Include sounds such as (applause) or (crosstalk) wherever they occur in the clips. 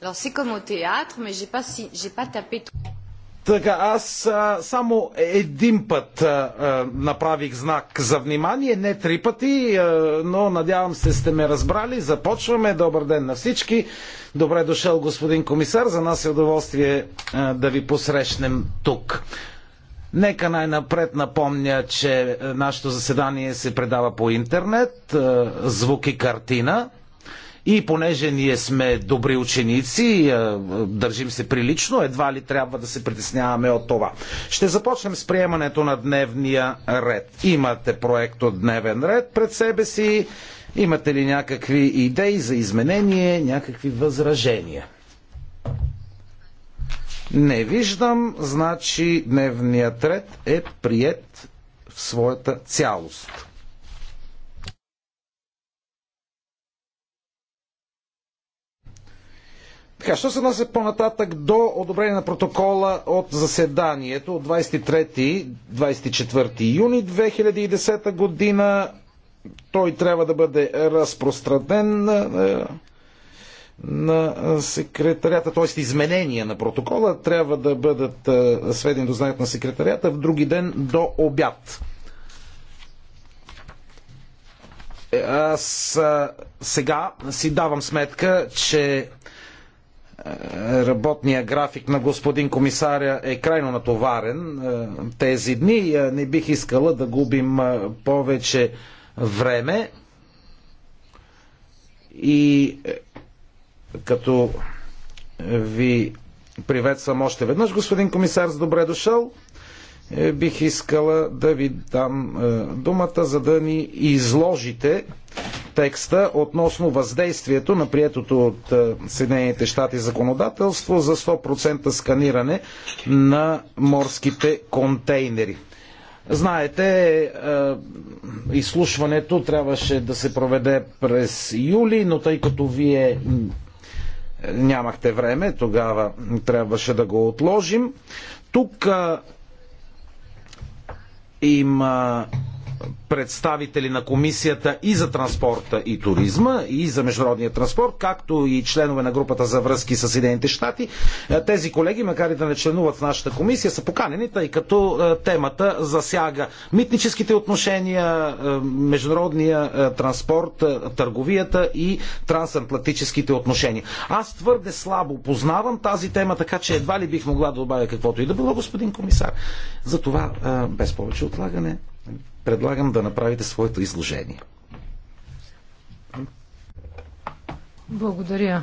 Alors c'est comme au théâtre, mais j'ai pas si j'ai pas tapé. Така, аз а, само един път а, а, направих знак за внимание, не три пъти, а, но надявам се сте ме разбрали. Започваме. Добър ден на всички. Добре дошъл, господин комисар. За нас е удоволствие а, да ви посрещнем тук. Нека най-напред напомня, че нашето заседание се предава по интернет, звук и картина. И понеже ние сме добри ученици, е, е, държим се прилично, едва ли трябва да се притесняваме от това. Ще започнем с приемането на дневния ред. Имате проект от дневен ред пред себе си. Имате ли някакви идеи за изменение, някакви възражения? Не виждам, значи дневният ред е прият в своята цялост. Така, що се нася по-нататък до одобрение на протокола от заседанието от 23-24 юни 2010 година, той трябва да бъде разпространен на, е, на секретарията, т.е. изменения на протокола трябва да бъдат е, сведени до знанието на секретарията в други ден до обяд. Е, аз сега си давам сметка, че работния график на господин комисаря е крайно натоварен е, тези дни. Е, не бих искала да губим е, повече време. И като ви приветствам още веднъж, господин комисар, с добре дошъл, бих искала да ви дам думата, за да ни изложите текста относно въздействието на приетото от е, Съединените щати законодателство за 100% сканиране на морските контейнери. Знаете, е, изслушването трябваше да се проведе през юли, но тъй като вие нямахте време, тогава трябваше да го отложим. Тук е, има представители на комисията и за транспорта и туризма, и за международния транспорт, както и членове на групата за връзки с Съединените щати. Е, тези колеги, макар и да не членуват в нашата комисия, са поканени, тъй като е, темата засяга митническите отношения, е, международния транспорт, търговията и трансатлантическите отношения. Аз твърде слабо познавам тази тема, така че едва ли бих могла да добавя каквото и да било, господин комисар. Затова без повече отлагане предлагам да направите своето изложение. Благодаря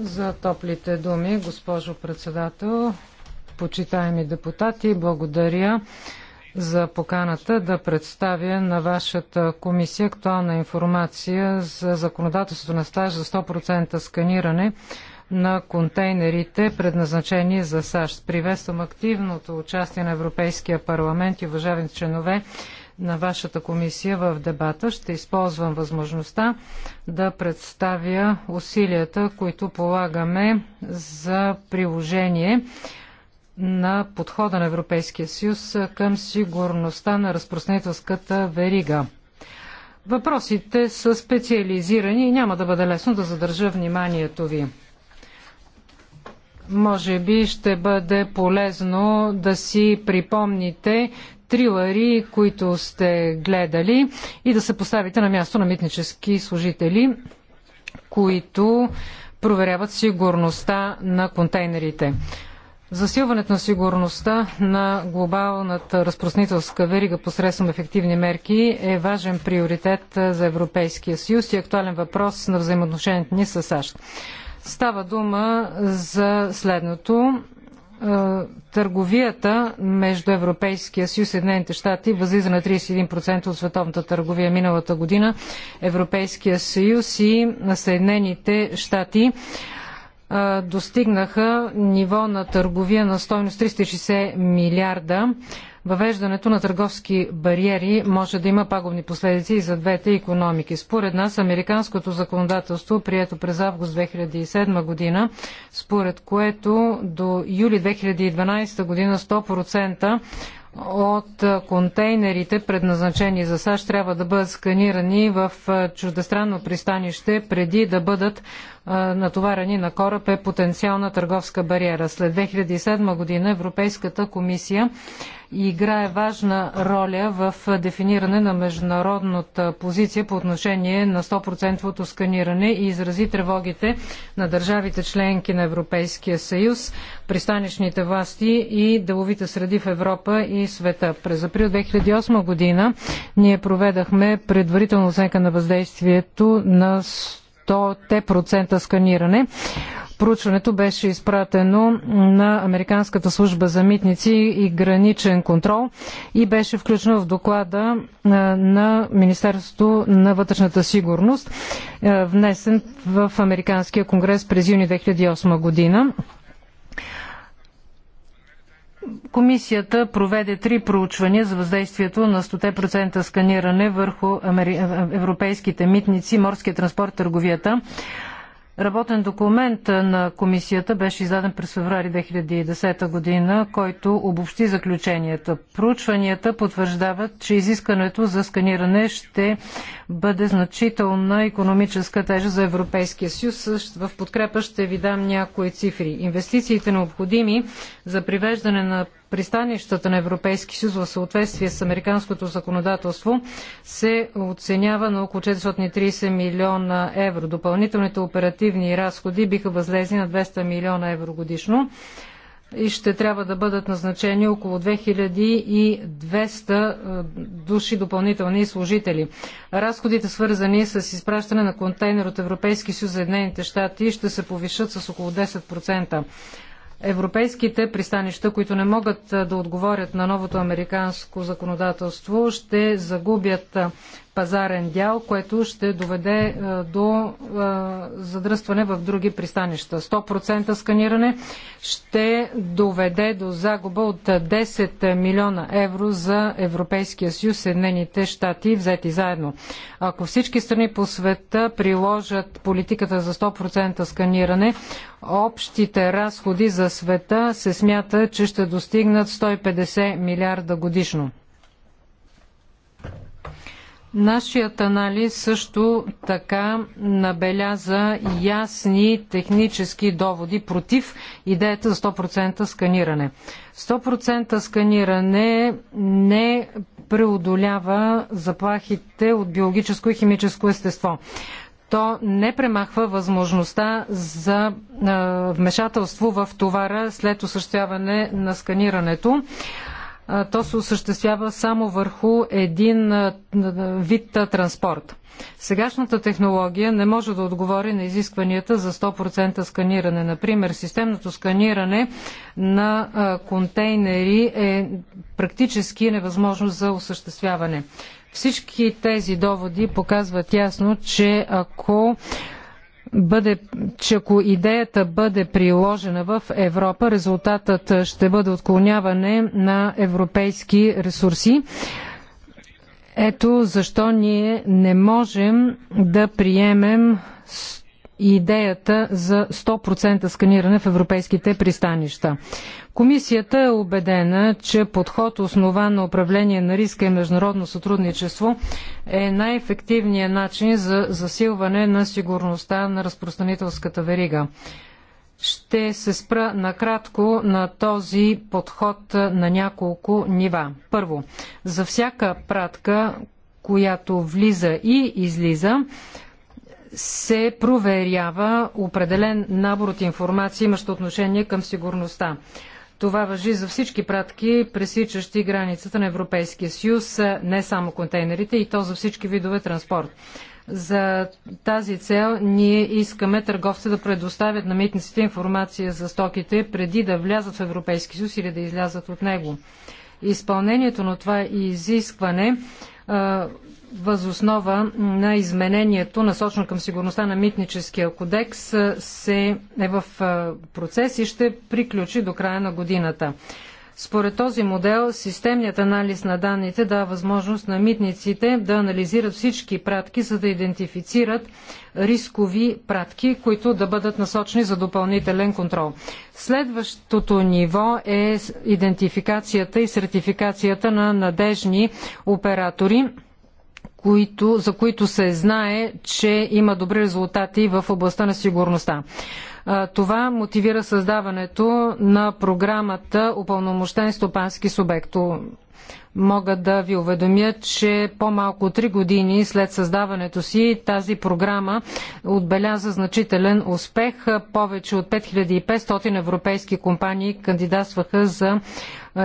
за топлите думи, госпожо председател, почитаеми депутати. Благодаря за поканата да представя на вашата комисия актуална информация за законодателството на стаж за 100% сканиране на контейнерите, предназначени за САЩ. Приветствам активното участие на Европейския парламент и уважаваните членове на вашата комисия в дебата. Ще използвам възможността да представя усилията, които полагаме за приложение на подхода на Европейския съюз към сигурността на разпространителската верига. Въпросите са специализирани и няма да бъде лесно да задържа вниманието ви. Може би ще бъде полезно да си припомните трилъри, които сте гледали и да се поставите на място на митнически служители, които проверяват сигурността на контейнерите. Засилването на сигурността на глобалната разпространителска верига посредством ефективни мерки е важен приоритет за Европейския съюз и актуален въпрос на взаимоотношенията ни с САЩ. Става дума за следното. Е, търговията между Европейския съюз и Съединените щати възлиза на 31% от световната търговия миналата година. Европейския съюз и Съединените щати е, достигнаха ниво на търговия на стойност 360 милиарда Въвеждането на търговски бариери може да има пагубни последици и за двете економики. Според нас, американското законодателство, прието през август 2007 година, според което до юли 2012 година 100% от контейнерите, предназначени за САЩ, трябва да бъдат сканирани в чуждестранно пристанище, преди да бъдат натоварени на кораб е потенциална търговска бариера. След 2007 година Европейската комисия играе важна роля в дефиниране на международната позиция по отношение на 100% сканиране и изрази тревогите на държавите членки на Европейския съюз, пристанищните власти и деловите среди в Европа и света. През април 2008 година ние проведахме предварително оценка на въздействието на 100% сканиране. Проучването беше изпратено на Американската служба за митници и граничен контрол и беше включено в доклада на Министерството на вътрешната сигурност, внесен в Американския конгрес през юни 2008 година. Комисията проведе три проучвания за въздействието на 100% сканиране върху европейските митници, морския транспорт, търговията. Работен документ на комисията беше издаден през феврари 2010 година, който обобщи заключенията. Проучванията потвърждават, че изискането за сканиране ще бъде значителна економическа тежа за Европейския съюз. В подкрепа ще ви дам някои цифри. Инвестициите необходими за привеждане на пристанищата на Европейски съюз в съответствие с американското законодателство се оценява на около 430 милиона евро. Допълнителните оперативни разходи биха възлезли на 200 милиона евро годишно и ще трябва да бъдат назначени около 2200 е, души допълнителни служители. Разходите свързани с изпращане на контейнер от Европейски съюз за Съединените щати ще се повишат с около 10% европейските пристанища, които не могат да отговорят на новото американско законодателство, ще загубят пазарен дял, което ще доведе е, до е, задръстване в други пристанища. 100% сканиране ще доведе до загуба от 10 милиона евро за Европейския съюз, Съединените щати, взети заедно. Ако всички страни по света приложат политиката за 100% сканиране, общите разходи за света се смята, че ще достигнат 150 милиарда годишно. Нашият анализ също така набеляза ясни технически доводи против идеята за 100% сканиране. 100% сканиране не преодолява заплахите от биологическо и химическо естество. То не премахва възможността за вмешателство в товара след осъществяване на сканирането то се осъществява само върху един вид транспорт. Сегашната технология не може да отговори на изискванията за 100% сканиране. Например, системното сканиране на контейнери е практически невъзможно за осъществяване. Всички тези доводи показват ясно, че ако бъде, че ако идеята бъде приложена в Европа, резултатът ще бъде отклоняване на европейски ресурси. Ето защо ние не можем да приемем идеята за 100% сканиране в европейските пристанища. Комисията е убедена, че подход основан на управление на риска и международно сътрудничество е най-ефективният начин за засилване на сигурността на разпространителската верига. Ще се спра накратко на този подход на няколко нива. Първо, за всяка пратка, която влиза и излиза, се проверява определен набор от информация, имаща отношение към сигурността. Това въжи за всички пратки, пресичащи границата на Европейския съюз, не само контейнерите, и то за всички видове транспорт. За тази цел ние искаме търговците да предоставят на митниците информация за стоките преди да влязат в Европейския съюз или да излязат от него. Изпълнението на това изискване възоснова на изменението, насочено към сигурността на митническия кодекс, се е в процес и ще приключи до края на годината. Според този модел, системният анализ на данните дава възможност на митниците да анализират всички пратки, за да идентифицират рискови пратки, които да бъдат насочени за допълнителен контрол. Следващото ниво е идентификацията и сертификацията на надежни оператори които, за които се знае, че има добри резултати в областта на сигурността. Това мотивира създаването на програмата Упълномощен стопански субект. Мога да ви уведомя, че по-малко 3 години след създаването си тази програма отбеляза значителен успех. Повече от 5500 европейски компании кандидатстваха за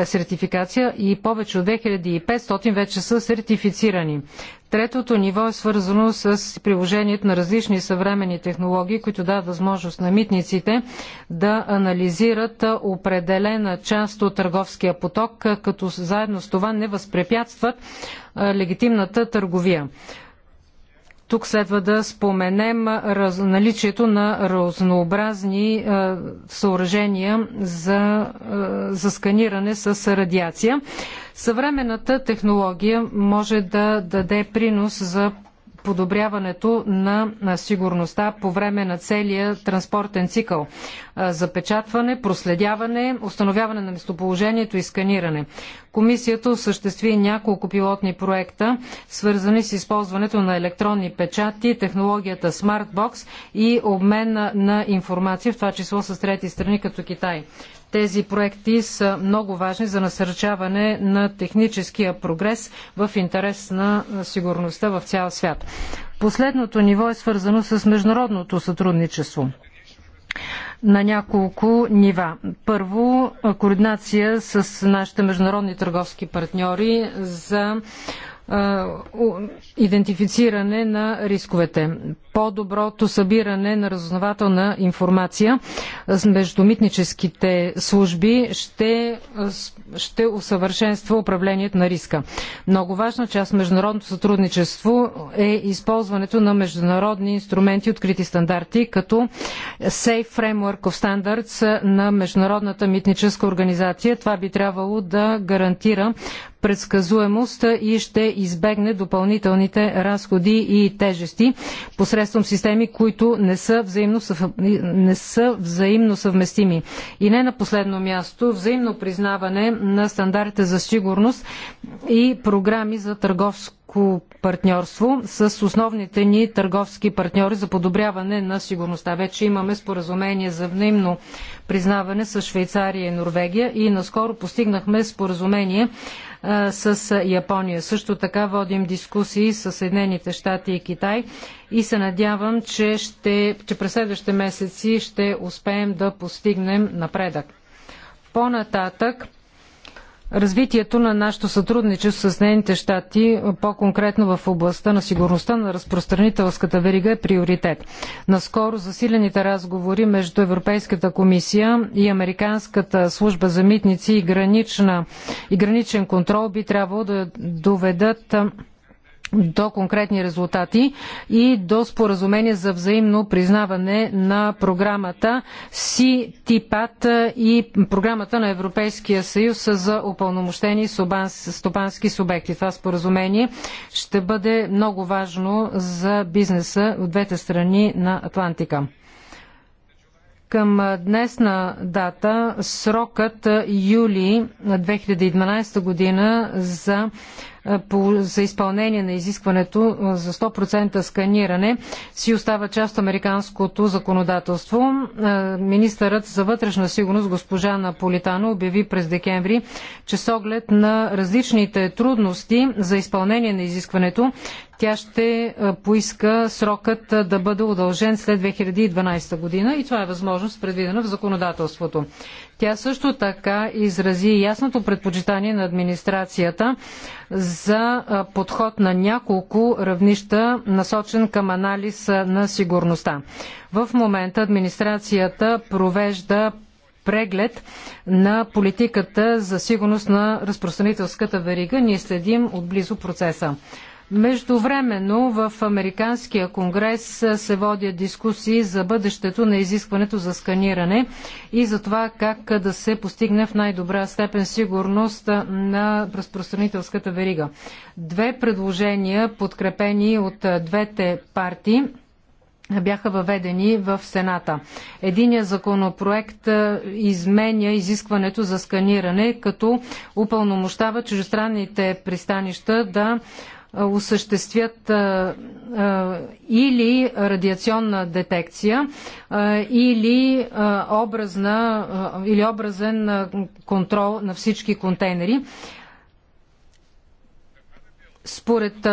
сертификация и повече от 2500 вече са сертифицирани. Третото ниво е свързано с приложението на различни съвременни технологии, които дават възможност на митниците да анализират определена част от търговския поток, като заедно с това не възпрепятстват легитимната търговия. Тук следва да споменем раз, наличието на разнообразни а, е, съоръжения за, а, е, за сканиране с радиация. Съвременната технология може да даде принос за подобряването на, сигурността по време на целия транспортен цикъл. Запечатване, проследяване, установяване на местоположението и сканиране. Комисията осъществи няколко пилотни проекта, свързани с използването на електронни печати, технологията Smartbox и обмен на информация, в това число с трети страни като Китай. Тези проекти са много важни за насърчаване на техническия прогрес в интерес на сигурността в цял свят. Последното ниво е свързано с международното сътрудничество на няколко нива. Първо, координация с нашите международни търговски партньори за идентифициране на рисковете по-доброто събиране на разузнавателна информация между митническите служби ще, ще усъвършенства управлението на риска. Много важна част международното сътрудничество е използването на международни инструменти, открити стандарти, като Safe Framework of Standards на Международната митническа организация. Това би трябвало да гарантира предсказуемост и ще избегне допълнителните разходи и тежести посред посредством системи, които не са взаимно, не са взаимно съвместими. И не на последно място, взаимно признаване на стандартите за сигурност и програми за търговско пряко партньорство с основните ни търговски партньори за подобряване на сигурността. Вече имаме споразумение за взаимно признаване с Швейцария и Норвегия и наскоро постигнахме споразумение а, с Япония. Също така водим дискусии с Съединените щати и Китай и се надявам, че, ще, че през следващите месеци ще успеем да постигнем напредък. По-нататък развитието на нашето сътрудничество с нейните щати, по-конкретно в областта на сигурността на разпространителската верига е приоритет. Наскоро засилените разговори между Европейската комисия и Американската служба за митници и, гранична, и граничен контрол би трябвало да доведат до конкретни резултати и до споразумение за взаимно признаване на програмата си и програмата на Европейския съюз за упълномощени стопански субекти. Това споразумение ще бъде много важно за бизнеса от двете страни на Атлантика. Към днесна дата срокът юли 2012 година за е, за изпълнение на изискването е, за 100% сканиране си остава част от американското законодателство. Е, министърът за вътрешна сигурност госпожа Наполитано обяви през декември, че с оглед на различните трудности за изпълнение на изискването, тя ще поиска срокът да бъде удължен след 2012 година и това е възможност предвидена в законодателството. Тя също така изрази ясното предпочитание на администрацията за подход на няколко равнища, насочен към анализ на сигурността. В момента администрацията провежда преглед на политиката за сигурност на разпространителската верига. Ние следим отблизо процеса. Междувременно в Американския конгрес се водят дискусии за бъдещето на изискването за сканиране и за това как да се постигне в най-добра степен сигурност на разпространителската верига. Две предложения, подкрепени от двете партии, бяха въведени в Сената. Единият законопроект изменя изискването за сканиране, като упълномощава чужестранните пристанища да осъществят или радиационна детекция, или, образна, или образен контрол на всички контейнери. Според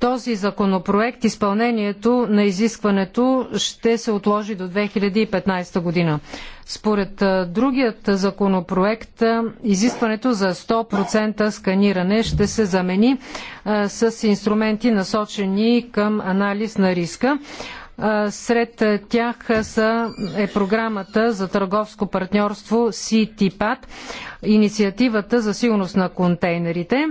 този законопроект изпълнението на изискването ще се отложи до 2015 година. Според другият законопроект, изискването за 100% сканиране ще се замени с инструменти насочени към анализ на риска. Сред тях са, е програмата за търговско партньорство CTPAT, инициативата за сигурност на контейнерите,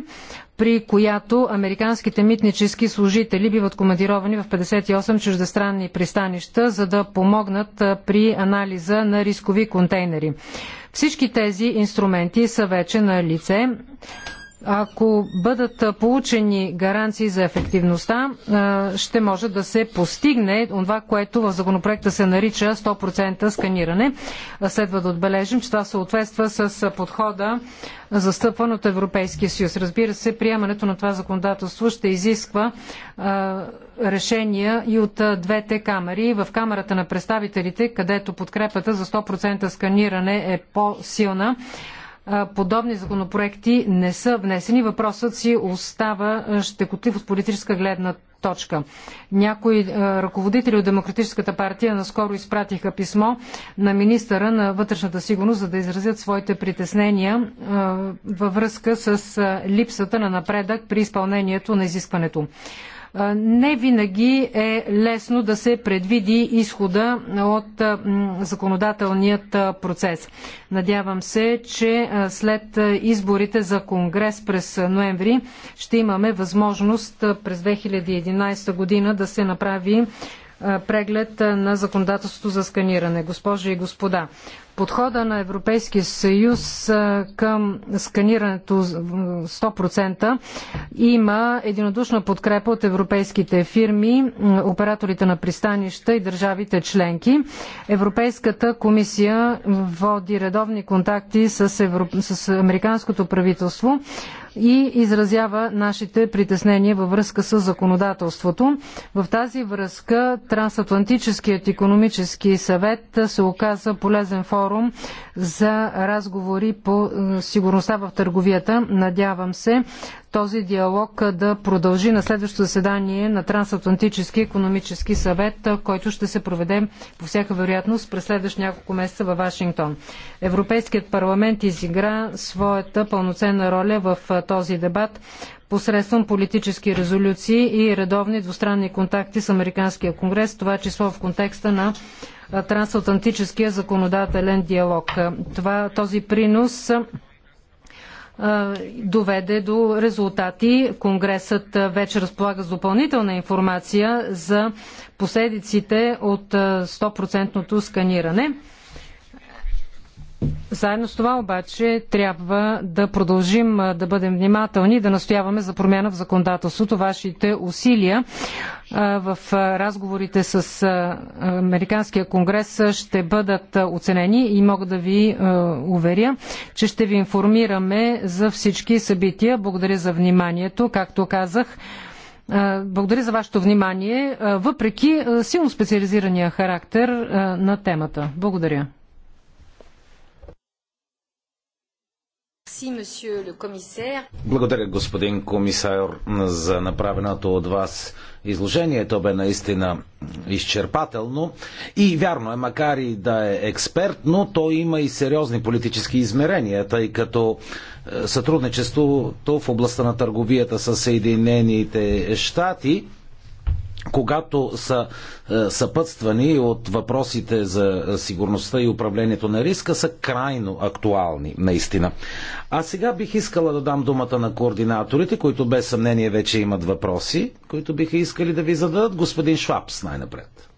при която американските митнически служители биват командировани в 58 чуждестранни пристанища, за да помогнат при анализа на рискови контейнери. Всички тези инструменти са вече на лице. Ако бъдат получени гаранции за ефективността, ще може да се постигне това, което в законопроекта се нарича 100% сканиране. Следва да отбележим, че това съответства с подхода застъпван от Европейския съюз. Разбира се, приемането на това законодателство ще изисква решения и от двете камери. В камерата на представителите, където подкрепата за 100% сканиране е по-силна, подобни законопроекти не са внесени. Въпросът си остава щекотлив от политическа гледна точка. Някои ръководители от Демократическата партия наскоро изпратиха писмо на министъра на вътрешната сигурност, за да изразят своите притеснения във връзка с липсата на напредък при изпълнението на изискването не винаги е лесно да се предвиди изхода от законодателният процес. Надявам се, че след изборите за Конгрес през ноември ще имаме възможност през 2011 година да се направи преглед на законодателството за сканиране. Госпожи и господа, подхода на Европейския съюз към сканирането 100% има единодушна подкрепа от европейските фирми, операторите на пристанища и държавите членки. Европейската комисия води редовни контакти с, Европ... с американското правителство и изразява нашите притеснения във връзка с законодателството. В тази връзка Трансатлантическият економически съвет се оказа полезен форум форум за разговори по е, сигурността в търговията. Надявам се този диалог е, да продължи на следващото заседание на Трансатлантически економически съвет, е, който ще се проведе по всяка вероятност през следващ няколко месеца във Вашингтон. Европейският парламент изигра своята пълноценна роля в този дебат посредством политически резолюции и редовни двустранни контакти с Американския конгрес, това число в контекста на трансатлантическия законодателен диалог. Това, този принос доведе до резултати. Конгресът вече разполага с допълнителна информация за последиците от 100 сканиране. Заедно с това обаче трябва да продължим да бъдем внимателни и да настояваме за промяна в законодателството. Вашите усилия в разговорите с Американския конгрес ще бъдат оценени и мога да ви уверя, че ще ви информираме за всички събития. Благодаря за вниманието. Както казах, благодаря за вашето внимание, въпреки силно специализирания характер на темата. Благодаря. Благодаря, господин комисар, за направеното от вас изложение. То бе наистина изчерпателно. И вярно е, макар и да е експерт, но то има и сериозни политически измерения, тъй като е, сътрудничеството в областта на търговията с Съединените щати когато са е, съпътствани от въпросите за е, сигурността и управлението на риска, са крайно актуални, наистина. А сега бих искала да дам думата на координаторите, които без съмнение вече имат въпроси, които биха искали да ви зададат господин с най-напред.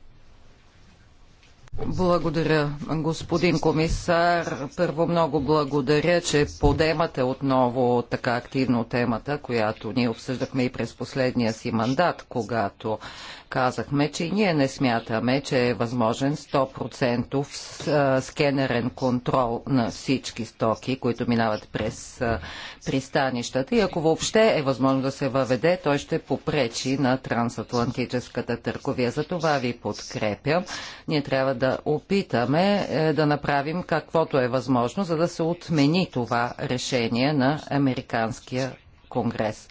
Благодаря, господин комисар. Първо много благодаря, че подемате отново така активно темата, която ние обсъждахме и през последния си мандат, когато казахме, че и ние не смятаме, че е възможен 100% скенерен контрол на всички стоки, които минават през пристанищата. И ако въобще е възможно да се въведе, той ще попречи на трансатлантическата търговия. За това ви подкрепям. Ние трябва да опитаме е, да направим каквото е възможно, за да се отмени това решение на Американския конгрес.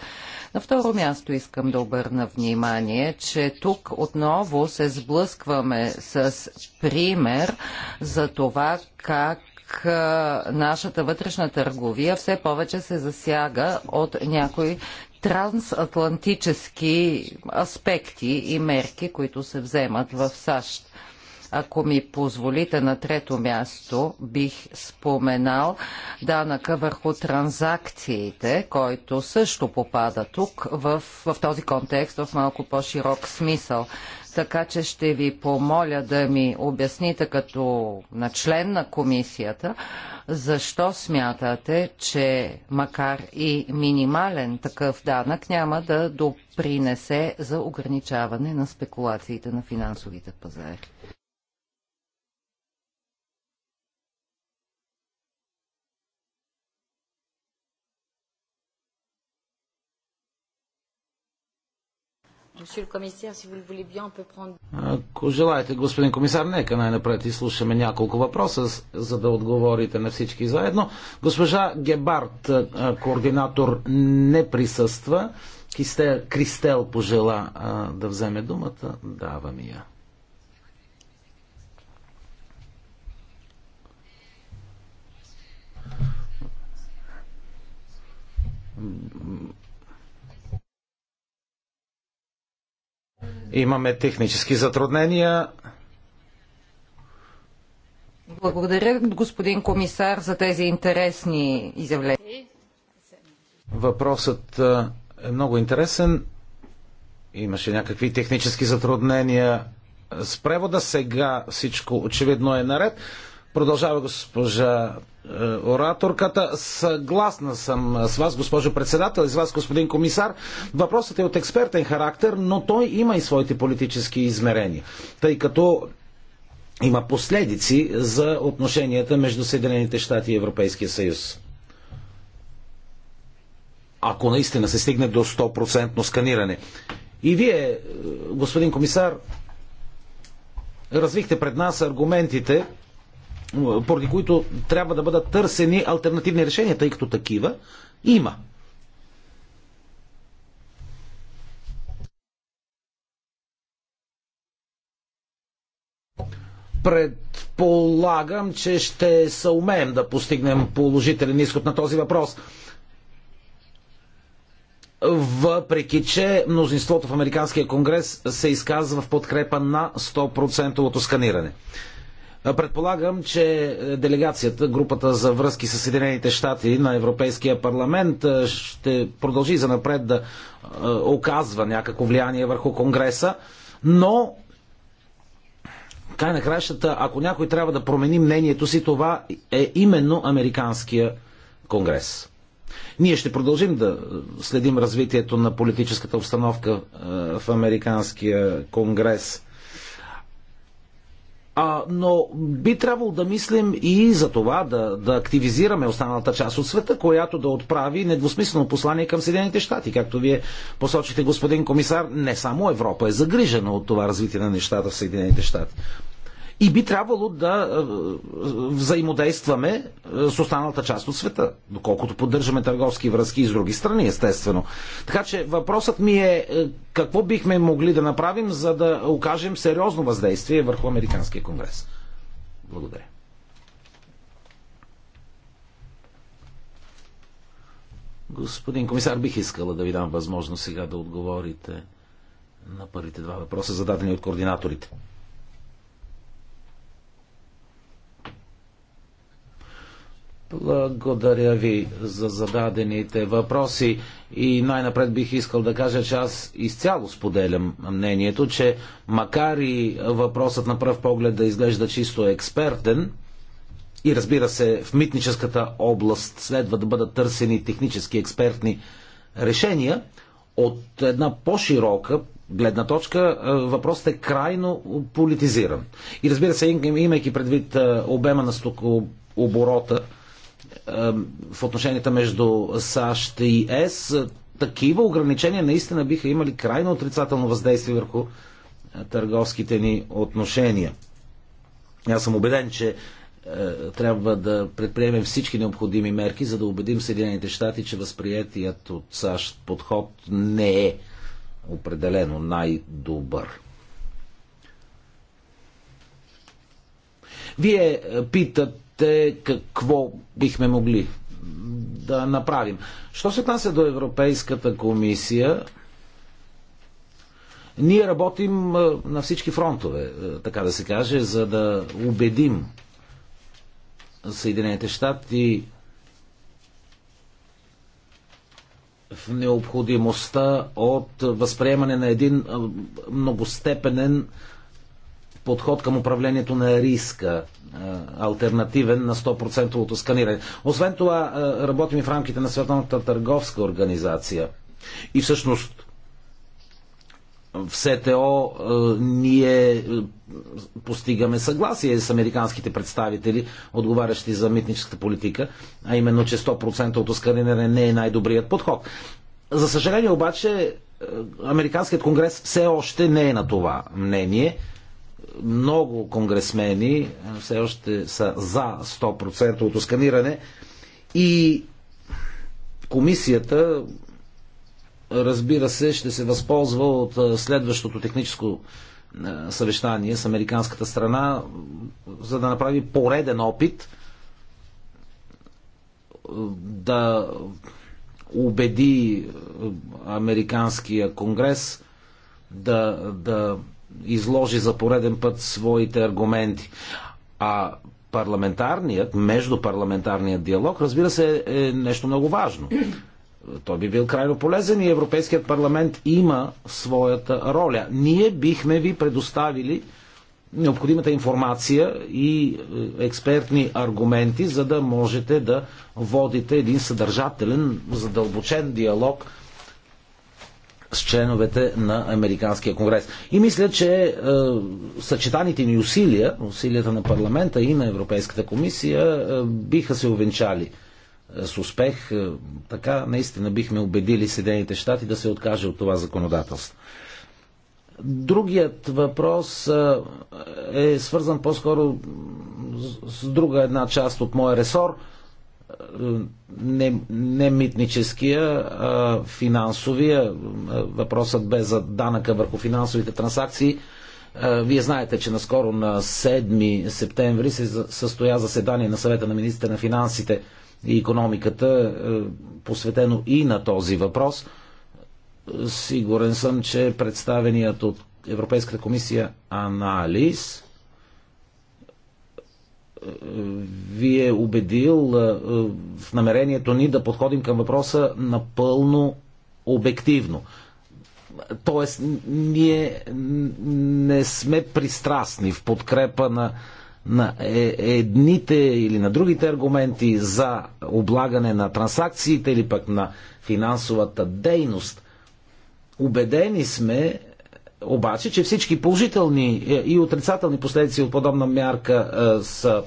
На второ място искам да обърна внимание, че тук отново се сблъскваме с пример за това как нашата вътрешна търговия все повече се засяга от някои трансатлантически аспекти и мерки, които се вземат в САЩ. Ако ми позволите на трето място, бих споменал данъка върху транзакциите, който също попада тук в, в този контекст, в малко по-широк смисъл. Така че ще ви помоля да ми обясните като на член на комисията, защо смятате, че макар и минимален такъв данък няма да допринесе за ограничаване на спекулациите на финансовите пазари. Ако желаете, господин комисар, нека най-напред изслушаме няколко въпроса, за да отговорите на всички заедно. Госпожа Гебарт, координатор, не присъства. Кистел, Кристел пожела а, да вземе думата. Давам я. Имаме технически затруднения. Благодаря, господин комисар, за тези интересни изявления. Въпросът е много интересен. Имаше някакви технически затруднения с превода. Сега всичко очевидно е наред. Продължава госпожа е, ораторката. Съгласна съм с вас, госпожо председател, и с вас, господин комисар. Въпросът е от експертен характер, но той има и своите политически измерения, тъй като има последици за отношенията между Съединените щати и Европейския съюз. Ако наистина се стигне до 100% сканиране. И вие, е, господин комисар, развихте пред нас аргументите, поради които трябва да бъдат търсени альтернативни решения, тъй като такива има. Предполагам, че ще се умеем да постигнем положителен изход на този въпрос. Въпреки, че мнозинството в Американския конгрес се изказва в подкрепа на 100 сканиране. Предполагам, че е, делегацията, групата за връзки с Съединените щати на Европейския парламент е, ще продължи за напред да е, оказва някакво влияние върху Конгреса, но край на кращата, ако някой трябва да промени мнението си, това е именно Американския конгрес. Ние ще продължим да следим развитието на политическата обстановка в Американския конгрес. А, но би трябвало да мислим и за това да, да активизираме останалата част от света, която да отправи недвусмислено послание към Съединените щати. Както вие посочите господин комисар, не само Европа е загрижена от това развитие на нещата в Съединените щати и би трябвало да е, взаимодействаме е, с останалата част от света, доколкото поддържаме търговски връзки и с други страни, естествено. Така че въпросът ми е, е какво бихме могли да направим, за да окажем сериозно въздействие върху Американския конгрес. Благодаря. Господин комисар, бих искала да ви дам възможност сега да отговорите на първите два въпроса, зададени от координаторите. Благодаря ви за зададените въпроси и най-напред бих искал да кажа, че аз изцяло споделям мнението, че макар и въпросът на пръв поглед да изглежда чисто експертен, и разбира се, в митническата област следва да бъдат търсени технически експертни решения, от една по-широка гледна точка е, въпросът е крайно политизиран. И разбира се, имайки предвид е, обема на стокооборота, оборота, в отношенията между САЩ и ЕС, такива ограничения наистина биха имали крайно отрицателно въздействие върху търговските ни отношения. Аз съм убеден, че трябва да предприемем всички необходими мерки, за да убедим Съединените щати, че възприятият от САЩ подход не е определено най-добър. Вие питат те е какво бихме могли да направим. Що се отнася до Европейската комисия, ние работим на всички фронтове, така да се каже, за да убедим Съединените щати в необходимостта от възприемане на един многостепенен подход към управлението на риска, е, альтернативен на 100 сканиране. Освен това, е, работим и в рамките на Световната търговска организация. И всъщност в СТО е, ние постигаме съгласие с американските представители, отговарящи за митническата политика, а именно, че 100% сканиране не е най-добрият подход. За съжаление обаче, Американският конгрес все още не е на това мнение много конгресмени е, все още са за 100% сканиране и комисията разбира се ще се възползва от е, следващото техническо е, съвещание с американската страна, за да направи пореден опит да убеди американския конгрес да, да изложи за пореден път своите аргументи. А парламентарният, междупарламентарният диалог, разбира се, е нещо много важно. Той би бил крайно полезен и Европейският парламент има своята роля. Ние бихме ви предоставили необходимата информация и е, експертни аргументи, за да можете да водите един съдържателен, задълбочен диалог с членовете на Американския конгрес. И мисля, че е, съчетаните ни усилия, усилията на парламента и на Европейската комисия е, биха се увенчали е, с успех. Е, така наистина бихме убедили Съединените щати да се откаже от това законодателство. Другият въпрос е, е свързан по-скоро с друга една част от моя ресор – не, не митническия, а финансовия. Въпросът бе за данъка върху финансовите транзакции. Вие знаете, че наскоро на 7 септември се състоя заседание на съвета на министра на финансите и економиката, посветено и на този въпрос. Сигурен съм, че представеният от Европейската комисия анализ ви е убедил в намерението ни да подходим към въпроса напълно обективно. Тоест, ние не сме пристрастни в подкрепа на, на е, едните или на другите аргументи за облагане на транзакциите или пък на финансовата дейност. Убедени сме, обаче, че всички положителни е, и отрицателни последици от подобна мярка е, са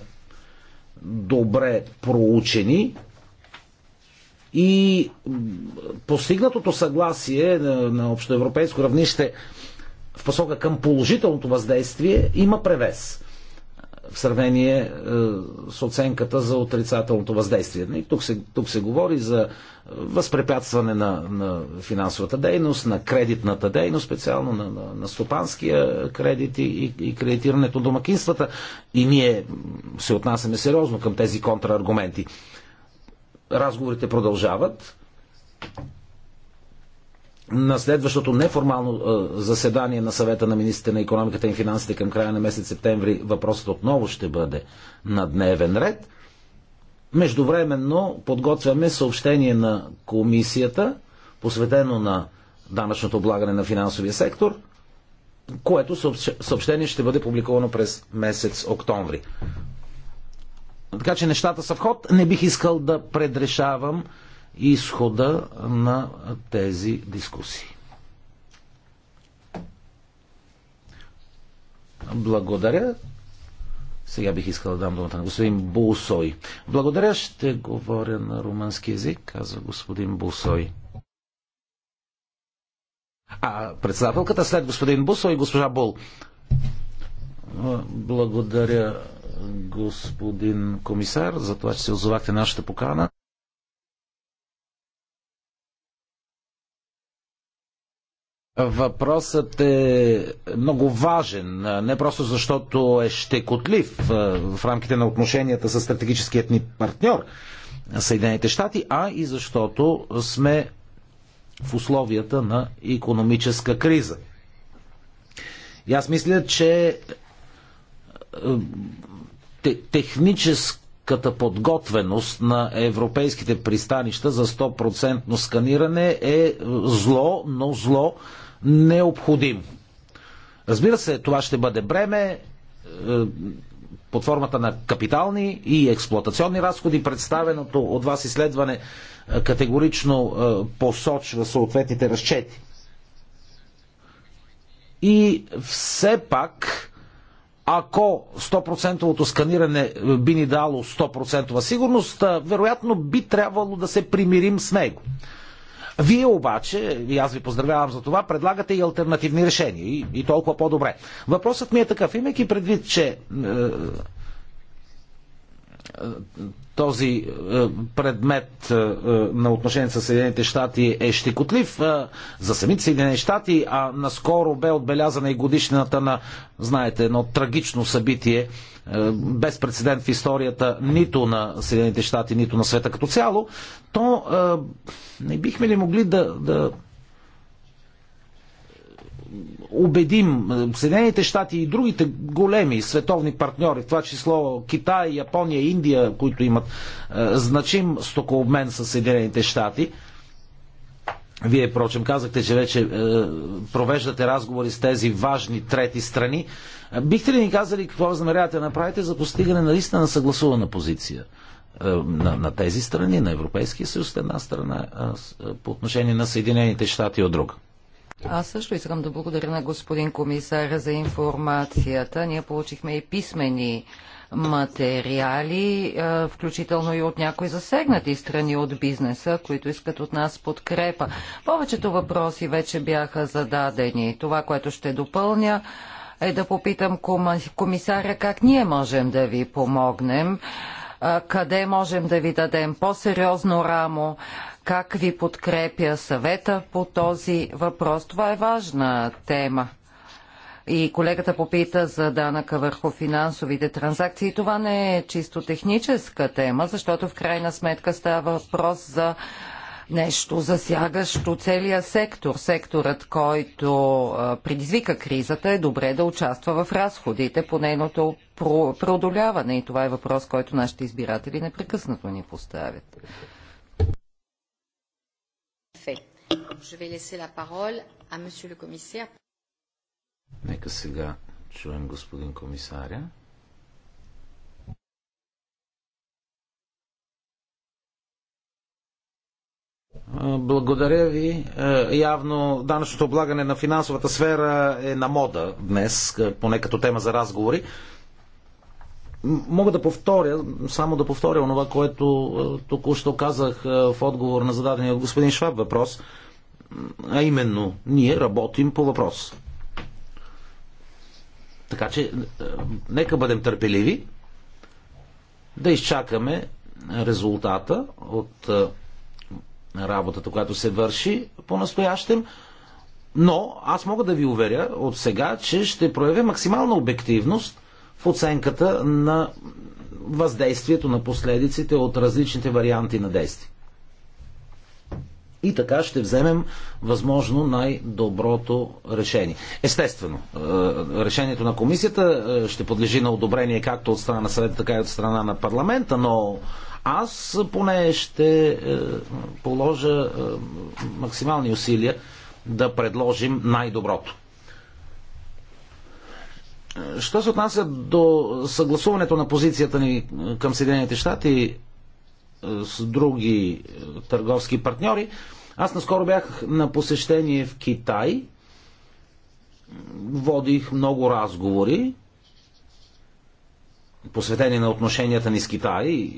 добре проучени и постигнатото съгласие на общоевропейско равнище в посока към положителното въздействие има превес в сравнение е, с оценката за отрицателното въздействие. Нали, тук, се, тук се говори за възпрепятстване на, на финансовата дейност, на кредитната дейност, специално на, на, на стопанския кредит и, и кредитирането на домакинствата. И ние се отнасяме сериозно към тези контраргументи. Разговорите продължават на следващото неформално заседание на съвета на министрите на економиката и финансите към края на месец септември въпросът отново ще бъде на дневен ред. Междувременно подготвяме съобщение на комисията, посветено на данъчното облагане на финансовия сектор, което съобщение ще бъде публикувано през месец октомври. Така че нещата са в ход. Не бих искал да предрешавам изхода на тези дискусии. Благодаря. Сега бих искал да дам думата на господин Булсой. Благодаря, ще говоря на румънски язик, каза господин Булсой. А председателката след господин Булсой и госпожа Бул. Благодаря, господин комисар, за това, че се озовахте нашата покана. Въпросът е много важен, не просто защото е щекотлив в рамките на отношенията с стратегическият ни партньор Съединените щати, а и защото сме в условията на економическа криза. И аз мисля, че техническо като подготвеност на европейските пристанища за 100% сканиране е зло, но зло необходимо. Разбира се, това ще бъде бреме е, под формата на капитални и експлуатационни разходи. Представеното от вас изследване е, категорично е, посочва съответните разчети. И все пак ако 100 сканиране е, би ни дало 100% сигурност, е, вероятно би трябвало да се примирим с него. Вие обаче, и аз ви поздравявам за това, предлагате и альтернативни решения. И, и толкова по-добре. Въпросът ми е такъв. Имайки предвид, че е, този е, предмет е, е, на отношение с Съединените щати е щекотлив за самите Съединени щати, а наскоро бе отбелязана и годишната на, знаете, едно трагично събитие, без прецедент в историята нито на Съединените щати, нито на света като цяло, то не бихме ли могли да, да убедим е, Съединените щати и другите големи световни партньори, в това число Китай, Япония, Индия, които имат е, значим стокообмен с Съединените щати, вие, прочим, казахте, че вече е, провеждате разговори с тези важни трети страни. Е, бихте ли ни казали какво възнамерявате да направите за постигане наистина на съгласувана позиция на, на тези страни, на Европейския съюз от една страна, а, по отношение на Съединените щати от друга? Аз също искам да благодаря на господин комисара за информацията. Ние получихме и писмени материали, е, включително и от някои засегнати страни от бизнеса, които искат от нас подкрепа. Повечето въпроси вече бяха зададени. Това, което ще допълня, е да попитам комисаря как ние можем да ви помогнем е, къде можем да ви дадем по-сериозно рамо, как ви подкрепя съвета по този въпрос. Това е важна тема. И колегата попита за данъка върху финансовите транзакции. Това не е чисто техническа тема, защото в крайна сметка става въпрос за нещо засягащо целия сектор. Секторът, който предизвика кризата, е добре да участва в разходите по нейното преодоляване. И това е въпрос, който нашите избиратели непрекъснато ни поставят. Je vais laisser la parole à monsieur le commissaire. Нека сега чуем господин комисаря. Благодаря ви. Явно данъчното облагане на финансовата сфера е на мода днес, поне като тема за разговори. Мога да повторя, само да повторя онова, което е, току-що казах е, в отговор на зададения от господин Шваб въпрос, а именно ние работим по въпрос. Така че, е, нека бъдем търпеливи да изчакаме резултата от работата, която се върши по-настоящем. Но аз мога да ви уверя от сега, че ще проявя максимална обективност в оценката на въздействието на последиците от различните варианти на действие. И така ще вземем възможно най-доброто решение. Естествено, е, решението на комисията е, ще подлежи на одобрение както от страна на съвета, така и от страна на парламента, но аз поне ще е, положа максимални усилия да предложим най-доброто. Що се отнася до съгласуването на позицията ни е, към Съединените щати е, с други е, търговски партньори, аз наскоро бях на посещение в Китай. Водих много разговори, посветени на отношенията ни с Китай.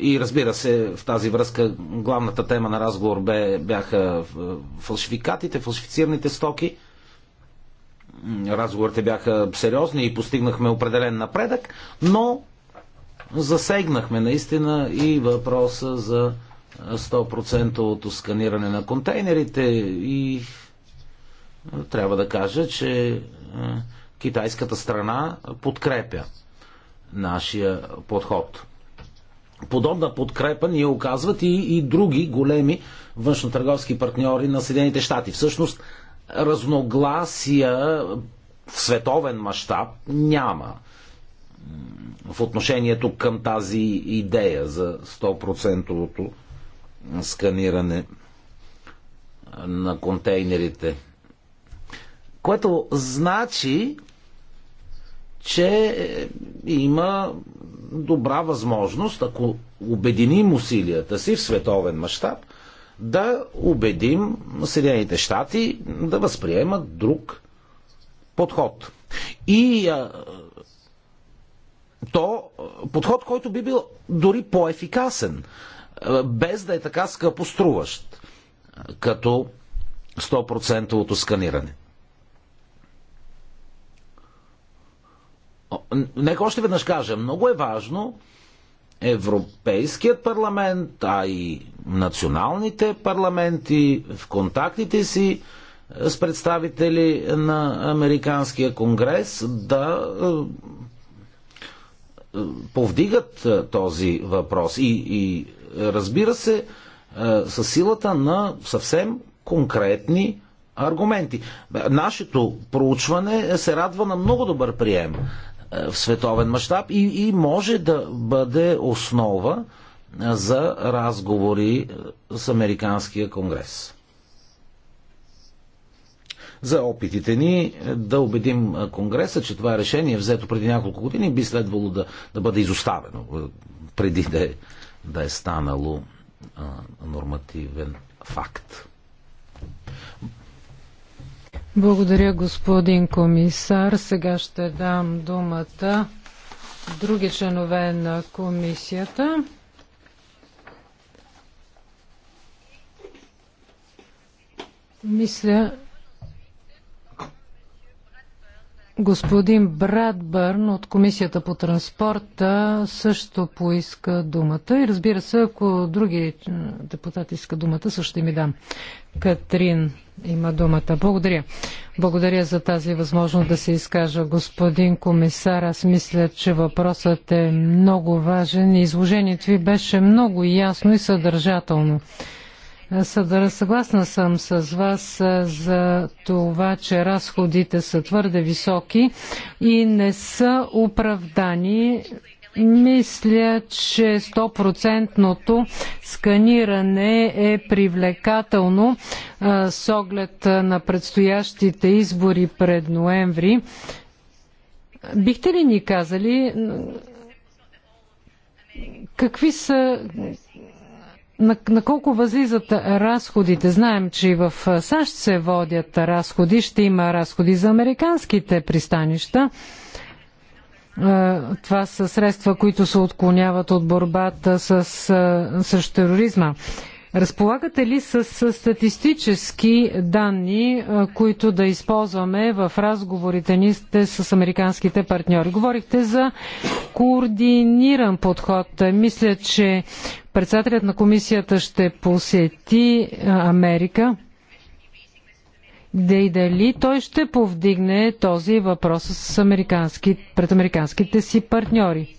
И разбира се, в тази връзка главната тема на разговор бе, бяха фалшификатите, фалшифицираните стоки – Разговорите бяха сериозни и постигнахме определен напредък, но засегнахме наистина и въпроса за 100%-то сканиране на контейнерите и трябва да кажа, че китайската страна подкрепя нашия подход. Подобна подкрепа ни оказват и, и други големи външно-търговски партньори на Съединените щати. Всъщност, разногласия в световен мащаб няма в отношението към тази идея за 100 сканиране на контейнерите. Което значи, че има добра възможност, ако обединим усилията си в световен мащаб, да убедим Съединените щати да възприемат друг подход. И а, то подход, който би бил дори по-ефикасен, без да е така скъпоструващ, като 100 сканиране. Нека още веднъж кажа, много е важно Европейският парламент, а и националните парламенти, в контактите си е, с представители на Американския конгрес да е, е, повдигат този въпрос. И, и разбира се, със силата на съвсем конкретни аргументи. Нашето проучване се радва на много добър прием в световен мащаб и, и може да бъде основа за разговори е, с Американския конгрес. За опитите ни е, да убедим е, Конгреса, че това решение, взето преди няколко години, би следвало да, да бъде изоставено, преди да е, да е станало а, нормативен факт. Благодаря, господин комисар. Сега ще дам думата други членове на комисията. Мисля, господин Брадбърн от Комисията по транспорта също поиска думата и разбира се, ако други депутати иска думата, също ще ми дам. Катрин има думата. Благодаря. Благодаря за тази възможност да се изкажа. Господин комисар, аз мисля, че въпросът е много важен. Изложението ви беше много ясно и съдържателно. Съгласна съм с вас за това, че разходите са твърде високи и не са оправдани. Мисля, че 100 сканиране е привлекателно с оглед на предстоящите избори пред ноември. Бихте ли ни казали какви са на, на колко възлизат разходите? Знаем, че и в САЩ се водят разходи, ще има разходи за американските пристанища. Това са средства, които се отклоняват от борбата с, с тероризма. Разполагате ли с статистически данни, които да използваме в разговорите ни с американските партньори? Говорихте за координиран подход. Мисля, че председателят на комисията ще посети Америка. Да и дали той ще повдигне този въпрос с американски, пред американските си партньори.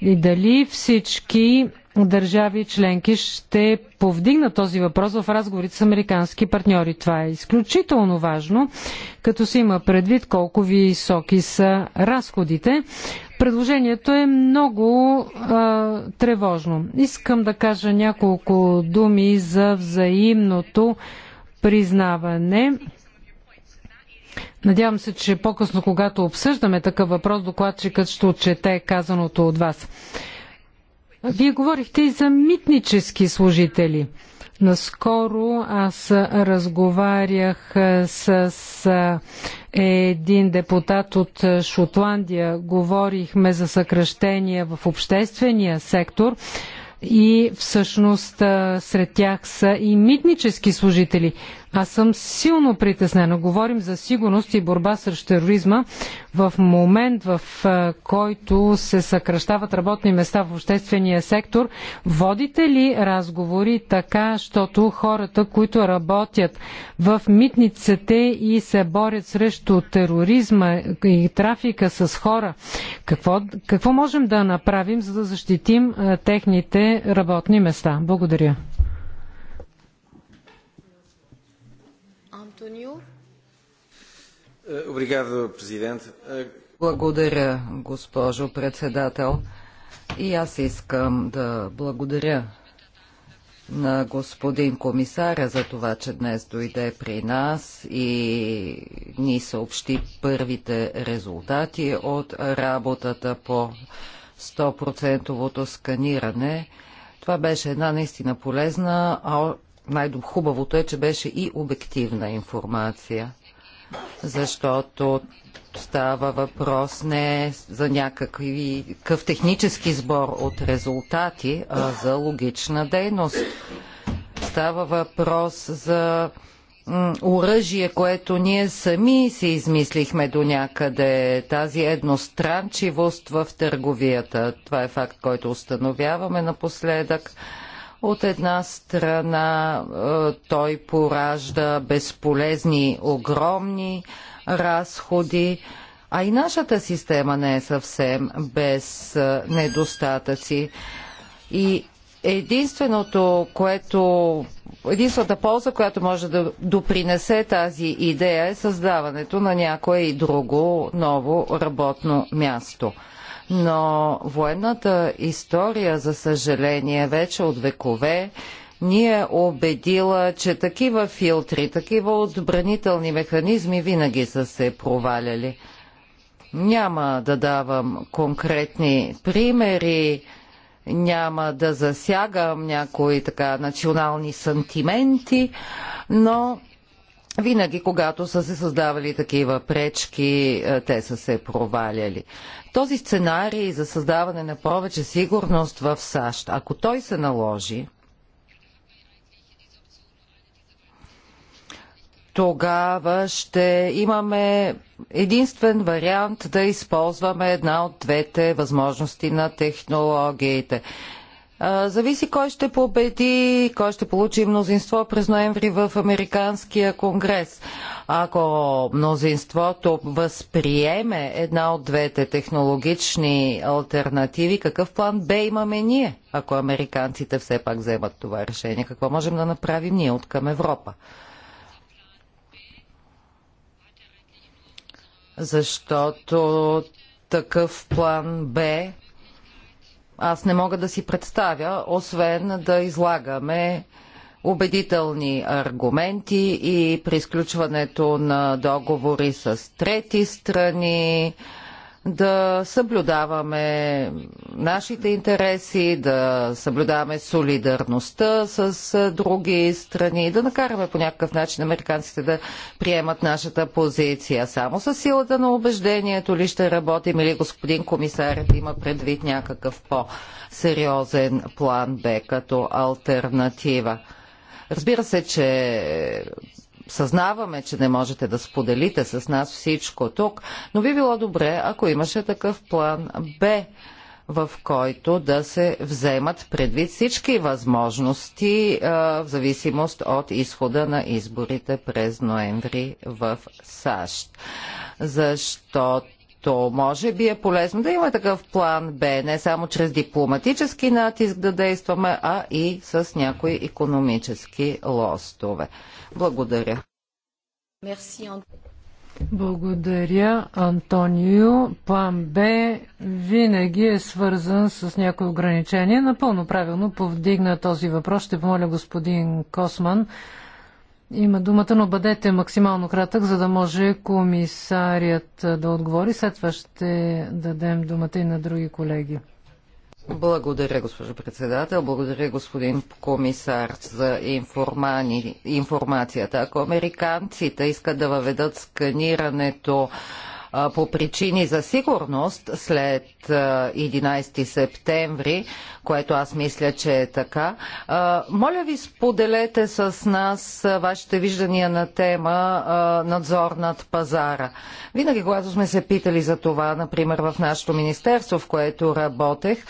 И дали всички държави членки ще повдигна този въпрос в разговорите с американски партньори. Това е изключително важно, като се има предвид колко високи са разходите. Предложението е много а, тревожно. Искам да кажа няколко думи за взаимното признаване. Надявам се, че по-късно, когато обсъждаме такъв въпрос, докладчикът ще отчете казаното от вас. Вие говорихте и за митнически служители. Наскоро аз разговарях с един депутат от Шотландия. Говорихме за съкръщения в обществения сектор и всъщност сред тях са и митнически служители. Аз съм силно притеснена. Говорим за сигурност и борба срещу тероризма в момент, в който се съкръщават работни места в обществения сектор. Водите ли разговори така, защото хората, които работят в митниците и се борят срещу тероризма и трафика с хора, какво, какво можем да направим, за да защитим техните работни места? Благодаря. Благодаря, госпожо председател. И аз искам да благодаря на господин комисаря за това, че днес дойде при нас и ни съобщи първите резултати от работата по 100 сканиране. Това беше една наистина полезна, а най-хубавото е, че беше и обективна информация защото става въпрос не за някакъв технически сбор от резултати, а за логична дейност. Става въпрос за оръжие, което ние сами си измислихме до някъде, тази едностранчивост в търговията. Това е факт, който установяваме напоследък. От една страна е, той поражда безполезни, огромни разходи, а и нашата система не е съвсем без е, недостатъци. И единственото, което единствената полза, която може да допринесе тази идея е създаването на някое и друго ново работно място. Но военната история, за съжаление, вече от векове ни е убедила, че такива филтри, такива отбранителни механизми винаги са се проваляли. Няма да давам конкретни примери, няма да засягам някои така национални сантименти, но винаги, когато са се създавали такива пречки, е, те са се проваляли. Този сценарий за създаване на повече сигурност в САЩ, ако той се наложи, тогава ще имаме единствен вариант да използваме една от двете възможности на технологиите. Зависи кой ще победи, кой ще получи мнозинство през ноември в Американския конгрес. Ако мнозинството възприеме една от двете технологични альтернативи, какъв план Б имаме ние, ако американците все пак вземат това решение? Какво можем да направим ние от към Европа? Защото такъв план Б аз не мога да си представя, освен да излагаме убедителни аргументи и при изключването на договори с трети страни, да съблюдаваме нашите интереси, да съблюдаваме солидарността с други страни, да накараме по някакъв начин американците да приемат нашата позиция. Само с силата на убеждението ли ще работим или господин комисарят има предвид някакъв по-сериозен план Б като альтернатива? Разбира се, че съзнаваме, че не можете да споделите с нас всичко тук, но би било добре, ако имаше такъв план Б, в който да се вземат предвид всички възможности в зависимост от изхода на изборите през ноември в САЩ. Защото то може би е полезно да има такъв план Б, не само чрез дипломатически натиск да действаме, а и с някои економически лостове. Благодаря. Благодаря, Антонио. План Б винаги е свързан с някои ограничения. Напълно правилно повдигна този въпрос. Ще помоля господин Косман има думата, но бъдете максимално кратък, за да може комисарият да отговори. След това ще дадем думата и на други колеги. Благодаря, госпожо председател. Благодаря, господин комисар, за информани... информацията. Ако американците искат да въведат сканирането по причини за сигурност след 11 септември, което аз мисля, че е така. Моля ви, споделете с нас вашите виждания на тема надзор над пазара. Винаги, когато сме се питали за това, например в нашето министерство, в което работех,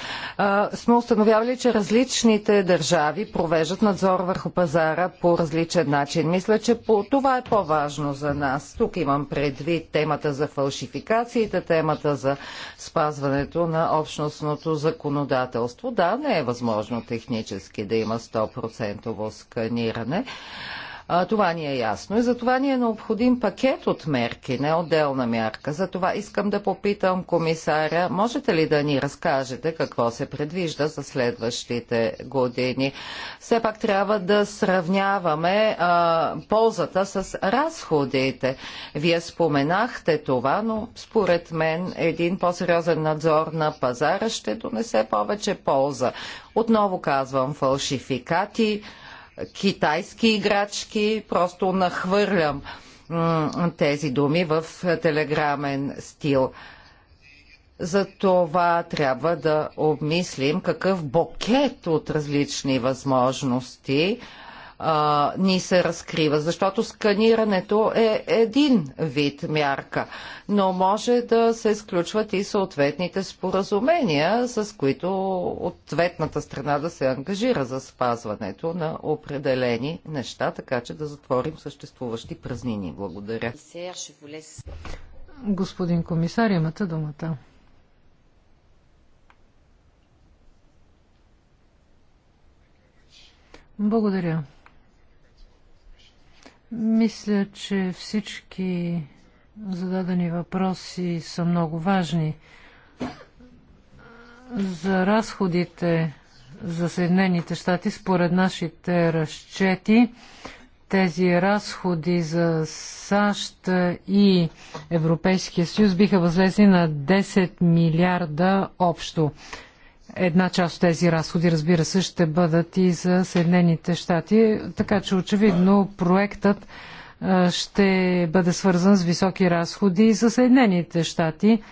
сме установявали, че различните държави провеждат надзор върху пазара по различен начин. Мисля, че по... това е по-важно за нас. Тук имам предвид темата за фалшификациите, темата за спазването на общностното законодателство. Да, места не е възможно технически да има 100% сканиране. А, това ни е ясно и за това ни е необходим пакет от мерки, не отделна мярка. За това искам да попитам комисаря, можете ли да ни разкажете какво се предвижда за следващите години? Все пак трябва да сравняваме а, ползата с разходите. Вие споменахте това, но според мен един по-сериозен надзор на пазара ще донесе повече полза. Отново казвам фалшификати, китайски играчки, просто нахвърлям тези думи в телеграмен стил. За това трябва да обмислим какъв букет от различни възможности а, ни се разкрива, защото сканирането е един вид мярка, но може да се изключват и съответните споразумения, с които ответната страна да се ангажира за спазването на определени неща, така че да затворим съществуващи празнини. Благодаря. Господин комисар, имате думата. Благодаря. Мисля, че всички зададени въпроси са много важни. За разходите за Съединените щати, според нашите разчети, тези разходи за САЩ и Европейския съюз биха възлезли на 10 милиарда общо. Една част от тези разходи, разбира се, ще бъдат и за Съединените щати, така че очевидно проектът ще бъде свързан с високи разходи и за Съединените щати.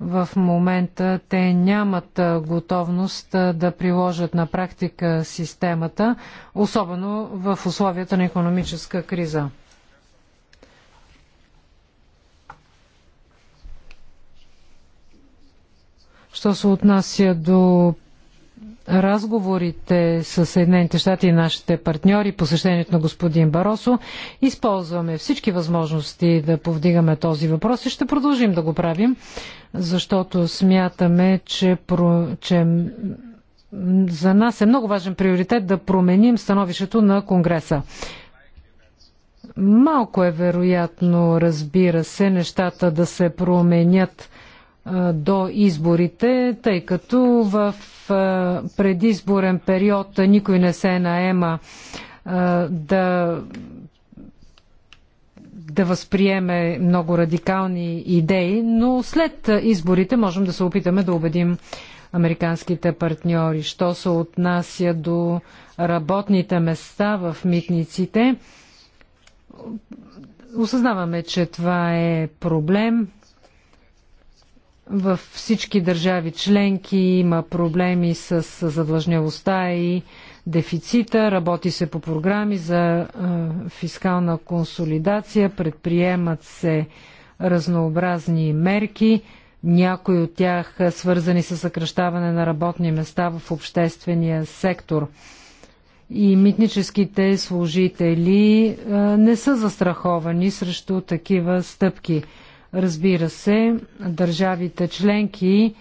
В момента те нямат готовност да приложат на практика системата, особено в условията на економическа криза. Що се отнася до разговорите с Съединените щати и нашите партньори, посещението на господин Баросо, използваме всички възможности да повдигаме този въпрос и ще продължим да го правим, защото смятаме, че, про, че за нас е много важен приоритет да променим становището на Конгреса. Малко е вероятно, разбира се, нещата да се променят – до изборите, тъй като в предизборен период никой не се наема да, да възприеме много радикални идеи, но след изборите можем да се опитаме да убедим американските партньори. Що се отнася до работните места в митниците, осъзнаваме, че това е проблем във всички държави членки има проблеми с задлъжнявостта и дефицита. Работи се по програми за фискална консолидация, предприемат се разнообразни мерки, някои от тях свързани с съкръщаване на работни места в обществения сектор. И митническите служители не са застраховани срещу такива стъпки. Разбира се, държавите членки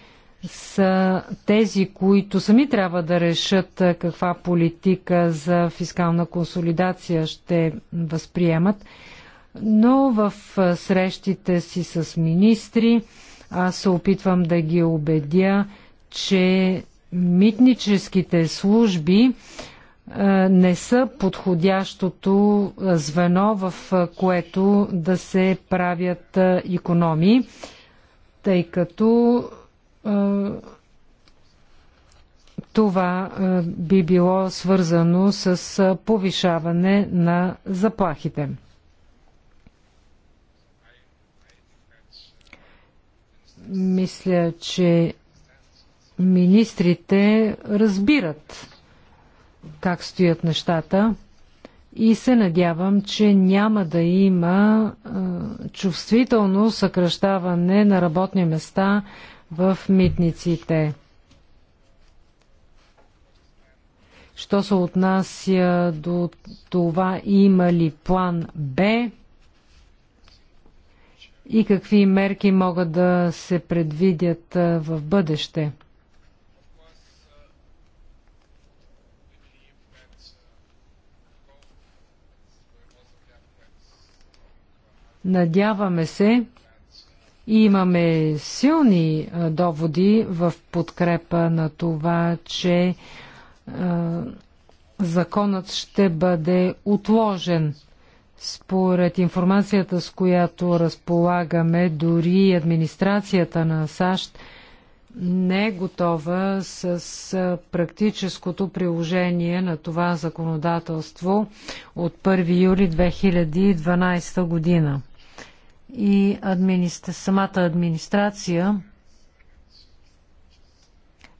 са тези, които сами трябва да решат каква политика за фискална консолидация ще възприемат. Но в срещите си с министри аз се опитвам да ги убедя, че митническите служби е, не са подходящото е, звено, в е, което да се правят економии, тъй като това би било свързано с повишаване на заплахите. Мисля, че министрите разбират как стоят нещата и се надявам, че няма да има е, чувствително съкръщаване на работни места в митниците. Що се отнася до това има ли план Б и какви мерки могат да се предвидят в бъдеще? Надяваме се и имаме силни доводи в подкрепа на това, че законът ще бъде отложен. Според информацията, с която разполагаме, дори администрацията на САЩ не е готова с практическото приложение на това законодателство от 1 юли 2012 година и администра... самата администрация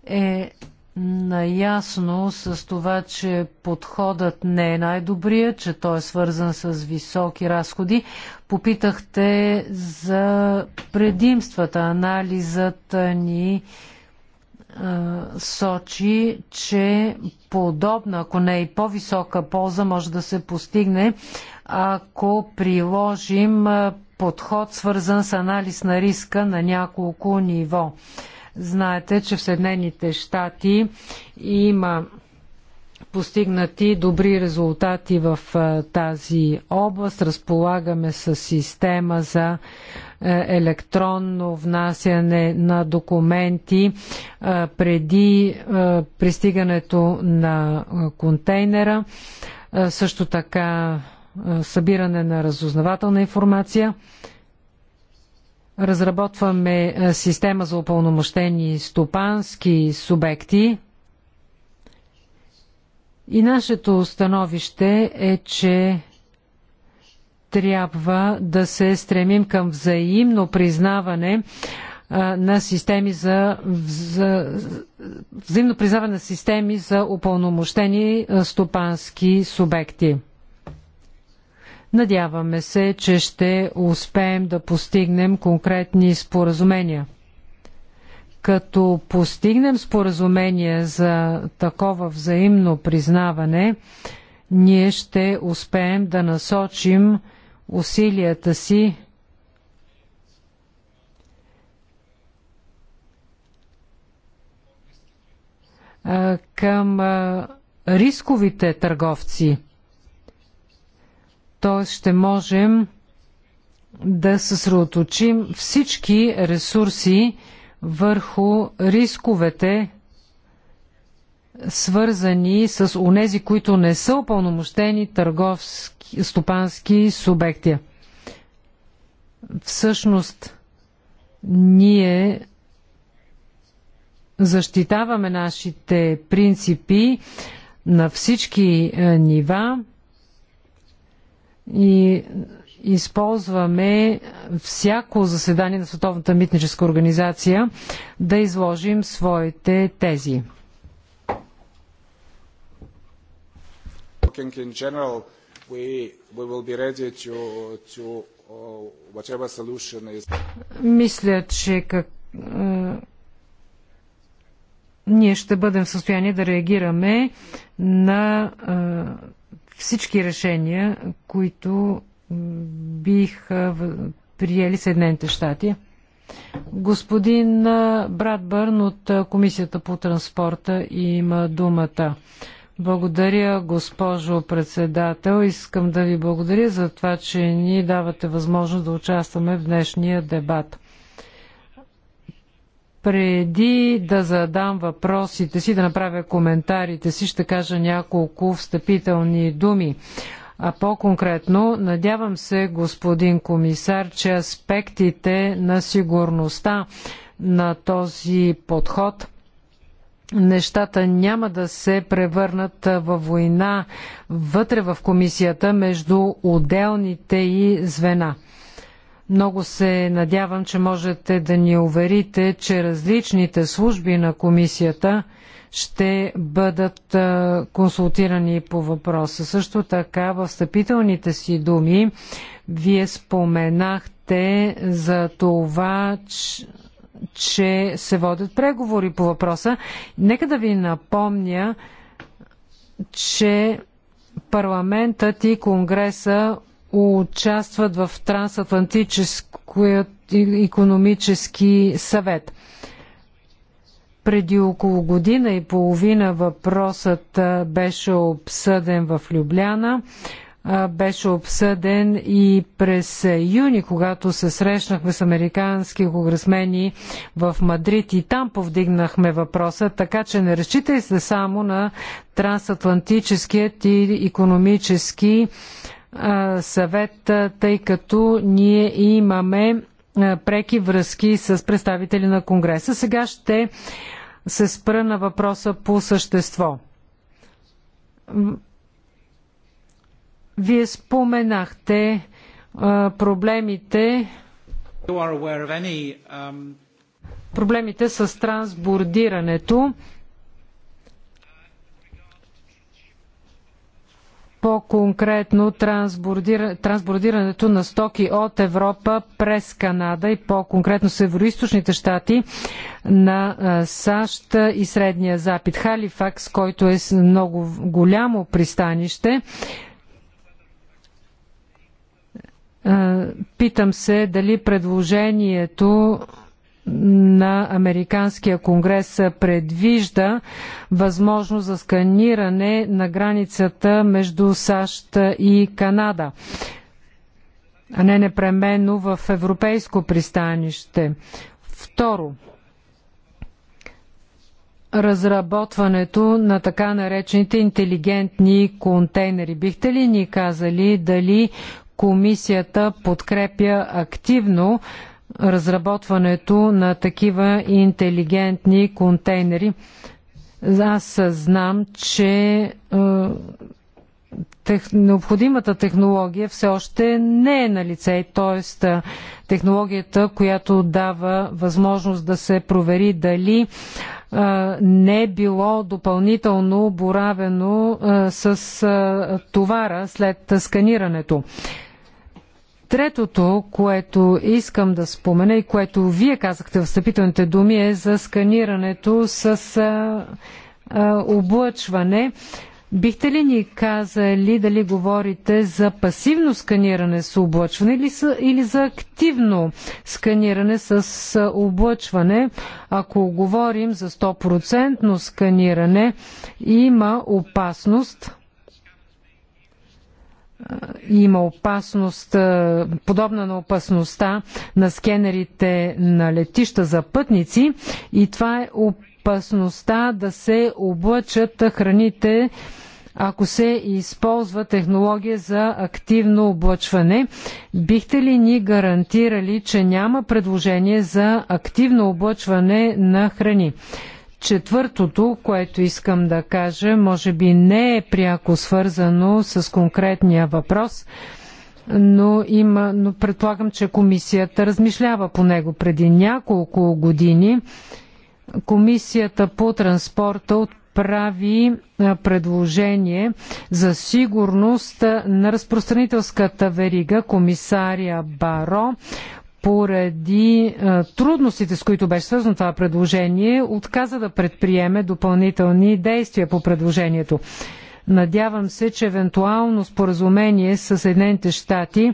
е наясно с това, че подходът не е най-добрия, че той е свързан с високи разходи. Попитахте за предимствата. Анализът ни сочи, че подобна, ако не и по-висока полза може да се постигне ако приложим подход, свързан с анализ на риска на няколко ниво. Знаете, че в Съединените щати има постигнати добри резултати в тази област. Разполагаме с система за електронно внасяне на документи преди пристигането на контейнера. Също така е, събиране на разузнавателна информация. Разработваме е, система за упълномощени стопански субекти. И нашето становище е, че трябва да се стремим към взаимно признаване е, на системи за, за взаимно признаване на системи за упълномощени стопански субекти. Надяваме се, че ще успеем да постигнем конкретни споразумения. Като постигнем споразумение за такова взаимно признаване, ние ще успеем да насочим усилията си към рисковите търговци – т.е. ще можем да съсредоточим всички ресурси върху рисковете, свързани с онези, които не са упълномощени търговски, стопански субекти. Всъщност, ние защитаваме нашите принципи на всички е, нива и използваме всяко заседание на Световната митническа организация да изложим своите тези. Uh, Мисля, че как, е, ние ще бъдем в състояние да реагираме на е, всички решения, които бих приели Съединените щати. Господин Братбърн от Комисията по транспорта има думата. Благодаря, госпожо председател. Искам да ви благодаря за това, че ни давате възможност да участваме в днешния дебат. Преди да задам въпросите си, да направя коментарите си, ще кажа няколко встъпителни думи. А по-конкретно, надявам се, господин комисар, че аспектите на сигурността на този подход – нещата няма да се превърнат във война вътре в комисията между отделните и звена. Много се надявам, че можете да ни уверите, че различните служби на комисията ще бъдат консултирани по въпроса. Също така, в встъпителните си думи, вие споменахте за това, че се водят преговори по въпроса. Нека да ви напомня, че парламентът и Конгреса участват в трансатлантическия економически съвет. Преди около година и половина въпросът беше обсъден в Любляна. Беше обсъден и през юни, когато се срещнахме с американски конгресмени в Мадрид и там повдигнахме въпроса, така че не разчитай се само на трансатлантическият и економически съвет, тъй като ние имаме преки връзки с представители на Конгреса. Сега ще се спра на въпроса по същество. Вие споменахте проблемите um, проблемите с трансбордирането. по-конкретно трансбордира, трансбордирането на стоки от Европа през Канада и по-конкретно североизточните щати на САЩ и Средния Запад. Халифакс, който е много голямо пристанище, питам се дали предложението на Американския конгрес предвижда възможност за сканиране на границата между САЩ и Канада, а не непременно в европейско пристанище. Второ, разработването на така наречените интелигентни контейнери. Бихте ли ни казали дали комисията подкрепя активно разработването на такива интелигентни контейнери. Аз знам, че е, тех, необходимата технология все още не е на лице, т.е. технологията, която дава възможност да се провери дали е, не е било допълнително боравено е, с товара след сканирането. Третото, което искам да спомена и което вие казахте в стъпителните думи е за сканирането с а, а, облъчване. Бихте ли ни казали дали говорите за пасивно сканиране с облъчване или, са, или за активно сканиране с облъчване? Ако говорим за 100% сканиране, има опасност е, има опасност, е, подобна на опасността на скенерите на летища за пътници и това е опасността да се облъчат храните, ако се използва технология за активно облъчване. Бихте ли ни гарантирали, че няма предложение за активно облъчване на храни? Четвъртото, което искам да кажа, може би не е пряко свързано с конкретния въпрос, но, има, но предполагам, че комисията размишлява по него. Преди няколко години комисията по транспорта от прави предложение за сигурност на разпространителската верига комисария Баро поради а, трудностите, с които беше свързано това предложение, отказа да предприеме допълнителни действия по предложението. Надявам се, че евентуално споразумение с Съединените щати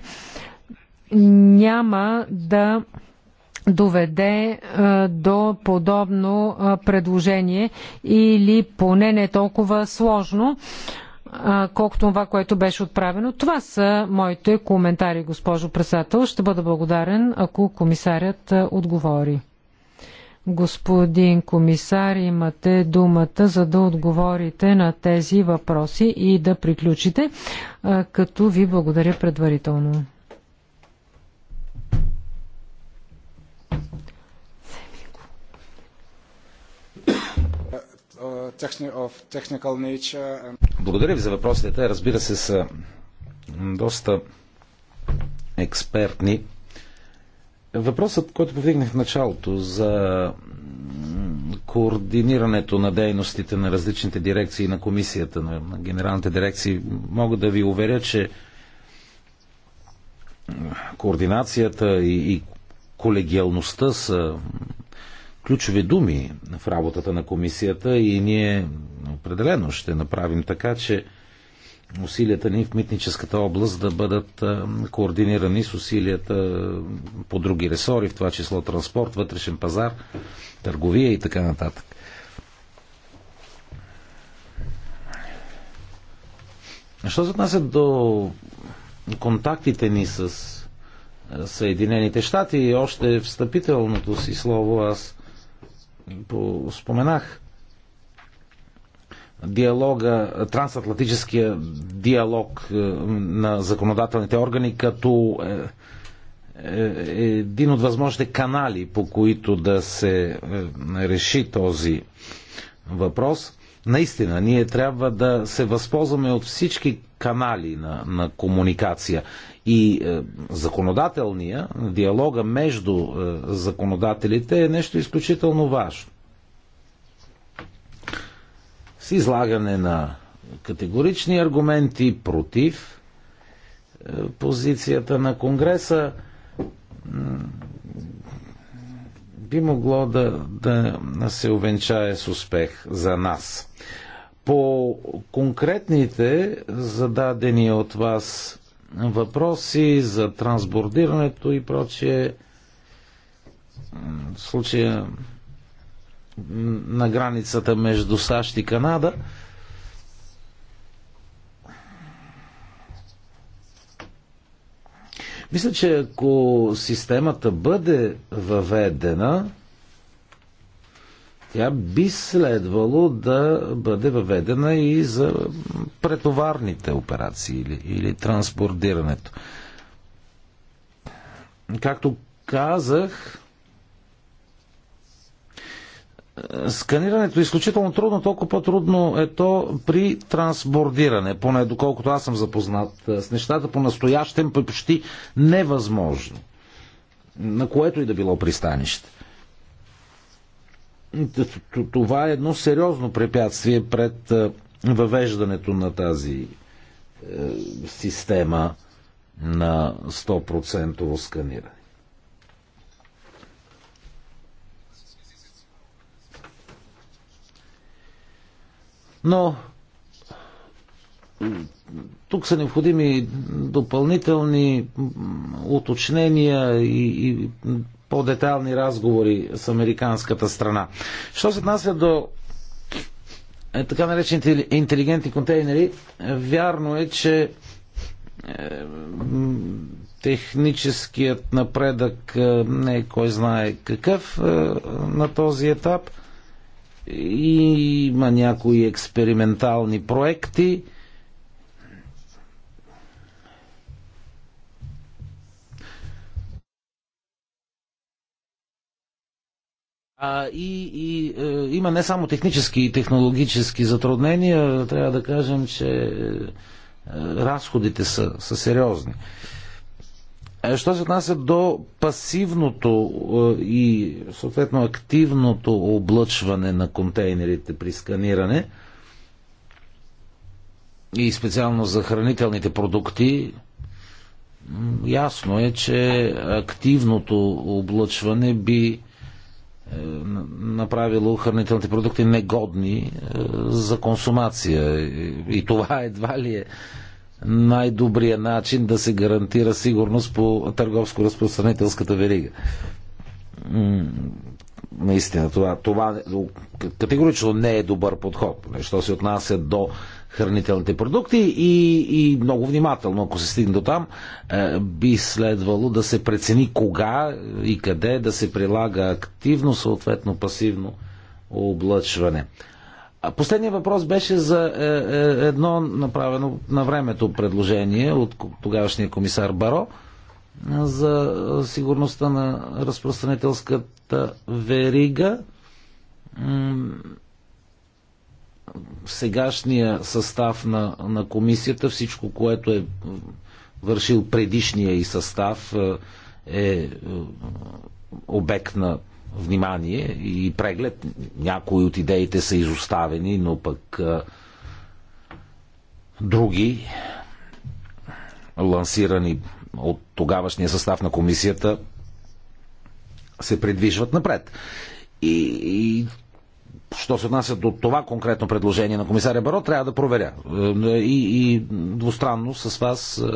няма да доведе а, до подобно а, предложение или поне не толкова сложно. А, колкото това, което беше отправено. Това са моите коментари, госпожо председател. Ще бъда благодарен, ако комисарят отговори. Господин комисар, имате думата, за да отговорите на тези въпроси и да приключите, като ви благодаря предварително. Благодаря ви за въпросите. Те, разбира се, са доста експертни. Въпросът, който повдигнах в началото за координирането на дейностите на различните дирекции на комисията, на генералните дирекции, мога да ви уверя, че координацията и колегиалността са ключови думи в работата на комисията и ние определено ще направим така, че усилията ни в митническата област да бъдат координирани с усилията по други ресори, в това число транспорт, вътрешен пазар, търговия и така нататък. Що се отнася до контактите ни с Съединените щати, още встъпителното си слово аз споменах диалога, трансатлантическия диалог е, на законодателните органи като е, е, един от възможните канали, по които да се реши този въпрос. Наистина, ние трябва да се възползваме от всички канали на, на комуникация. И е, законодателния, диалога между е, законодателите е нещо изключително важно. С излагане на категорични аргументи против е, позицията на Конгреса би могло да, да се увенчае с успех за нас. По конкретните зададени от вас въпроси за трансбордирането и прочие. В случая на границата между САЩ и Канада. Мисля, че ако системата бъде въведена, тя би следвало да бъде въведена и за претоварните операции или, или трансбордирането. Както казах, Сканирането е изключително трудно, толкова по-трудно е то при трансбордиране, поне доколкото аз съм запознат с нещата, по настоящем почти невъзможно, на което и да било пристанище това е едно сериозно препятствие пред е, въвеждането на тази е, система на 100% сканиране. Но тук са необходими допълнителни уточнения и, и по-детайлни разговори с американската страна. Що се отнася до е, така наречените интелигентни контейнери, е, вярно е, че е, техническият напредък е, не е кой знае какъв на този етап. и Има някои експериментални проекти, А, и и е, има не само технически и технологически затруднения, трябва да кажем, че е, разходите са, са сериозни. Е, що се отнася до пасивното е, и съответно активното облъчване на контейнерите при сканиране и специално за хранителните продукти, ясно е, че активното облъчване би е, направило хранителните продукти негодни е, за консумация. И това (laughs) едва ли е най-добрият начин да се гарантира сигурност по търговско-разпространителската верига. Наистина, това, това категорично не е добър подход. Що се отнася до хранителните продукти и, и много внимателно, ако се стигне до там, е, би следвало да се прецени кога и къде да се прилага активно, съответно пасивно облъчване. Последният въпрос беше за е, е, едно направено на времето предложение от тогавашния комисар Баро за сигурността на разпространителската верига сегашния състав на, на комисията, всичко, което е вършил предишния и състав, е, е, е обект на внимание и преглед. Някои от идеите са изоставени, но пък е, други, лансирани от тогавашния състав на комисията, се предвижват напред. И, и що се отнася до това конкретно предложение на комисаря Баро, трябва да проверя. Е, и, и двустранно с вас е,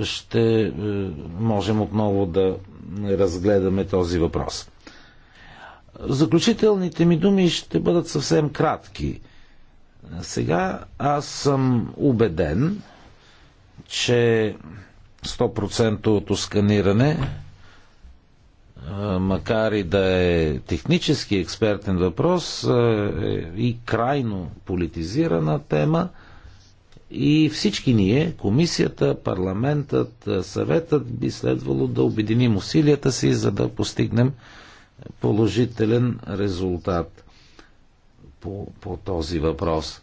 е, ще можем отново да разгледаме този въпрос. Заключителните ми думи ще бъдат съвсем кратки. Сега аз съм убеден, че 100% от осканиране макар и да е технически експертен въпрос, е и крайно политизирана тема. И всички ние, комисията, парламентът, съветът, би следвало да обединим усилията си, за да постигнем положителен резултат по, по този въпрос.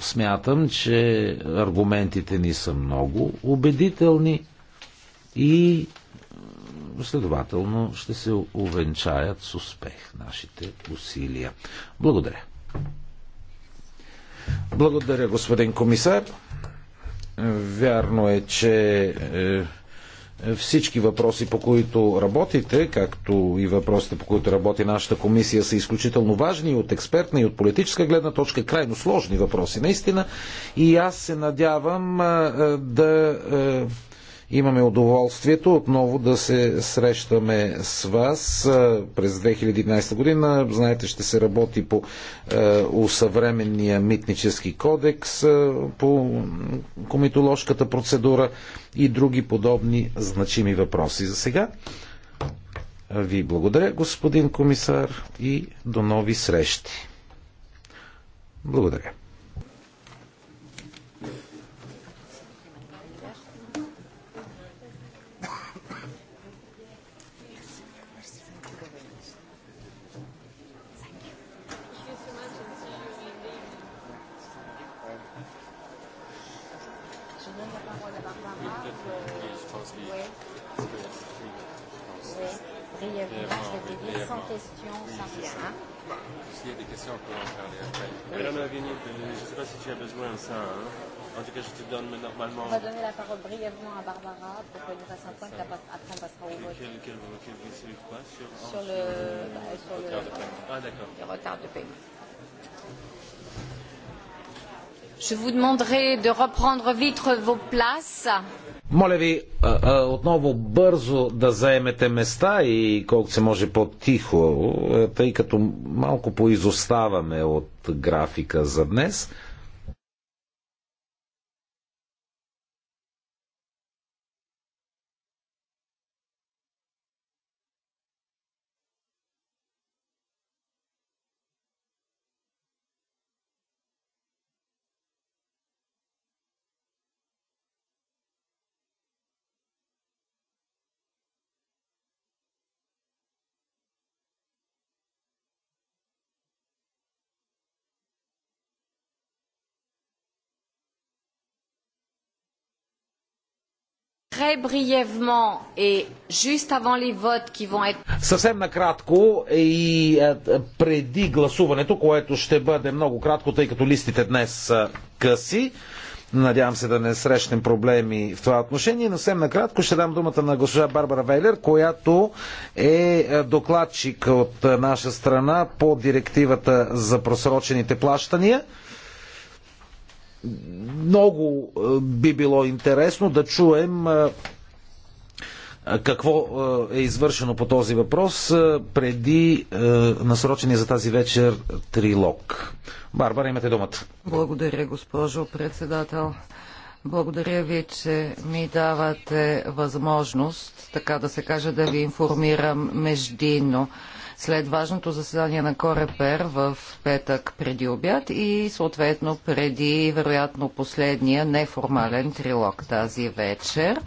Смятам, че аргументите ни са много убедителни и следователно ще се увенчаят с успех нашите усилия. Благодаря. Благодаря, господин комисар. Вярно е, че е, всички въпроси, по които работите, както и въпросите, по които работи нашата комисия, са изключително важни и от експертна и от политическа гледна точка, крайно сложни въпроси, наистина. И аз се надявам е, е, да Имаме удоволствието отново да се срещаме с вас през 2011 година. Знаете, ще се работи по усъвременния митнически кодекс, по комитоложката процедура и други подобни значими въпроси. За сега ви благодаря, господин комисар, и до нови срещи. Благодаря. loin ça. Hein. En tout cas, je te donne normalement. On va donner la parole brièvement à Barbara pour qu'elle nous fasse un point, après on passera au vote. Quel, quel, quel, quel, quoi sur, sur, le, bah, sur le retard de paiement. Ah, Le retard de paiement. Je vous demanderai de reprendre vite vos places. Моля ви отново бързо да заемете места и колкото се може по-тихо, тъй като малко поизоставаме от графика за днес. Съвсем накратко и е, преди гласуването, което ще бъде много кратко, тъй като листите днес са къси. Надявам се да не срещнем проблеми в това отношение. Но съвсем накратко ще дам думата на госпожа Барбара Вейлер, която е, е докладчик от е, наша страна по директивата за просрочените плащания. Много е, би било интересно да чуем е, е, какво е извършено по този въпрос преди насрочения за тази вечер трилог. Барбара, имате думата. Благодаря, госпожо председател. Благодаря ви, че ми давате възможност, така да се каже, да ви информирам междинно след важното заседание на Корепер в петък преди обяд и съответно преди вероятно последния неформален трилог тази вечер.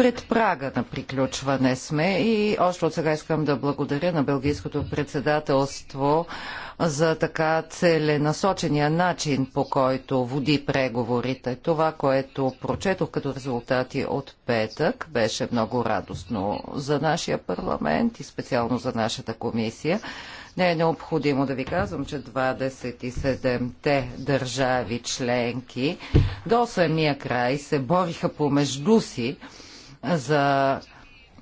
Пред прага на приключване сме и още от сега искам да благодаря на Белгийското председателство за така целенасочения начин, по който води преговорите. Това, което прочетох като резултати от петък, беше много радостно за нашия парламент и специално за нашата комисия. Не е необходимо да ви казвам, че 27-те държави членки до самия край се бориха помежду си за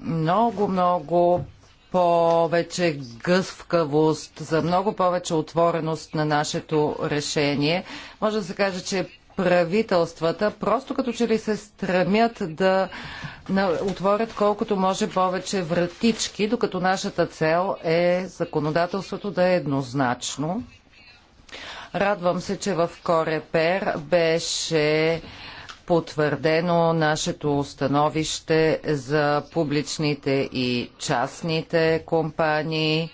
много, много повече гъвкавост, за много повече отвореност на нашето решение. Може да се каже, че правителствата просто като че ли се стремят да отворят колкото може повече вратички, докато нашата цел е законодателството да е еднозначно. Радвам се, че в Корепер беше потвърдено нашето становище за публичните и частните компании.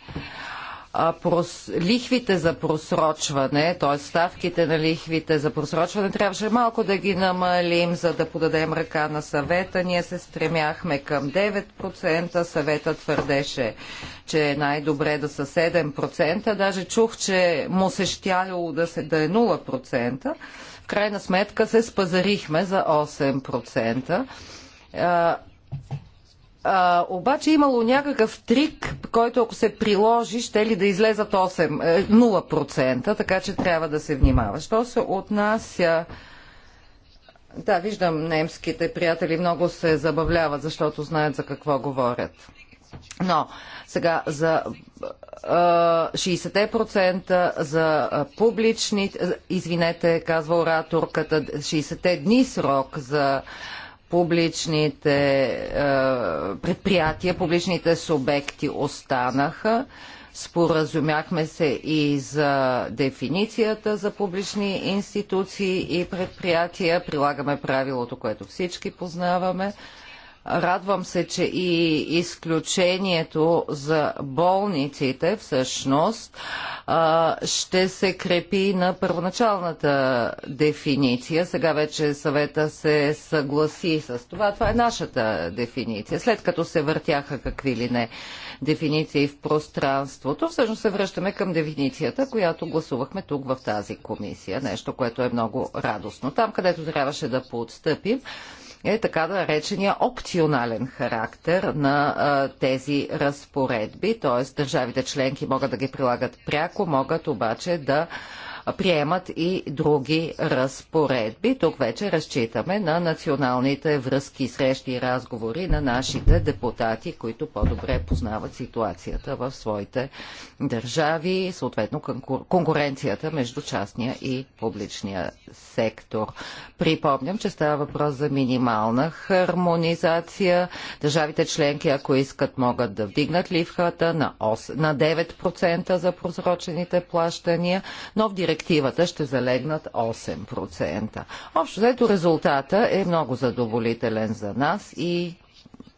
Прос... лихвите за просрочване, т.е. ставките на лихвите за просрочване, трябваше малко да ги намалим, за да подадем ръка на съвета. Ние се стремяхме към 9%, съвета твърдеше, че е най-добре да са 7%, даже чух, че му се щяло да, се, да е 0%. В крайна сметка се спазарихме за 8%. А, а, обаче имало някакъв трик, който ако се приложи, ще ли да излезат 8, 0%, е, така че трябва да се внимава. Що се отнася... Да, виждам немските приятели много се забавляват, защото знаят за какво говорят. Но сега за 60% за публични, извинете, казва ораторката, 60 дни срок за публичните предприятия, публичните субекти останаха. Споразумяхме се и за дефиницията за публични институции и предприятия. Прилагаме правилото, което всички познаваме. Радвам се, че и изключението за болниците всъщност ще се крепи на първоначалната дефиниция. Сега вече съвета се съгласи с това. Това е нашата дефиниция. След като се въртяха какви ли не дефиниции в пространството, всъщност се връщаме към дефиницията, която гласувахме тук в тази комисия. Нещо, което е много радостно. Там, където трябваше да поотстъпим, е така да речения опционален характер на а, тези разпоредби, т.е. държавите членки могат да ги прилагат пряко, могат обаче да приемат и други разпоредби. Тук вече разчитаме на националните връзки, срещи и разговори на нашите депутати, които по-добре познават ситуацията в своите държави и съответно конкуренцията между частния и публичния сектор. Припомням, че става въпрос за минимална хармонизация. Държавите членки, ако искат, могат да вдигнат ливката на 9% за прозрочените плащания, но в директивата перспективата ще залегнат 8%. Общо взето резултата е много задоволителен за нас и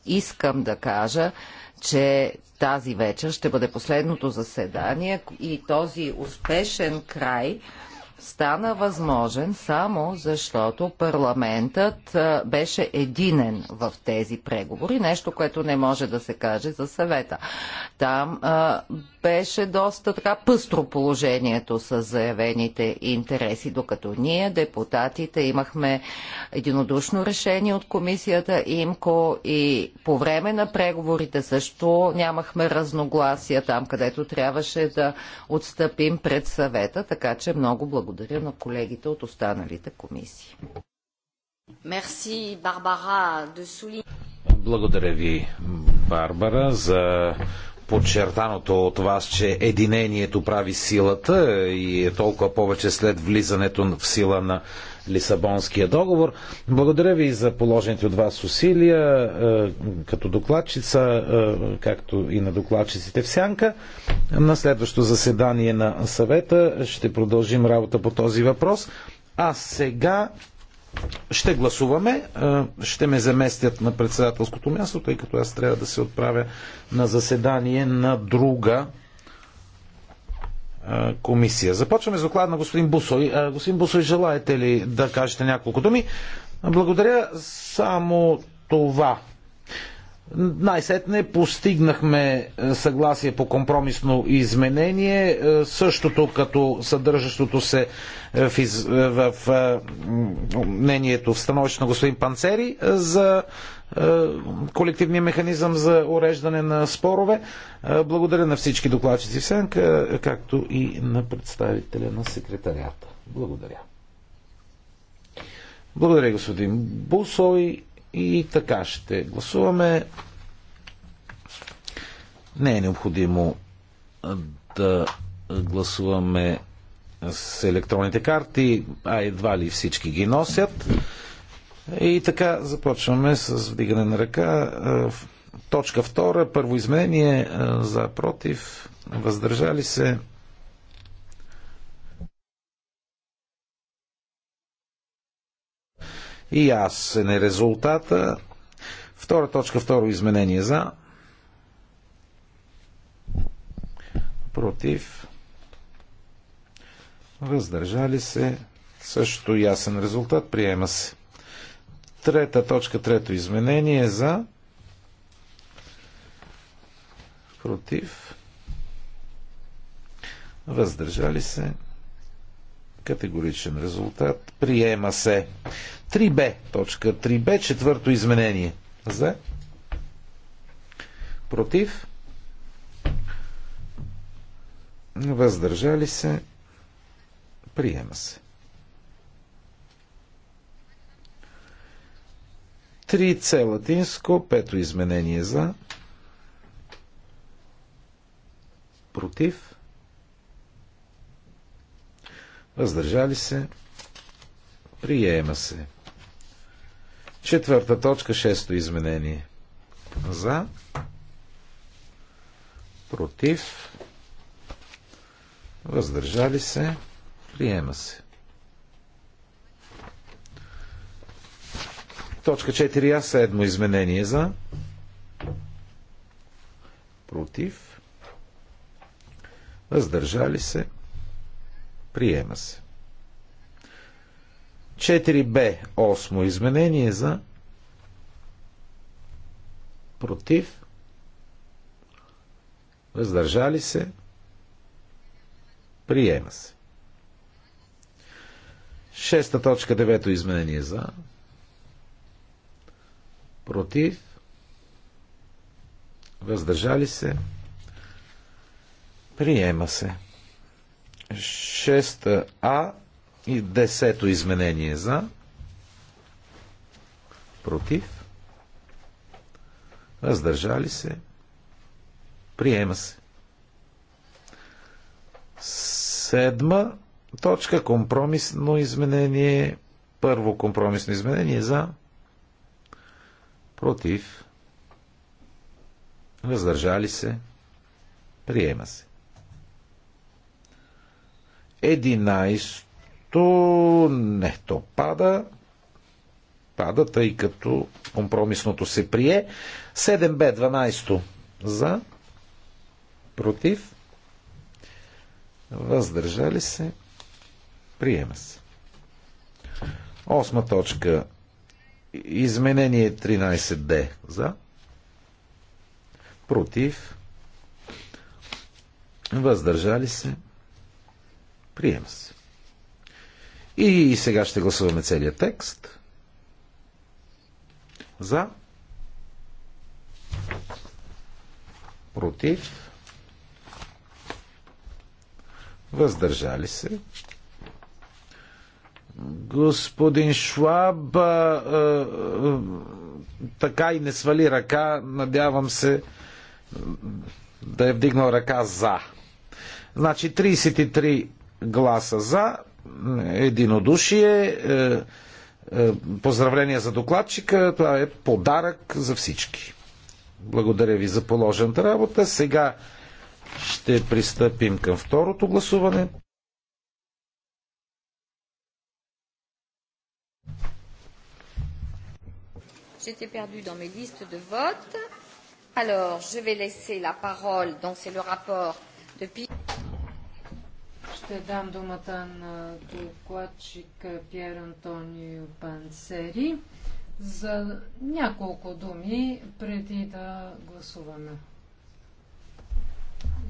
искам да кажа, че тази вечер ще бъде последното заседание и този успешен край стана възможен само защото парламентът беше единен в тези преговори, нещо, което не може да се каже за съвета. Там а, беше доста така пъстро положението с заявените интереси, докато ние, депутатите, имахме единодушно решение от комисията ИМКО и по време на преговорите също нямахме разногласия там, където трябваше да отстъпим пред съвета, така че много благодаря благодаря на колегите от останалите комисии. Мерси, Барбара, Благодаря ви, Барбара, за подчертаното от вас, че единението прави силата и е толкова повече след влизането в сила на Лисабонския договор. Благодаря ви за положените от вас усилия е, като докладчица, е, както и на докладчиците в Сянка. На следващото заседание на съвета ще продължим работа по този въпрос. А сега ще гласуваме. Е, ще ме заместят на председателското място, тъй като аз трябва да се отправя на заседание на друга комисия. Започваме с доклада на господин Бусой. Господин Бусой, желаете ли да кажете няколко думи? Благодаря само това. Най-сетне постигнахме съгласие по компромисно изменение, същото като съдържащото се в, из... в мнението в становище на господин Панцери за е, колективния механизъм за уреждане на спорове. Е, благодаря на всички докладчици в Сенка, както и на представителя на секретарията. Благодаря. Благодаря, господин Бусой. И така ще гласуваме. Не е необходимо да гласуваме с електронните карти, а едва ли всички ги носят. И така започваме с вдигане на ръка. Е, точка втора, първо изменение е, за против, въздържали се. И аз е не резултата. Втора точка, второ изменение за. Против. Въздържали се. Също ясен резултат. Приема се. Трета точка, трето изменение е за против въздържали се категоричен резултат приема се 3b точка 3b четвърто изменение за против въздържали се приема се 3C латинско, пето изменение за, против, въздържали се, приема се. Четвърта точка, шесто изменение. За, против, въздържали се, приема се. Точка 4А, седмо изменение за. Против. Въздържали се. Приема се. 4Б, осмо изменение за. Против. Въздържали се. Приема се. Шеста точка, девето изменение за против, въздържали се, приема се. 6А и 10-то изменение за, против, въздържали се, приема се. Седма точка компромисно изменение, първо компромисно изменение за против, въздържали се, приема се. Единайсто, не, то пада, пада, тъй като компромисното се прие. 7Б, 12 за, против, въздържали се, приема се. Осма точка Изменение 13D. За. Против. Въздържали се. Приема се. И сега ще гласуваме целия текст. За. Против. Въздържали се. Господин Шваб а, а, а, така и не свали ръка, надявам се да е вдигнал ръка за. Значи 33 гласа за, единодушие, е, е, поздравления за докладчика, това е подарък за всички. Благодаря ви за положената работа. Сега ще пристъпим към второто гласуване. j'étais perdue dans mes listes de vote. Alors, je vais laisser la parole, donc c'est le rapport de Pierre. дам думата за няколко думи преди да гласуваме.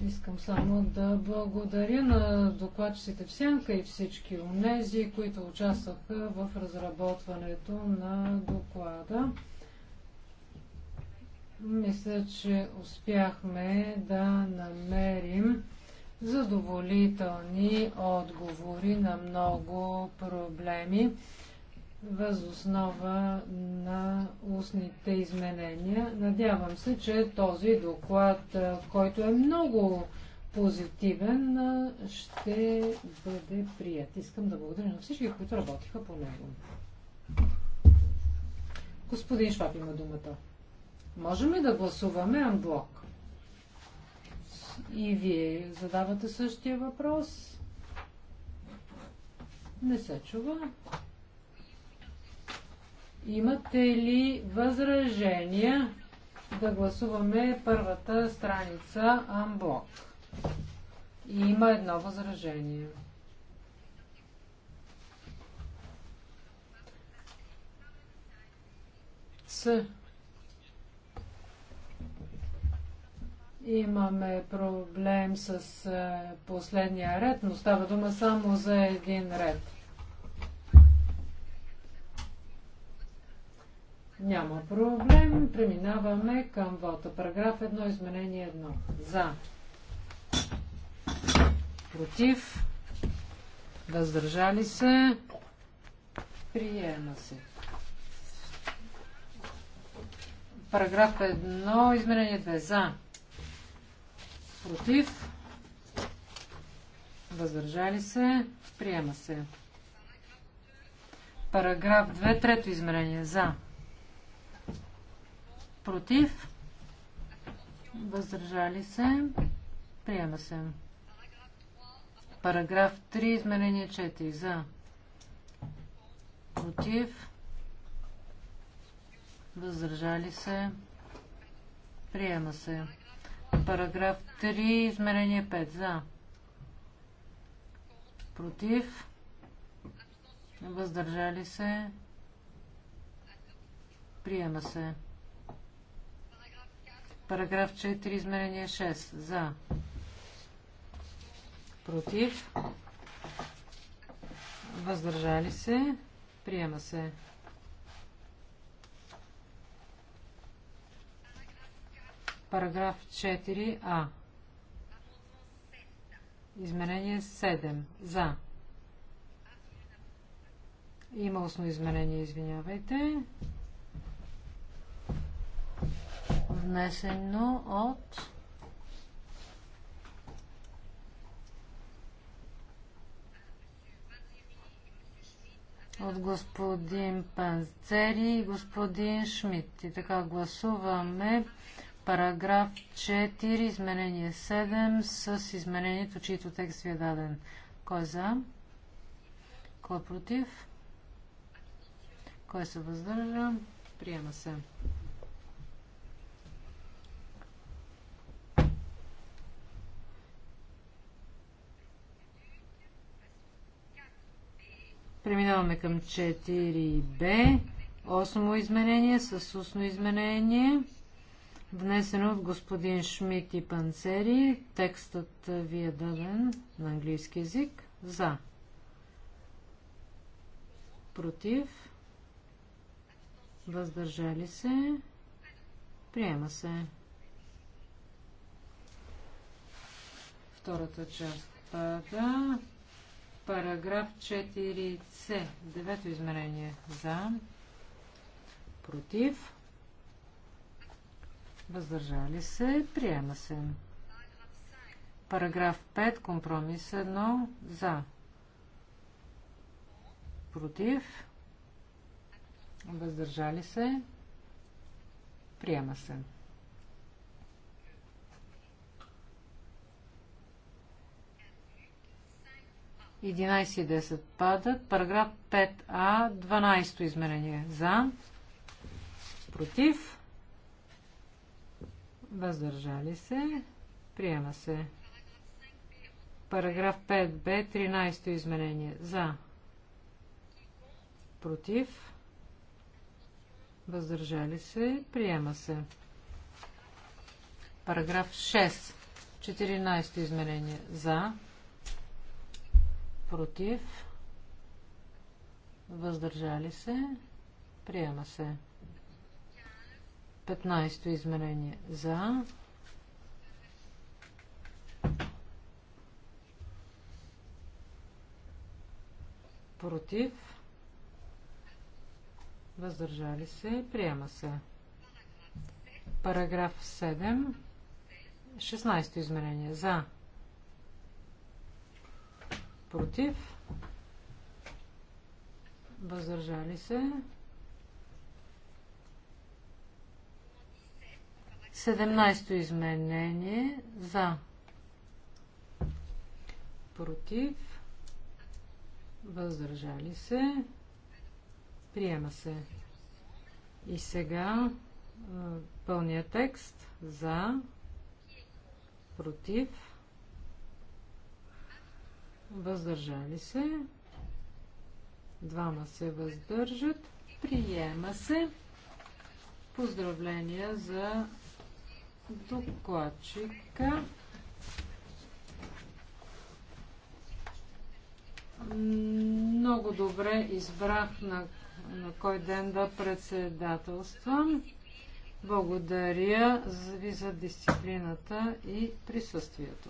Искам само да благодаря на докладчиците в Сянка и всички онези, които участваха в разработването на доклада. Мисля, че успяхме да намерим задоволителни отговори на много проблеми възоснова на устните изменения. Надявам се, че този доклад, който е много позитивен, ще бъде прият. Искам да благодаря на всички, които работиха по него. Господин Шваб има думата. Можем ли да гласуваме анблок? И вие задавате същия въпрос. Не се чува. Имате ли възражения да гласуваме първата страница Unblock? И има едно възражение. С. Имаме проблем с е, последния ред, но става дума само за един ред. Няма проблем. Преминаваме към вота. Параграф 1, изменение 1. За. Против. Въздържали се. Приема се. Параграф 1, изменение 2. За. Против. Въздържали се. Приема се. Параграф 2, трето измерение. За. Против. Въздържали се. Приема се. Параграф 3, изменение 4. За. Против. Въздържали се. Приема се. Параграф 3, измерение 5. За. Против. Въздържали се. Приема се. Параграф 4, изменение 6. За. Против. Въздържали се. Приема се. Параграф 4а. Изменение 7. За. Има устно изменение, извинявайте. Извинявайте. внесено от от господин Панцери и господин Шмидт. И така гласуваме параграф 4, изменение 7 с изменението, чието текст ви е даден. Кой е за? Кой е против? Кой се въздържа? Приема се. Преминаваме към 4 б Осмо изменение с устно изменение. Внесено от господин Шмидт и Панцери. Текстът ви е даден на английски язик. За. Против. Въздържали се. Приема се. Втората част пада. Параграф 4c. Девето измерение. За. Против. Въздържали се. Приема се. Параграф 5. Компромис 1. За. Против. Въздържали се. Приема се. 11 и 10 падат. Параграф 5а, 12 измерение. За. Против. Въздържали се. Приема се. Параграф 5б, 13 измерение За. Против. Въздържали се. Приема се. Параграф 6, 14 измерение За против, въздържали се, приема се. 15-то измерение за, против, въздържали се, приема се. Параграф 7, 16-то измерение за, против, въздържали се. 17-то изменение за против, въздържали се, приема се. И сега пълния текст за против, въздържали се, двама се въздържат, приема се. Поздравления за докладчика. Много добре избрах на, на кой ден да председателствам. Благодаря ви за дисциплината и присъствието.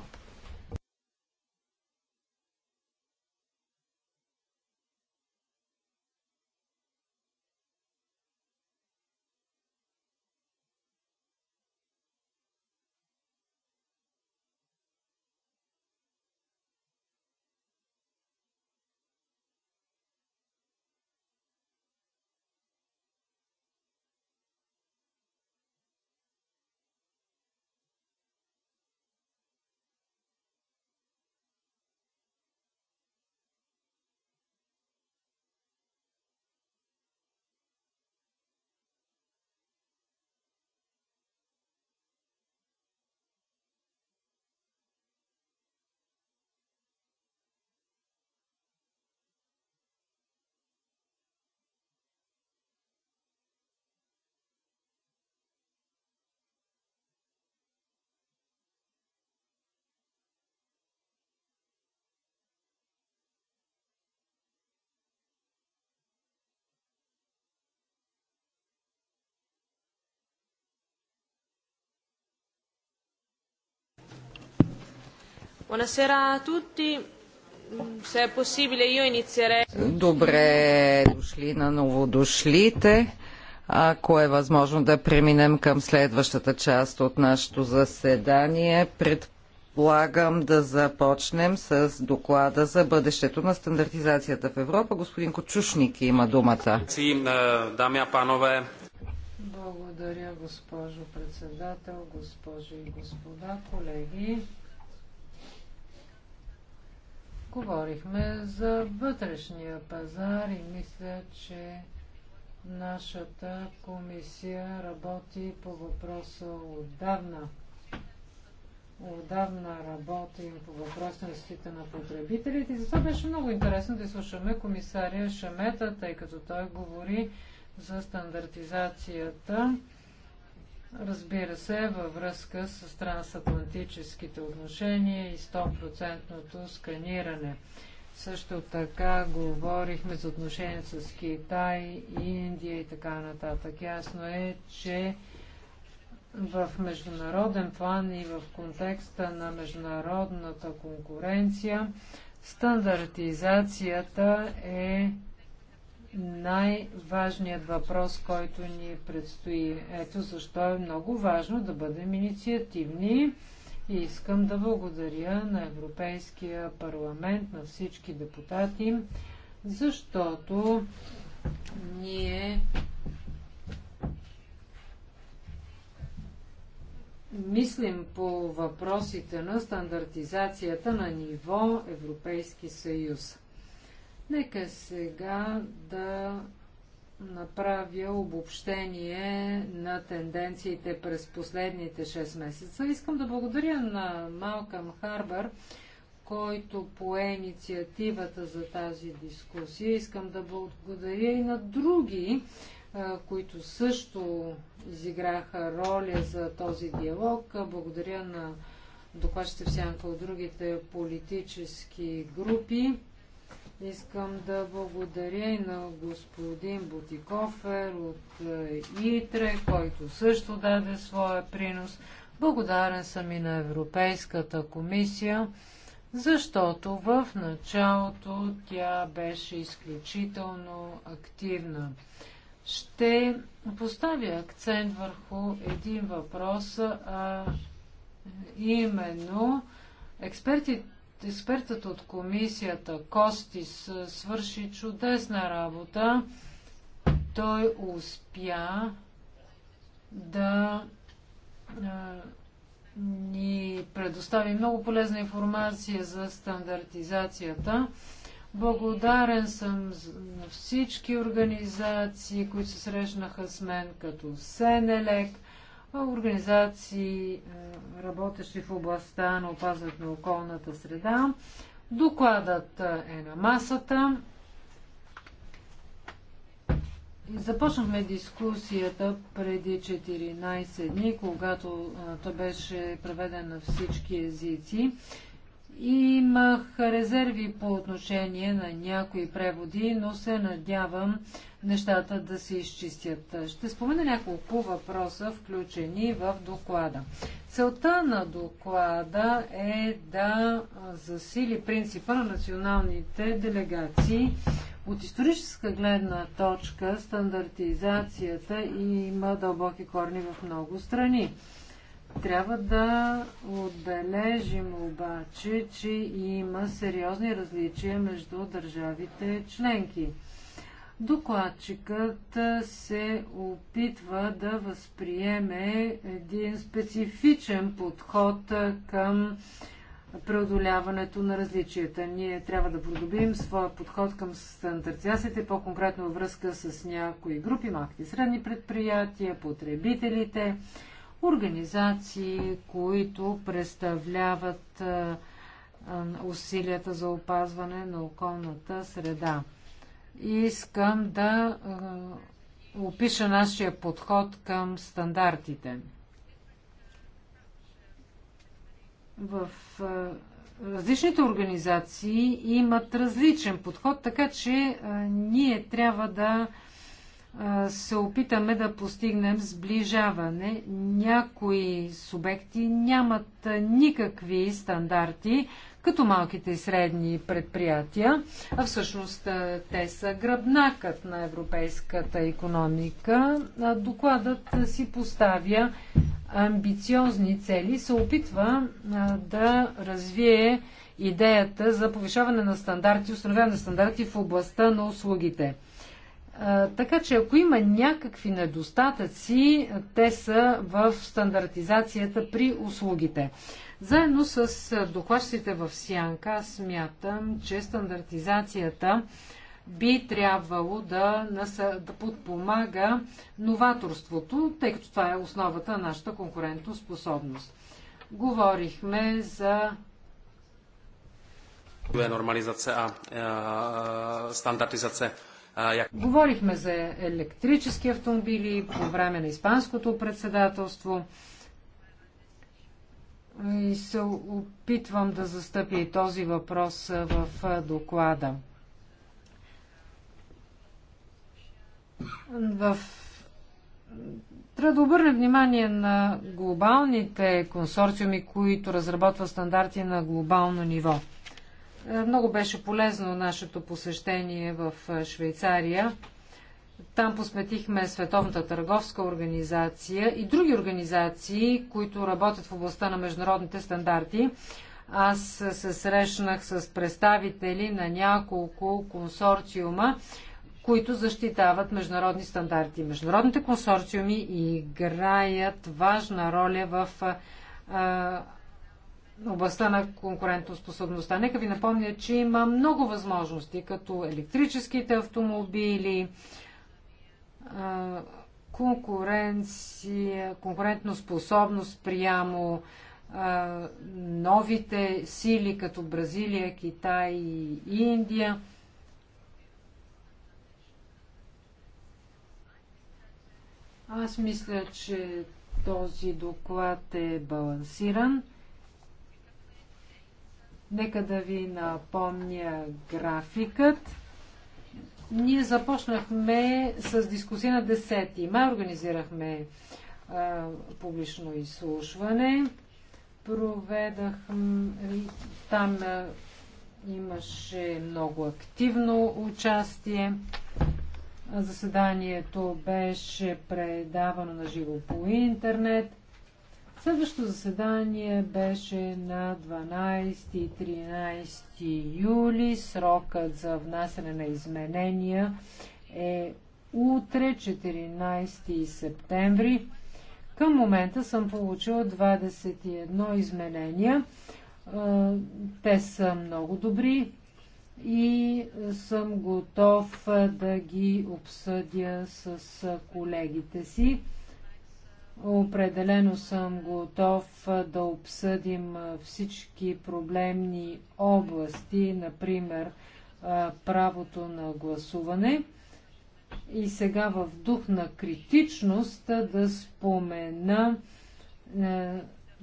Buonasera a tutti. Se è possibile io inizierei. Добре дошли на новодошлите. Ако е възможно да преминем към следващата част от нашето заседание, предполагам да започнем с доклада за бъдещето на стандартизацията в Европа. Господин Кочушник има думата. Дами панове. Благодаря, госпожо председател, госпожи и господа, колеги. Говорихме за вътрешния пазар и мисля, че нашата комисия работи по въпроса отдавна. Отдавна работим по въпроса на защита на потребителите. И затова беше много интересно да изслушаме комисария Шамета, тъй като той говори за стандартизацията Разбира се, във връзка с трансатлантическите отношения и 100 сканиране. Също така говорихме за отношения с Китай, Индия и така нататък. Ясно е, че в международен план и в контекста на международната конкуренция стандартизацията е най-важният въпрос, който ни предстои. Ето защо е много важно да бъдем инициативни и искам да благодаря на Европейския парламент, на всички депутати, защото ние мислим по въпросите на стандартизацията на ниво Европейски съюз. Нека сега да направя обобщение на тенденциите през последните 6 месеца. Искам да благодаря на Малкам Харбър, който пое инициативата за тази дискусия. Искам да благодаря и на други, които също изиграха роля за този диалог. Благодаря на докладчите в сянка от другите политически групи. Искам да благодаря и на господин Бутикофер от е, ИТРЕ, който също даде своя принос. Благодарен съм и на Европейската комисия, защото в началото тя беше изключително активна. Ще поставя акцент върху един въпрос, а именно експертите експертът от комисията Костис свърши чудесна работа. Той успя да ни предостави много полезна информация за стандартизацията. Благодарен съм на всички организации, които се срещнаха с мен, като Сенелек, организации, работещи в областта на опазването на околната среда. Докладът е на масата. Започнахме дискусията преди 14 дни, когато той беше преведен на всички езици. Имах резерви по отношение на някои преводи, но се надявам нещата да се изчистят. Ще спомена няколко въпроса, включени в доклада. Целта на доклада е да засили принципа на националните делегации. От историческа гледна точка стандартизацията има дълбоки корни в много страни. Трябва да отбележим обаче, че има сериозни различия между държавите членки. Докладчикът се опитва да възприеме един специфичен подход към преодоляването на различията. Ние трябва да продобим своя подход към стандартизациите, по-конкретно във връзка с някои групи, малките и средни предприятия, потребителите, организации, които представляват усилията за опазване на околната среда. Искам да опиша нашия подход към стандартите. В различните организации имат различен подход, така че ние трябва да се опитаме да постигнем сближаване. Някои субекти нямат никакви стандарти, като малките и средни предприятия, а всъщност те са гръбнакът на европейската економика. Докладът си поставя амбициозни цели, се опитва да развие идеята за повишаване на стандарти, установяване на стандарти в областта на услугите така че ако има някакви недостатъци, те са в стандартизацията при услугите. Заедно с докладчиците в Сянка смятам, че стандартизацията би трябвало да, наса, да подпомага новаторството, тъй като това е основата на нашата конкурентоспособност. Говорихме за нормализация a e, стандартизация. Говорихме за електрически автомобили по време на Испанското председателство и се опитвам да застъпя и този въпрос в доклада. В... Трябва да обърнем внимание на глобалните консорциуми, които разработват стандарти на глобално ниво. Е, много беше полезно нашето посещение в е, Швейцария. Там посметихме Световната търговска организация и други организации, които работят в областта на международните стандарти. Аз се срещнах с представители на няколко консорциума, които защитават международни стандарти. Международните консорциуми играят важна роля в е, областта на конкурентоспособността. Нека ви напомня, че има много възможности, като електрическите автомобили, конкуренция, конкурентоспособност прямо новите сили, като Бразилия, Китай и Индия. Аз мисля, че този доклад е балансиран. Нека да ви напомня графикът. Ние започнахме с дискусия на 10 май, организирахме а, публично изслушване. Проведахме там а, имаше много активно участие. Заседанието беше предавано на живо по интернет. Следващото заседание беше на 12 и 13 юли. Срокът за внасяне на изменения е утре, 14 септември. Към момента съм получила 21 изменения. Те са много добри и съм готов да ги обсъдя с колегите си. Определено съм готов да обсъдим всички проблемни области, например правото на гласуване. И сега в дух на критичност да спомена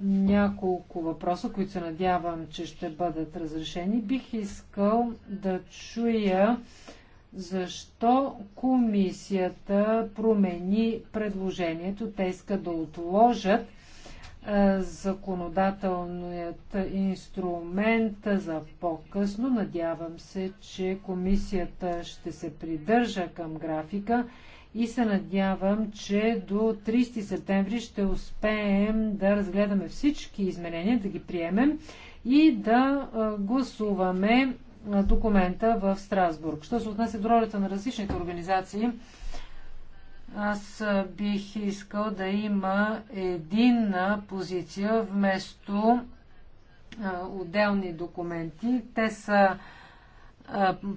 няколко въпроса, които се надявам, че ще бъдат разрешени. Бих искал да чуя защо комисията промени предложението? Те искат да отложат законодателният инструмент за по-късно. Надявам се, че комисията ще се придържа към графика и се надявам, че до 30 септември ще успеем да разгледаме всички изменения, да ги приемем и да гласуваме документа в Страсбург. Що се отнася до ролята на различните организации, аз бих искал да има единна позиция вместо отделни документи. Те са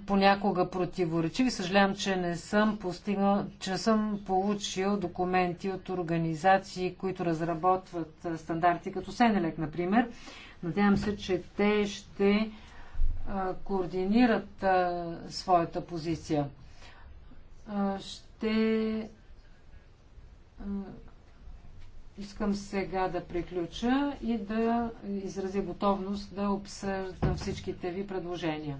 понякога противоречиви. Съжалявам, че не съм постигнал, че не съм получил документи от организации, които разработват стандарти, като Сенелек, например. Надявам се, че те ще координират своята позиция. Ще искам сега да приключа и да изразя готовност да обсъждам всичките ви предложения.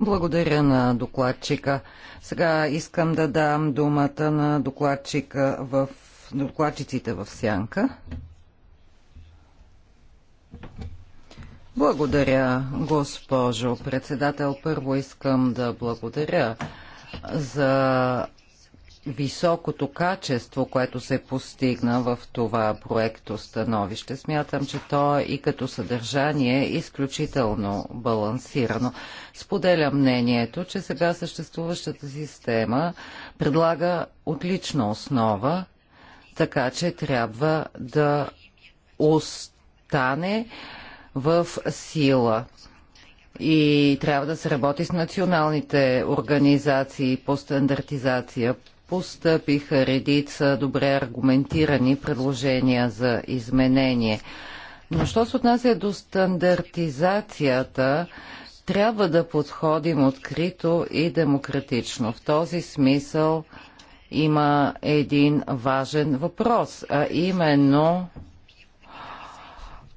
Благодаря на докладчика. Сега искам да дам думата на докладчика в докладчиците в сянка. Благодаря, госпожо председател. Първо искам да благодаря за високото качество, което се постигна в това проекто становище. Смятам, че то е и като съдържание е изключително балансирано. Споделя мнението, че сега съществуващата система предлага отлична основа, така че трябва да остане в сила и трябва да се работи с националните организации по стандартизация. Постъпиха редица добре аргументирани предложения за изменение. Но що се отнася до стандартизацията, трябва да подходим открито и демократично. В този смисъл има един важен въпрос, а именно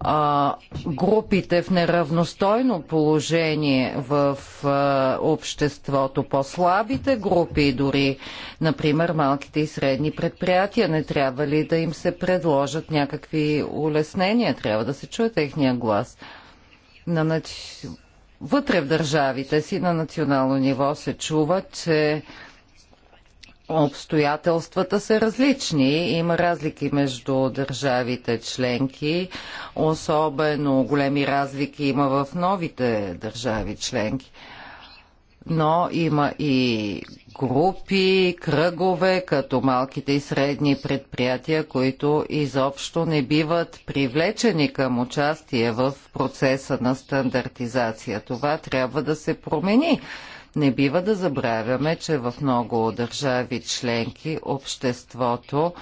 а, групите в неравностойно положение в а, обществото, по-слабите групи дори, например малките и средни предприятия, не трябва ли да им се предложат някакви улеснения, трябва да се чуе техния глас. На, вътре в държавите си на национално ниво се чува, че обстоятелствата са различни. Има разлики между държавите членки. Особено големи разлики има в новите държави членки. Но има и групи, кръгове, като малките и средни предприятия, които изобщо не биват привлечени към участие в процеса на стандартизация. Това трябва да се промени не бива да забравяме, че в много държави членки обществото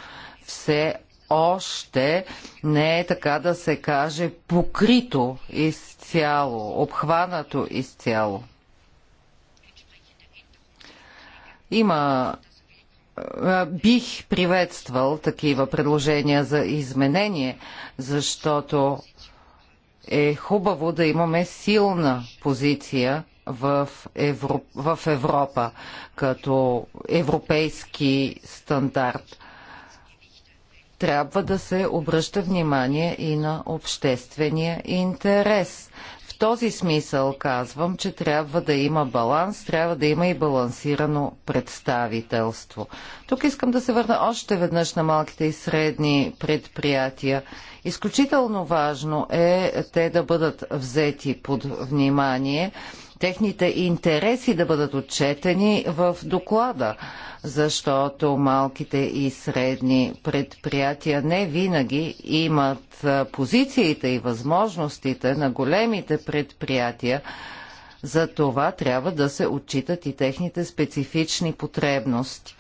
все още не е така да се каже покрито изцяло, обхванато изцяло. Има бих приветствал такива предложения за изменение, защото е хубаво да имаме силна позиция в, в Европа като европейски стандарт. Трябва да се обръща внимание и на обществения интерес. В този смисъл казвам, че трябва да има баланс, трябва да има и балансирано представителство. Тук искам да се върна още веднъж на малките и средни предприятия. Изключително важно е те да бъдат взети под внимание техните интереси да бъдат отчетени в доклада, защото малките и средни предприятия не винаги имат позициите и възможностите на големите предприятия, за това трябва да се отчитат и техните специфични потребности.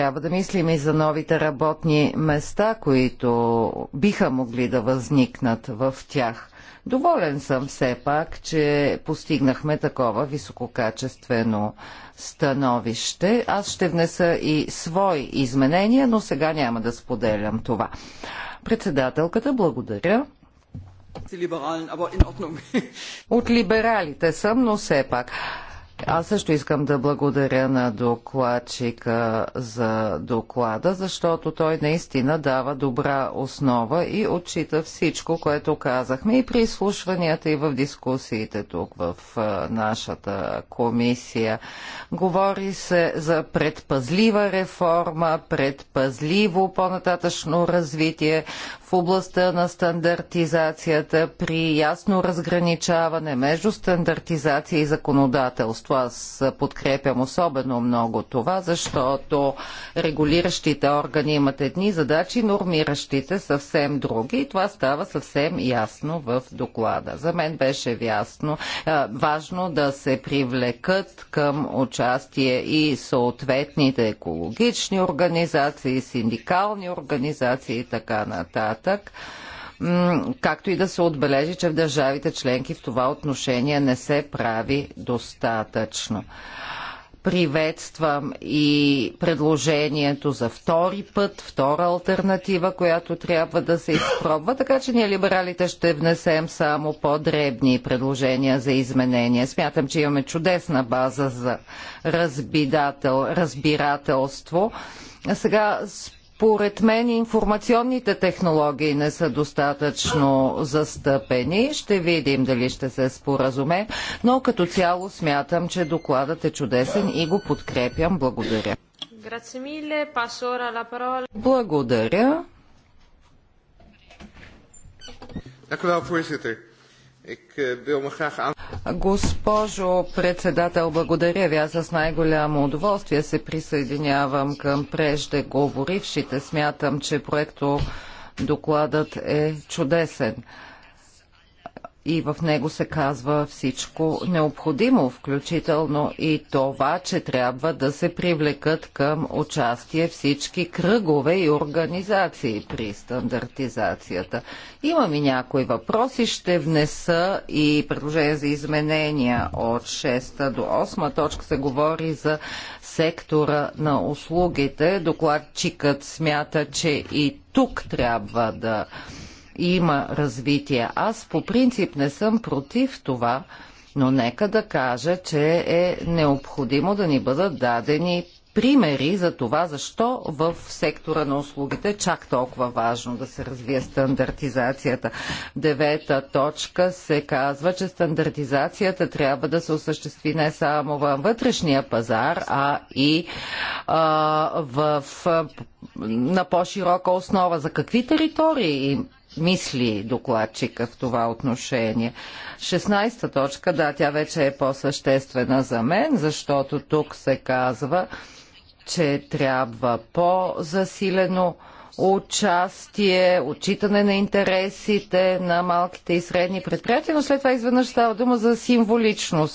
трябва да мислим и за новите работни места, които биха могли да възникнат в тях. Доволен съм все пак, че постигнахме такова висококачествено становище. Аз ще внеса и свои изменения, но сега няма да споделям това. Председателката, благодаря. От либералите съм, но все пак. Аз също искам да благодаря на докладчика за доклада, защото той наистина дава добра основа и отчита всичко, което казахме и при изслушванията и в дискусиите тук в нашата комисия. Говори се за предпазлива реформа, предпазливо по-нататъчно развитие, в областта на стандартизацията при ясно разграничаване между стандартизация и законодателство. Аз подкрепям особено много това, защото регулиращите органи имат едни задачи, нормиращите съвсем други и това става съвсем ясно в доклада. За мен беше ясно, важно да се привлекат към участие и съответните екологични организации, синдикални организации и така нататък нататък както и да се отбележи, че в държавите членки в това отношение не се прави достатъчно. Приветствам и предложението за втори път, втора альтернатива, която трябва да се изпробва, така че ние либералите ще внесем само по-дребни предложения за изменения. Смятам, че имаме чудесна база за разбирателство. А сега според мен информационните технологии не са достатъчно застъпени. Ще видим дали ще се споразуме, но като цяло смятам, че докладът е чудесен и го подкрепям. Благодаря. Благодаря. Dank u wel, voorzitter. Eh, Госпожо председател, благодаря ви. Аз с най-голямо удоволствие се присъединявам към преждеговорившите. Смятам, че проекто докладът е чудесен и в него се казва всичко необходимо, включително и това, че трябва да се привлекат към участие всички кръгове и организации при стандартизацията. Имам и някои въпроси, ще внеса и предложение за изменения от 6 до 8 точка се говори за сектора на услугите. Докладчикът смята, че и тук трябва да има развитие. Аз по принцип не съм против това, но нека да кажа, че е необходимо да ни бъдат дадени примери за това, защо в сектора на услугите чак толкова важно да се развие стандартизацията. Девета точка се казва, че стандартизацията трябва да се осъществи не само във вътрешния пазар, а и а, в, на по-широка основа. За какви територии мисли докладчика в това отношение. 16-та точка, да, тя вече е по-съществена за мен, защото тук се казва, че трябва по-засилено участие, отчитане на интересите на малките и средни предприятия, но след това изведнъж става дума за символично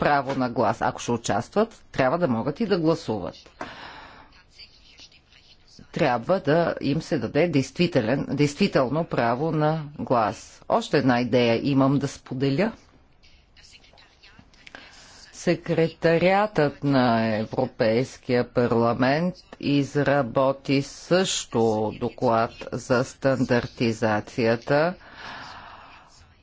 право на глас. Ако ще участват, трябва да могат и да гласуват трябва да им се даде действително право на глас. Още една идея имам да споделя. Секретариатът на Европейския парламент изработи също доклад за стандартизацията –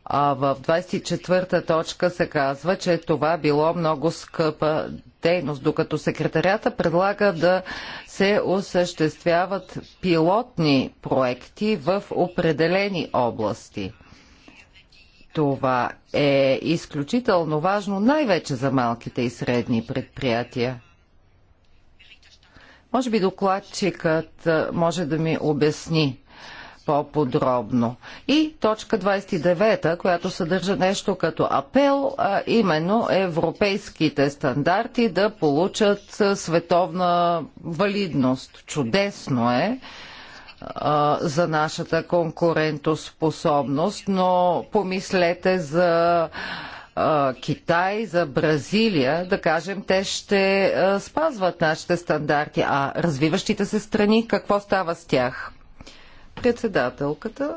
а в 24-та точка се казва, че това било много скъпа дейност, докато секретарята предлага да се осъществяват пилотни проекти в определени области. Това е изключително важно, най-вече за малките и средни предприятия. Може би докладчикът може да ми обясни по-подробно. И точка 29, която съдържа нещо като апел, а именно европейските стандарти да получат световна валидност. Чудесно е а, за нашата конкурентоспособност, но помислете за Китай, за Бразилия, да кажем, те ще спазват нашите стандарти. А развиващите се страни, какво става с тях? Председателката,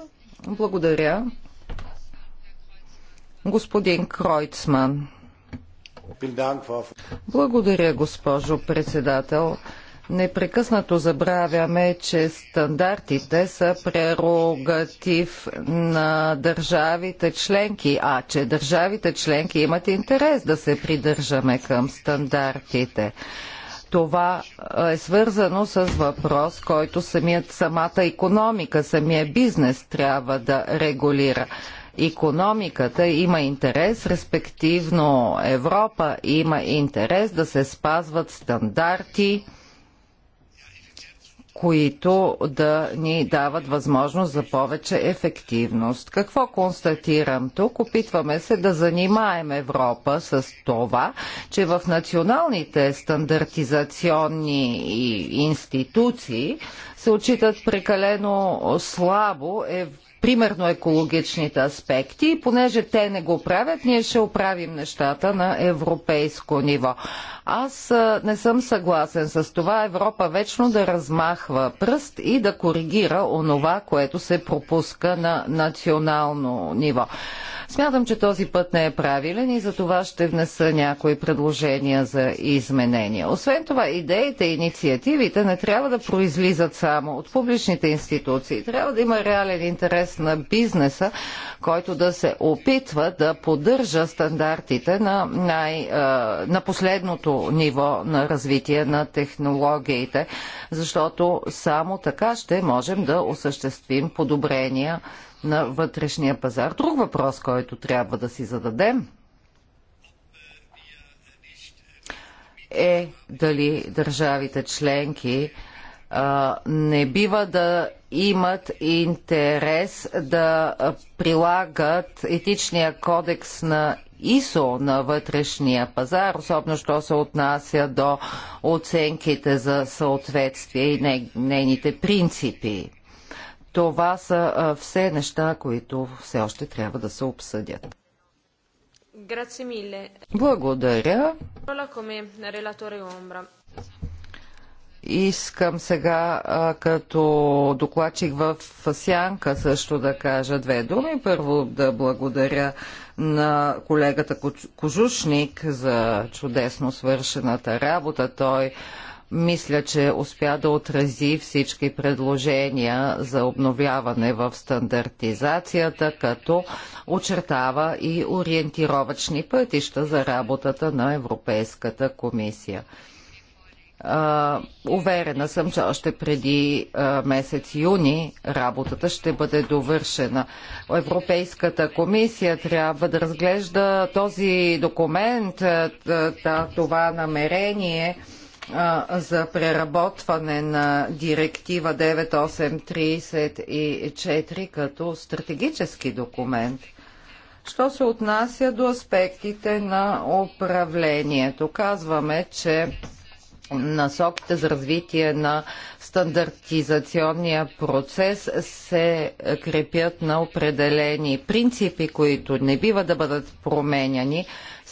благодаря. Господин Кройцман. Благодаря, госпожо председател. Непрекъснато забравяме, че стандартите са прерогатив на държавите членки, а че държавите членки имат интерес да се придържаме към стандартите това е свързано с въпрос, който самият, самата економика, самия бизнес трябва да регулира. Економиката има интерес, респективно Европа има интерес да се спазват стандарти, които да ни дават възможност за повече ефективност. Какво констатирам тук? Опитваме се да занимаем Европа с това, че в националните стандартизационни институции се отчитат прекалено слабо е примерно екологичните аспекти и понеже те не го правят, ние ще оправим нещата на европейско ниво. Аз не съм съгласен с това Европа вечно да размахва пръст и да коригира онова, което се пропуска на национално ниво. Смятам, че този път не е правилен и за това ще внеса някои предложения за изменения. Освен това, идеите и инициативите не трябва да произлизат само от публичните институции. Трябва да има реален интерес на бизнеса, който да се опитва да поддържа стандартите на, най, на последното ниво на развитие на технологиите, защото само така ще можем да осъществим подобрения на вътрешния пазар. Друг въпрос, който трябва да си зададем е дали държавите членки а, не бива да имат интерес да прилагат етичния кодекс на ИСО на вътрешния пазар, особено що се отнася до оценките за съответствие и нейните принципи. Това са все неща, които все още трябва да се обсъдят. Благодаря. Искам сега като докладчик в Сянка също да кажа две думи. Първо да благодаря на колегата Кожушник за чудесно свършената работа. Той мисля, че успя да отрази всички предложения за обновяване в стандартизацията, като очертава и ориентировачни пътища за работата на Европейската комисия. уверена съм, че още преди месец юни работата ще бъде довършена. Европейската комисия трябва да разглежда този документ, това намерение за преработване на директива 9834 като стратегически документ. Що се отнася до аспектите на управлението? Казваме, че насоките за развитие на стандартизационния процес се крепят на определени принципи, които не бива да бъдат променяни,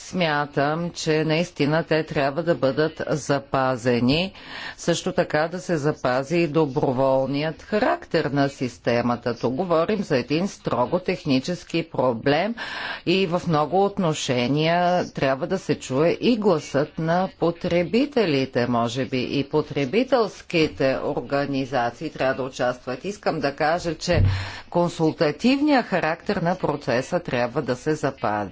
смятам, че наистина те трябва да бъдат запазени. Също така да се запази и доброволният характер на системата. Тук говорим за един строго технически проблем и в много отношения трябва да се чуе и гласът на потребителите, може би и потребителските организации трябва да участват. Искам да кажа, че консултативният характер на процеса трябва да се запази.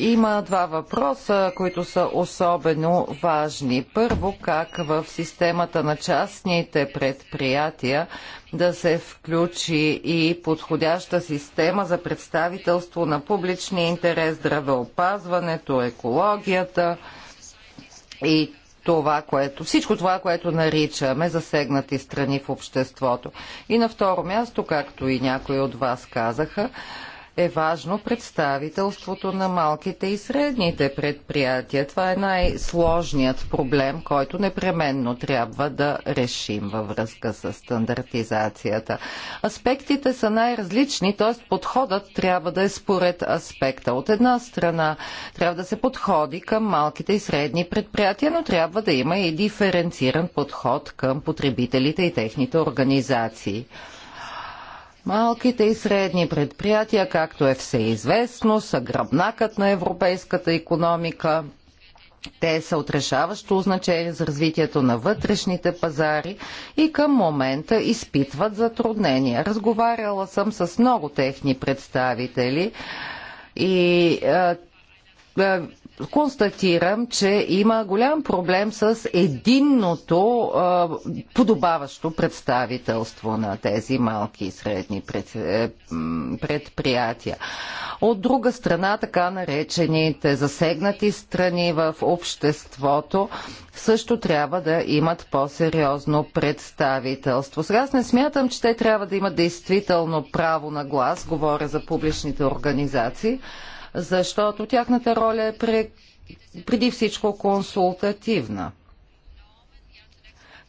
Има два въпроса, които са особено важни. Първо, как в системата на частните предприятия да се включи и подходяща система за представителство на публичния интерес, здравеопазването, екологията и това, което, всичко това, което наричаме засегнати страни в обществото. И на второ място, както и някои от вас казаха, е важно представителството на малките и средните предприятия. Това е най-сложният проблем, който непременно трябва да решим във връзка с стандартизацията. Аспектите са най-различни, т.е. подходът трябва да е според аспекта. От една страна трябва да се подходи към малките и средни предприятия, но трябва да има и диференциран подход към потребителите и техните организации. Малките и средни предприятия, както е всеизвестно, са гръбнакът на европейската економика. Те са отрешаващо значение за развитието на вътрешните пазари и към момента изпитват затруднения. Разговаряла съм с много техни представители и е, е, констатирам, че има голям проблем с единното а, подобаващо представителство на тези малки и средни пред, е, предприятия. От друга страна, така наречените засегнати страни в обществото също трябва да имат по-сериозно представителство. Сега аз не смятам, че те трябва да имат действително право на глас, говоря за публичните организации, защото тяхната роля е преди всичко консултативна.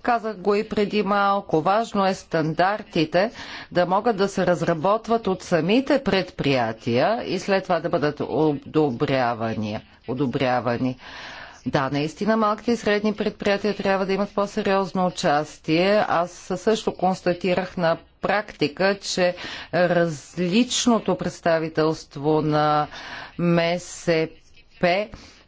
Казах го и преди малко. Важно е стандартите да могат да се разработват от самите предприятия и след това да бъдат одобрявани. одобрявани. Да, наистина малките и средни предприятия трябва да имат по-сериозно участие. Аз също констатирах на практика, че различното представителство на МСП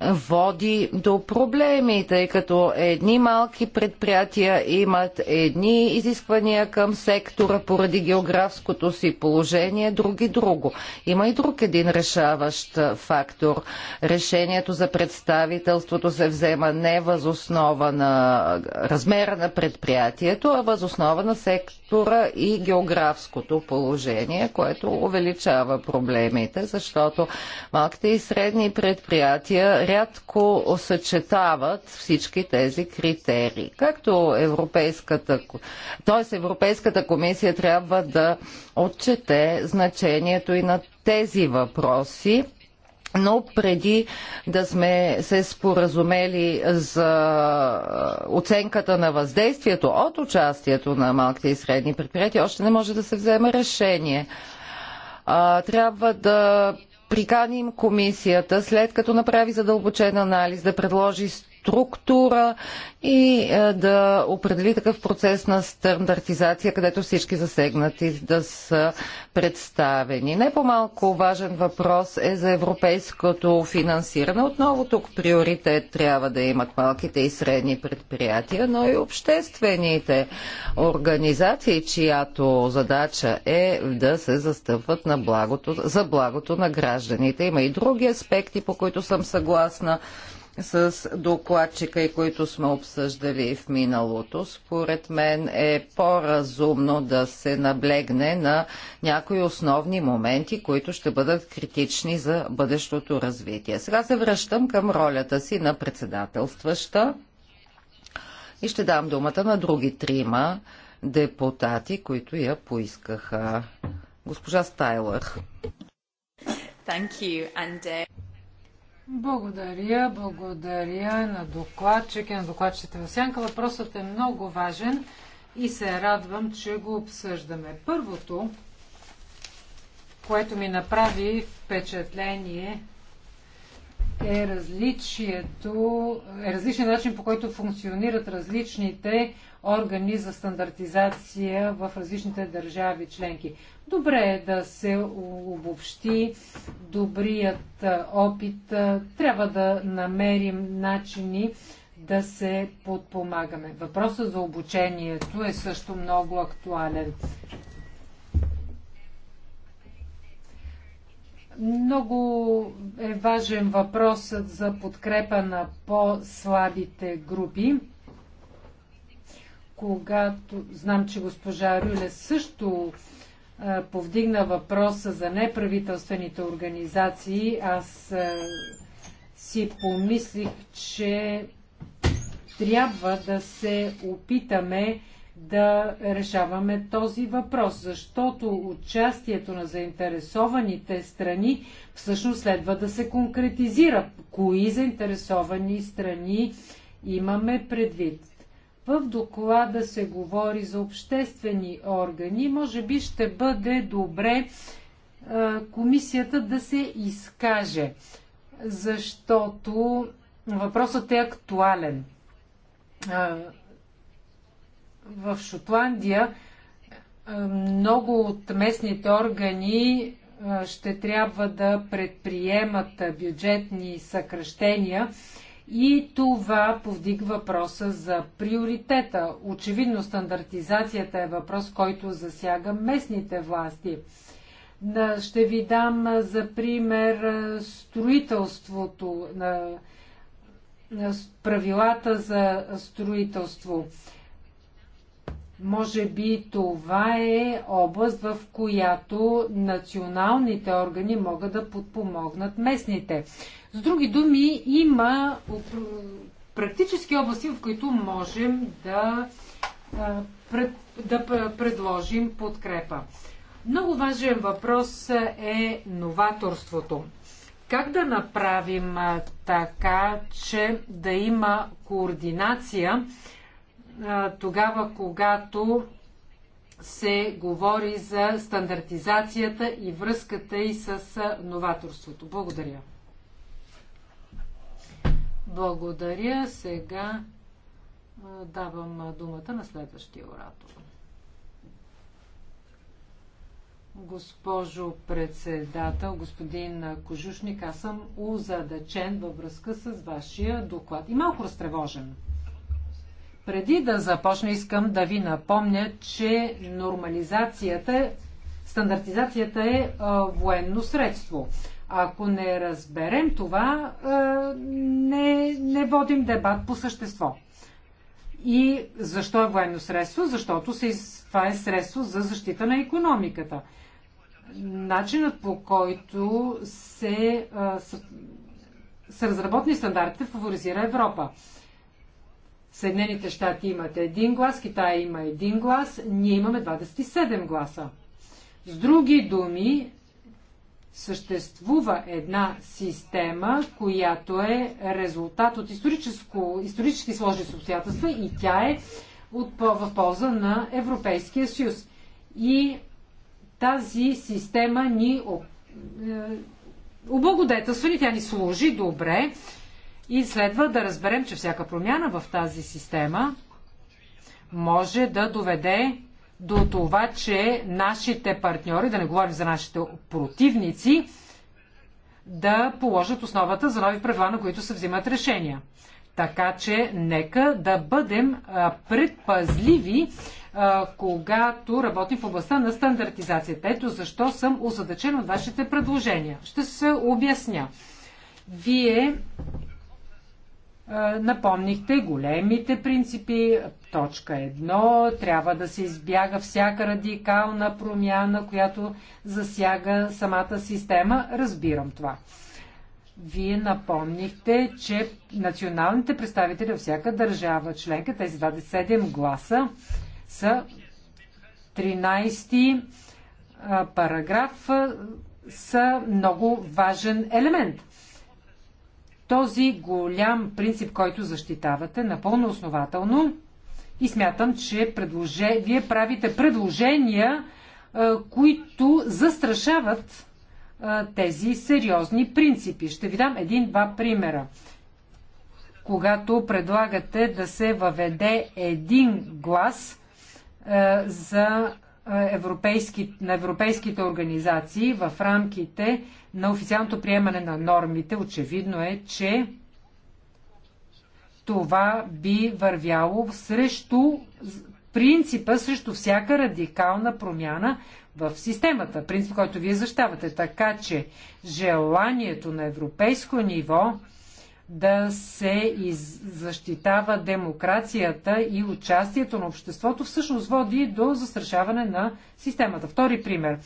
води до проблеми, тъй като едни малки предприятия имат едни изисквания към сектора поради географското си положение, други друго. Има и друг един решаващ фактор. Решението за представителството се взема не възоснова на размера на предприятието, а възоснова на сектора и географското положение, което увеличава проблемите, защото малките и средни предприятия рядко съчетават всички тези критерии. Както Европейската, т.е. Европейската комисия трябва да отчете значението и на тези въпроси, но преди да сме се споразумели за оценката на въздействието от участието на малките и средни предприятия, още не може да се вземе решение. А, трябва да приканим комисията, след като направи задълбочен анализ, да предложи структура и е, да определи такъв процес на стандартизация, където всички засегнати да са представени. Не по-малко важен въпрос е за европейското финансиране. Отново тук приоритет трябва да имат малките и средни предприятия, но и обществените организации, чиято задача е да се застъпват на благото, за благото на гражданите. Има и други аспекти, по които съм съгласна с докладчика и които сме обсъждали в миналото. Според мен е по-разумно да се наблегне на някои основни моменти, които ще бъдат критични за бъдещото развитие. Сега се връщам към ролята си на председателстваща и ще дам думата на други трима депутати, които я поискаха. Госпожа Стайлър. Thank you. And, uh... Благодаря, благодаря на докладчик и на докладчите в Сянка. Въпросът е много важен и се радвам, че го обсъждаме. Първото, което ми направи впечатление, е различието, е различен начин по който функционират различните органи за стандартизация в различните държави членки. Добре е да се обобщи добрият опит. Трябва да намерим начини да се подпомагаме. Въпросът за обучението е също много актуален. Много е важен въпросът за подкрепа на по-слабите групи. Когато знам, че госпожа Рюле също повдигна въпроса за неправителствените организации, аз си помислих, че трябва да се опитаме да решаваме този въпрос, защото участието на заинтересованите страни всъщност следва да се конкретизира. Кои заинтересовани страни имаме предвид? В доклада се говори за обществени органи. Може би ще бъде добре е, комисията да се изкаже, защото въпросът е актуален. Е, в Шотландия е, много от местните органи ще трябва да предприемат бюджетни съкръщения и това повдиг въпроса за приоритета. Очевидно стандартизацията е въпрос, който засяга местните власти. Ще ви дам за пример строителството, правилата за строителство. Може би това е област, в която националните органи могат да подпомогнат местните. С други думи, има практически области, в които можем да, да предложим подкрепа. Много важен въпрос е новаторството. Как да направим така, че да има координация тогава, когато се говори за стандартизацията и връзката и с новаторството. Благодаря. Благодаря. Сега давам думата на следващия оратор. Госпожо председател, господин Кожушник, аз съм озадачен във връзка с вашия доклад и малко разтревожен. Преди да започна, искам да ви напомня, че нормализацията, е, стандартизацията е военно средство. Ако не разберем това, е, не, не водим дебат по същество. И защо е военно средство? Защото се, това е средство за защита на економиката. Начинът по който се, е, са, разработни стандартите фаворизира Европа. Съединените щати имат един глас, Китай има един глас, ние имаме 27 гласа. С други думи, съществува една система, която е резултат от исторически сложни обстоятелства и тя е от, в полза на Европейския съюз. И тази система ни е, облагодетелства ни, тя ни служи добре и следва да разберем, че всяка промяна в тази система може да доведе до това, че нашите партньори, да не говорим за нашите противници, да положат основата за нови правила, на които се взимат решения. Така че нека да бъдем предпазливи, когато работим в областта на стандартизацията. Ето защо съм озадачен от вашите предложения. Ще се обясня. Вие е, напомнихте големите принципи. Точка едно. Трябва да се избяга всяка радикална промяна, която засяга самата система. Разбирам това. Вие напомнихте, че националните представители във всяка държава членка, тези 27 гласа, са 13 е, параграф, е, са много важен елемент – този голям принцип, който защитавате, напълно основателно. И смятам, че предложе... вие правите предложения, които застрашават тези сериозни принципи. Ще ви дам един-два примера. Когато предлагате да се въведе един глас за е, европейски, на европейските организации в рамките на официалното приемане на нормите. Очевидно е, че това би вървяло срещу принципа, срещу всяка радикална промяна в системата, принцип, който вие защавате. Така че желанието на европейско ниво да се из... защитава демокрацията и участието на обществото, всъщност води до застрашаване на системата. Втори пример.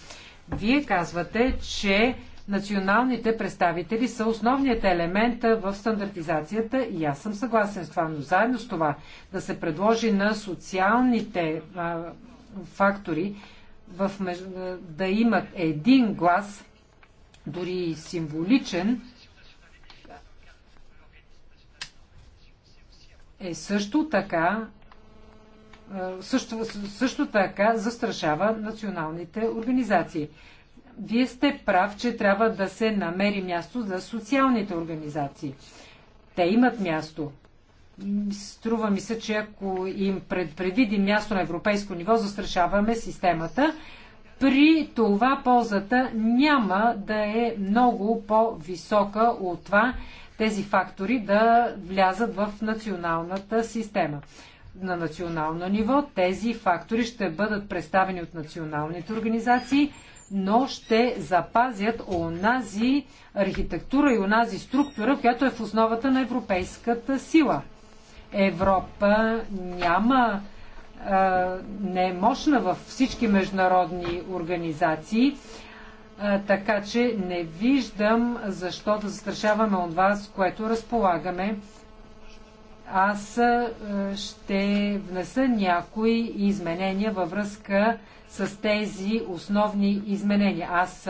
Вие казвате, че националните представители са основният елемент в стандартизацията и аз съм съгласен с това, но заедно с това да се предложи на социалните а, фактори в, да имат един глас, дори символичен, е също така също, също така застрашава националните организации. Вие сте прав, че трябва да се намери място за социалните организации. Те имат място. Струва ми се, че ако им предвидим място на европейско ниво, застрашаваме системата. При това ползата няма да е много по-висока от това, тези фактори да влязат в националната система. На национално ниво тези фактори ще бъдат представени от националните организации, но ще запазят онази архитектура и онази структура, която е в основата на европейската сила. Европа няма не е мощна във всички международни организации така че не виждам защо да застрашаваме от вас, което разполагаме. Аз ще внеса някои изменения във връзка с тези основни изменения. Аз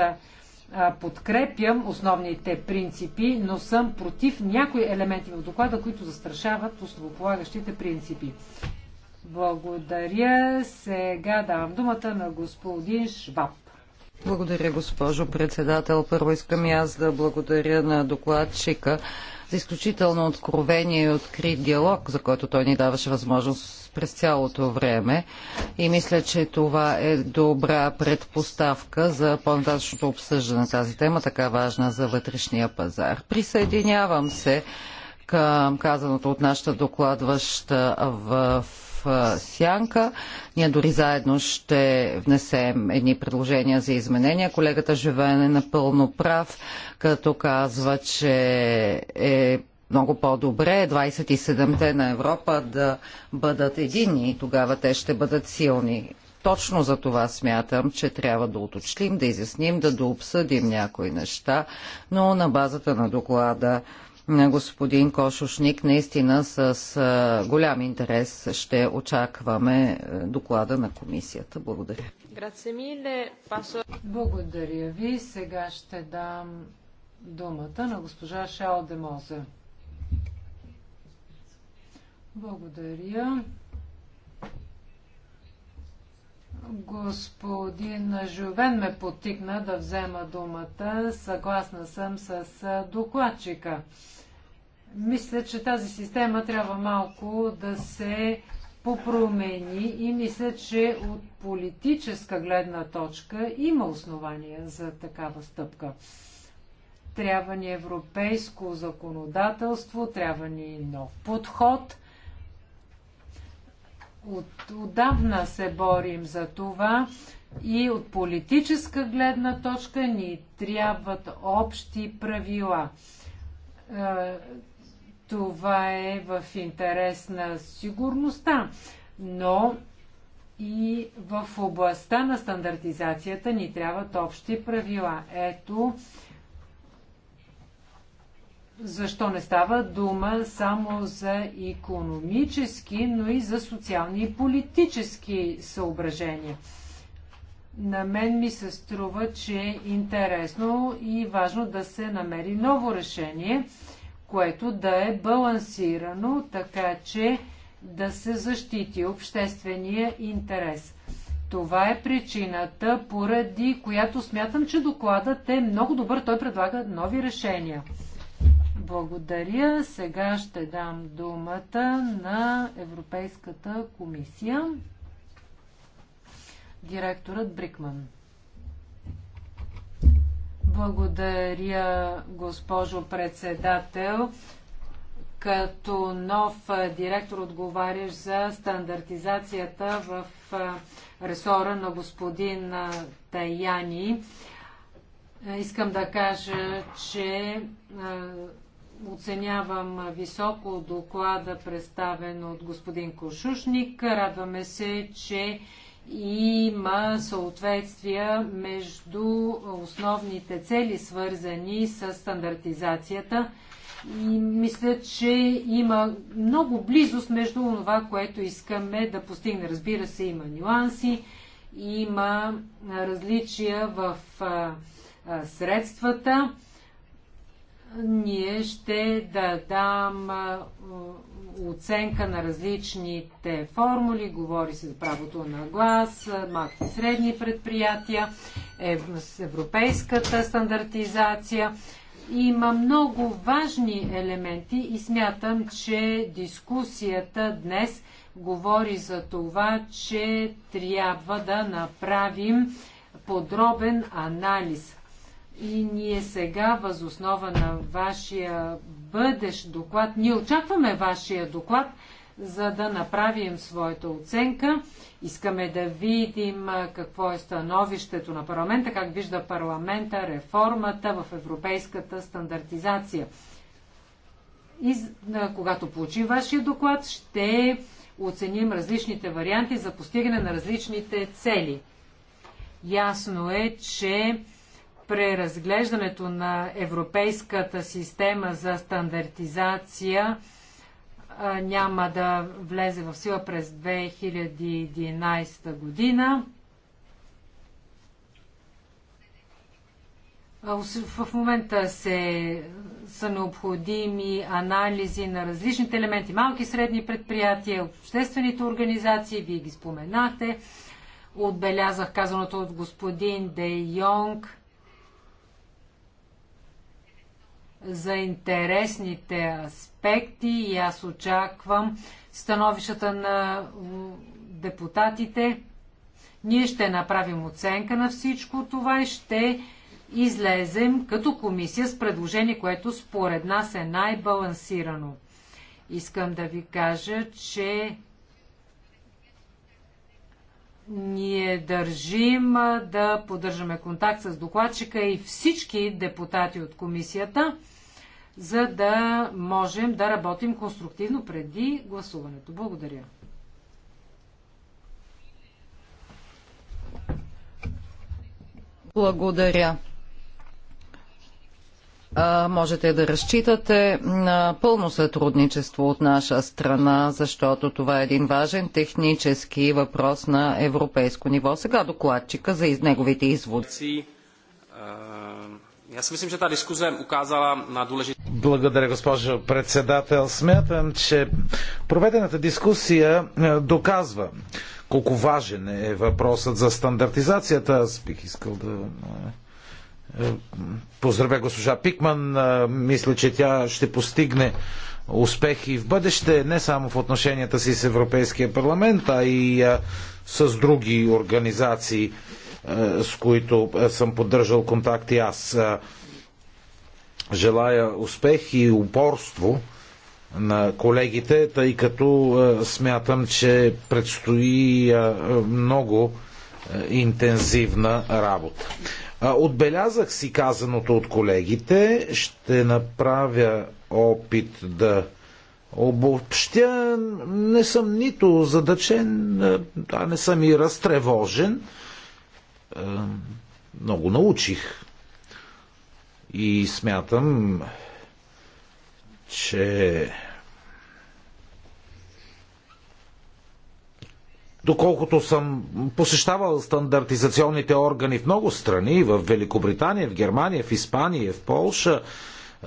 подкрепям основните принципи, но съм против някои елементи в доклада, които застрашават основополагащите принципи. Благодаря. Сега давам думата на господин Шваб. Благодаря, госпожо председател. Първо искам и аз да благодаря на докладчика за изключително откровение и открит диалог, за който той ни даваше възможност през цялото време. И мисля, че това е добра предпоставка за по-нататъчното обсъждане на тази тема, така важна за вътрешния пазар. Присъединявам се към казаното от нашата докладваща в сянка. Ние дори заедно ще внесем едни предложения за изменения. Колегата Живен е напълно прав, като казва, че е много по-добре 27-те на Европа да бъдат едини и тогава те ще бъдат силни. Точно за това смятам, че трябва да уточним, да изясним, да дообсъдим някои неща, но на базата на доклада на господин Кошушник. Наистина с голям интерес ще очакваме е, доклада на комисията. Благодаря. Благодаря ви. Сега ще дам думата на госпожа Шао Демозе. Благодаря. Господин Жовен ме потикна да взема думата. Съгласна съм с докладчика. Мисля, че тази система трябва малко да се попромени и мисля, че от политическа гледна точка има основания за такава стъпка. Трябва ни европейско законодателство, трябва ни нов подход. От, отдавна се борим за това и от политическа гледна точка ни трябват общи правила е, това е в интерес на сигурността, но и в областта на стандартизацията ни трябват общи правила. Ето защо не става дума само за економически, но и за социални и политически съображения. На мен ми се струва, че е интересно и важно да се намери ново решение – което да е балансирано, така че да се защити обществения интерес. Това е причината, поради която смятам, че докладът е много добър. Той предлага нови решения. Благодаря. Сега ще дам думата на Европейската комисия. Директорът Брикман. Благодаря, госпожо председател. Като нов директор отговаряш за стандартизацията в ресора на господин Таяни. Искам да кажа, че оценявам високо доклада, представен от господин Кошушник. Радваме се, че има съответствия между основните цели, свързани с стандартизацията. И мисля, че има много близост между това, което искаме да постигне. Разбира се, има нюанси, има различия в средствата. Ние ще дадам оценка на различните формули, говори се за правото на глас, малки и средни предприятия, е, европейската стандартизация. Има много важни елементи и смятам, че дискусията днес говори за това, че трябва да направим подробен анализ. И ние сега, възоснова на вашия бъдеш доклад. Ние очакваме вашия доклад, за да направим своята оценка. Искаме да видим какво е становището на парламента, как вижда парламента реформата в европейската стандартизация. И когато получим вашия доклад, ще оценим различните варианти за постигане на различните цели. Ясно е, че преразглеждането на европейската система за стандартизация няма да влезе в сила през 2011 година. В момента се, са необходими анализи на различните елементи, малки и средни предприятия, обществените организации, вие ги споменахте. Отбелязах казаното от господин Де Йонг за интересните аспекти и аз очаквам становищата на депутатите. Ние ще направим оценка на всичко това и ще излезем като комисия с предложение, което според нас е най-балансирано. Искам да ви кажа, че ние държим да поддържаме контакт с докладчика и всички депутати от комисията за да можем да работим конструктивно преди гласуването. Благодаря. Благодаря. А, можете да разчитате на пълно сътрудничество от наша страна, защото това е един важен технически въпрос на европейско ниво. Сега докладчика за из неговите изводи. Я си че тази дискусия указала на Благодаря, госпожо председател. Смятам, че проведената дискусия е, доказва колко важен е въпросът за стандартизацията. Аз бих искал да е, е, поздравя госпожа Пикман. Мисля, че тя ще постигне успехи в бъдеще, не само в отношенията си с Европейския парламент, а и с други организации. Е, с които е, съм поддържал контакти аз. Е, желая успех и упорство на колегите, тъй като смятам, че предстои много интензивна работа. Отбелязах си казаното от колегите, ще направя опит да обобщя. Не съм нито задачен, а не съм и разтревожен. Е, много научих. И смятам, че доколкото съм посещавал стандартизационните органи в много страни, в Великобритания, в Германия, в Испания, в Полша,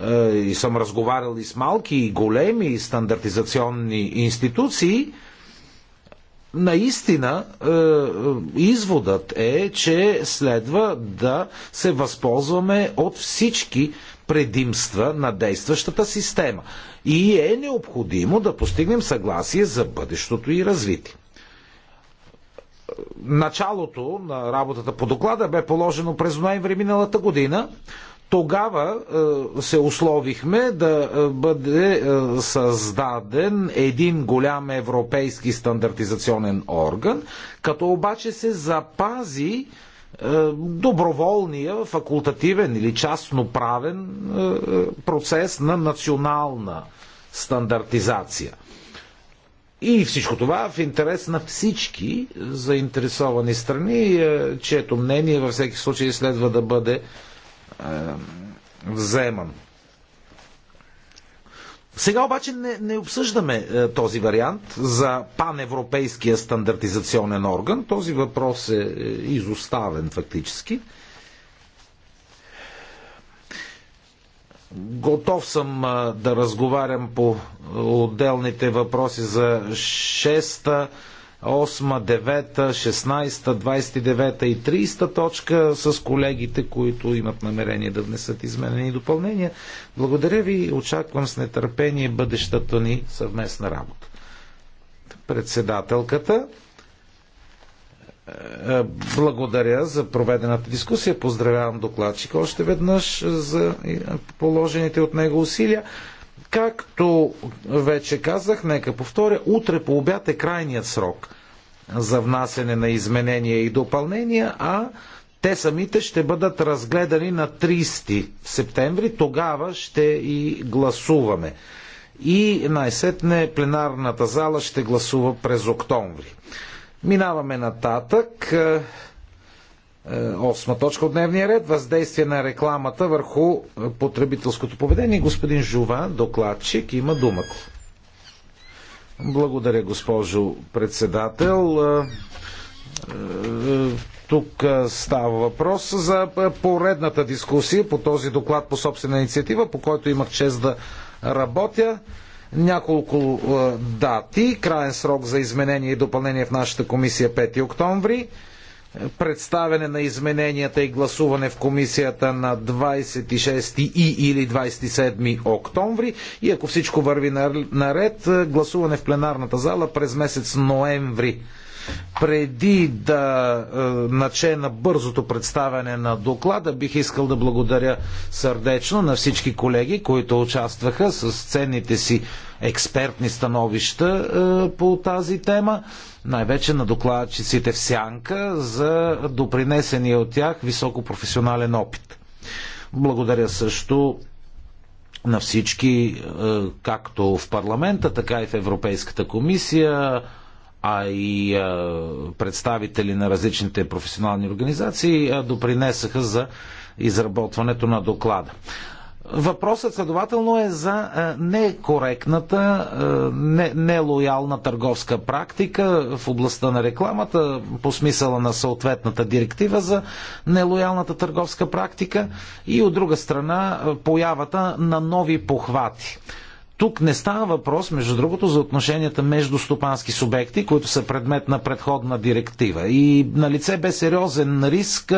е, и съм разговарял и с малки и големи стандартизационни институции – наистина е, изводът е, че следва да се възползваме от всички предимства на действащата система. И е необходимо да постигнем съгласие за бъдещото и развитие. Началото на работата по доклада бе положено през ноември миналата година. Тогава е, се условихме да е, бъде е, създаден един голям европейски стандартизационен орган, като обаче се запази доброволния, факултативен или частно правен процес на национална стандартизация. И всичко това в интерес на всички заинтересовани страни, чието мнение във всеки случай следва да бъде е, вземан. Сега обаче не, не обсъждаме е, този вариант за паневропейския стандартизационен орган. Този въпрос е, е изоставен фактически. Готов съм е, да разговарям по е, отделните въпроси за шеста. 8, 9, 16, 29 и 30 точка с колегите, които имат намерение да внесат изменени и допълнения. Благодаря ви и очаквам с нетърпение бъдещата ни съвместна работа. Председателката. Е, благодаря за проведената дискусия. Поздравявам докладчика още веднъж за е, положените от него усилия. Както вече казах, нека повторя, утре по обяд е крайният срок за внасене на изменения и допълнения, а те самите ще бъдат разгледани на 30 септември. Тогава ще и гласуваме. И най-сетне пленарната зала ще гласува през октомври. Минаваме нататък. Е, осма точка от дневния ред въздействие на рекламата върху е, потребителското поведение. Господин Жува, докладчик, има думата. Благодаря, госпожо председател. Е, тук става въпрос за поредната дискусия по този доклад по собствена инициатива, по който имах чест да работя. Няколко дати. Краен срок за изменение и допълнение в нашата комисия 5 октомври представяне на измененията и гласуване в комисията на 26 и или 27 октомври и ако всичко върви наред, гласуване в пленарната зала през месец ноември. Преди да е, на бързото представяне на доклада, бих искал да благодаря сърдечно на всички колеги, които участваха с ценните си експертни становища е, по тази тема, най-вече на докладчиците в Сянка за допринесения от тях високопрофесионален опит. Благодаря също на всички, е, както в парламента, така и в Европейската комисия, а и е, представители на различните професионални организации допринесаха за изработването на доклада. Въпросът следователно е за е, некоректната, е, не, нелоялна търговска практика в областта на рекламата по смисъла на съответната директива за нелоялната търговска практика и от друга страна е, появата на нови похвати. Тук не става въпрос, между другото, за отношенията между стопански субекти, които са предмет на предходна директива. И на лице бе сериозен риск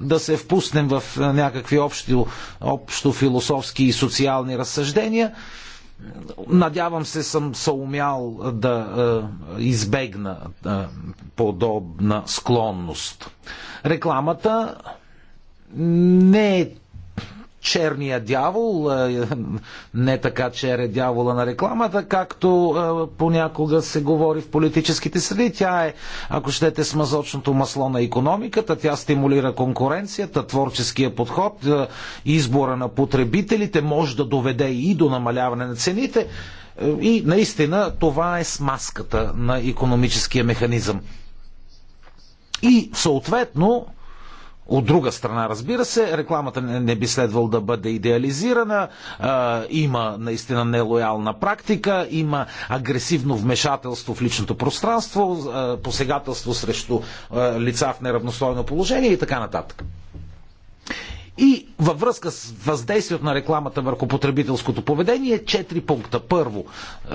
да се впуснем в някакви общо, общо философски и социални разсъждения. Надявам се съм съумял да е, избегна е, подобна склонност. Рекламата не е черния дявол, не така че е дявола на рекламата, както понякога се говори в политическите среди. Тя е, ако щете, смазочното масло на економиката, тя стимулира конкуренцията, творческия подход, избора на потребителите, може да доведе и до намаляване на цените. И наистина това е смазката на економическия механизъм. И съответно, от друга страна, разбира се, рекламата не би следвало да бъде идеализирана. Има наистина нелоялна практика, има агресивно вмешателство в личното пространство, посегателство срещу лица в неравностойно положение и така нататък. И във връзка с въздействието на рекламата върху потребителското поведение, четири пункта. Първо,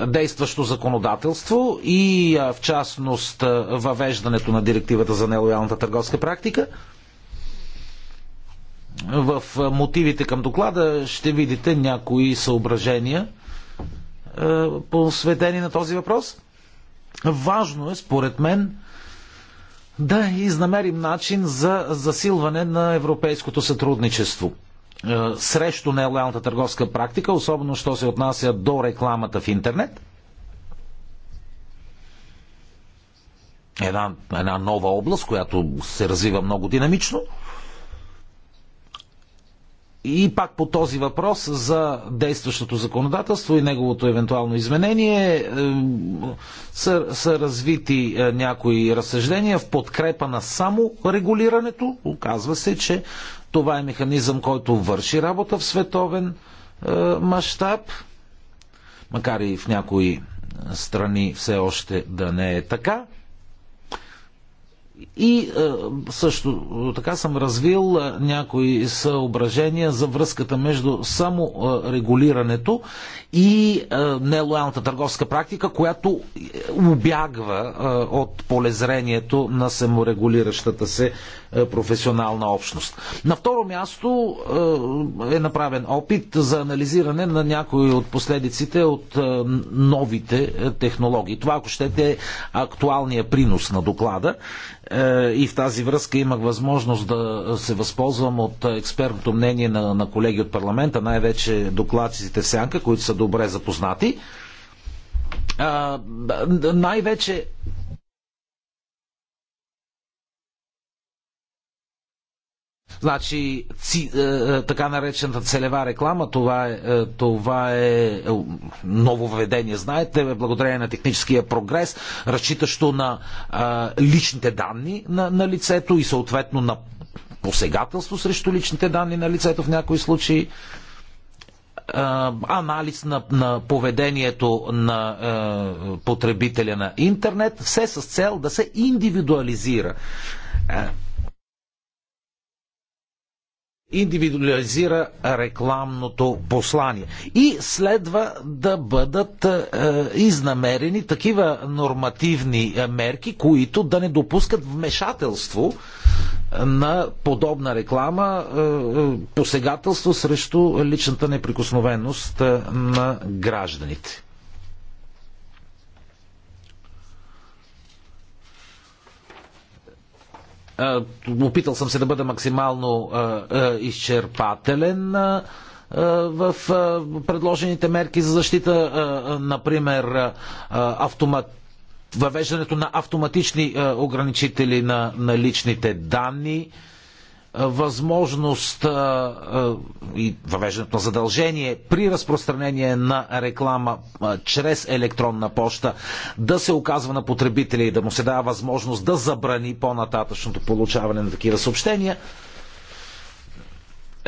действащо законодателство и в частност въвеждането на директивата за нелоялната търговска практика – в мотивите към доклада ще видите някои съображения, е, посветени на този въпрос. Важно е, според мен, да изнамерим начин за засилване на европейското сътрудничество е, срещу нелоялната търговска практика, особено що се отнася до рекламата в интернет. Една, една нова област, която се развива много динамично – и пак по този въпрос за действащото законодателство и неговото евентуално изменение са, са развити е, някои разсъждения в подкрепа на само регулирането. Оказва се, че това е механизъм, който върши работа в световен е, мащаб, макар и в някои е, страни все още да не е така. И е, също така съм развил е, някои съображения за връзката между саморегулирането е, и нелоялната търговска практика, която обягва от полезрението на саморегулиращата се е, професионална общност. На второ място е, е направен опит за анализиране на някои от последиците от е, новите технологии. Това, ако щете, е актуалния принос на доклада. И в тази връзка имах възможност да се възползвам от експертното мнение на, на колеги от парламента, най-вече докладците в Сянка, които са добре запознати. най-вече Значи, ци, е, е, така наречената целева реклама, това е, е, това е, е нововведение, знаете, благодарение на техническия прогрес, разчитащо на е, личните данни на, на лицето и съответно на посегателство срещу личните данни на лицето в някои случаи е, анализ на, на поведението на е, потребителя на интернет, все с цел да се индивидуализира индивидуализира рекламното послание. И следва да бъдат е, изнамерени такива нормативни е, мерки, които да не допускат вмешателство е, на подобна реклама, е, е, посегателство срещу личната неприкосновеност на гражданите. Опитал съм се да бъда максимално изчерпателен в предложените мерки за защита, например, автомат въвеждането на автоматични ограничители на, на личните данни, възможност и въвеждането на задължение при разпространение на реклама чрез електронна поща да се оказва на потребителя и да му се дава възможност да забрани по-нататъчното получаване на такива съобщения.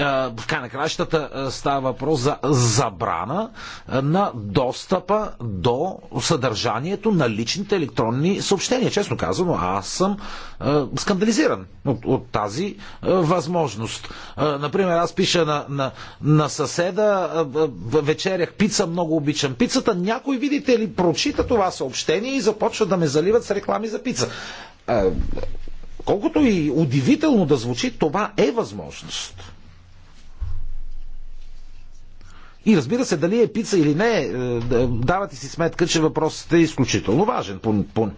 Е, в край на кращата е, става въпрос за забрана е, на достъпа до съдържанието на личните електронни съобщения. Честно казано, аз съм скандализиран от, от тази възможност. Например, аз пиша на, на, на съседа, вечерях пица, много обичам пицата. Някой, видите ли, прочита това съобщение и започва да ме заливат с реклами за пица. Колкото и удивително да звучи, това е възможност. И разбира се, дали е пица или не, е, давате си сметка, че въпросът е изключително важен. Пун, пун.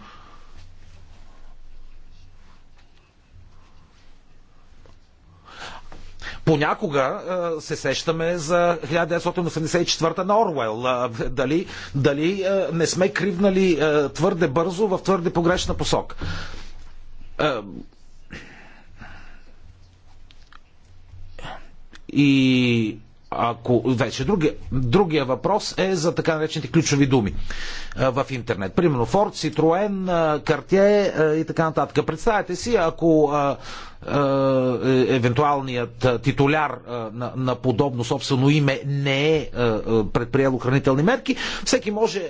Понякога е, се сещаме за 1984 на Орвел. Е, дали, дали не сме кривнали твърде бързо в твърде погрешна посока. И ако вече други, другия въпрос е за така наречените ключови думи в интернет. Примерно Ford, Citroen, Cartier и така нататък. Представете си, ако е, евентуалният титуляр на, подобно собствено име не е предприел охранителни мерки, всеки може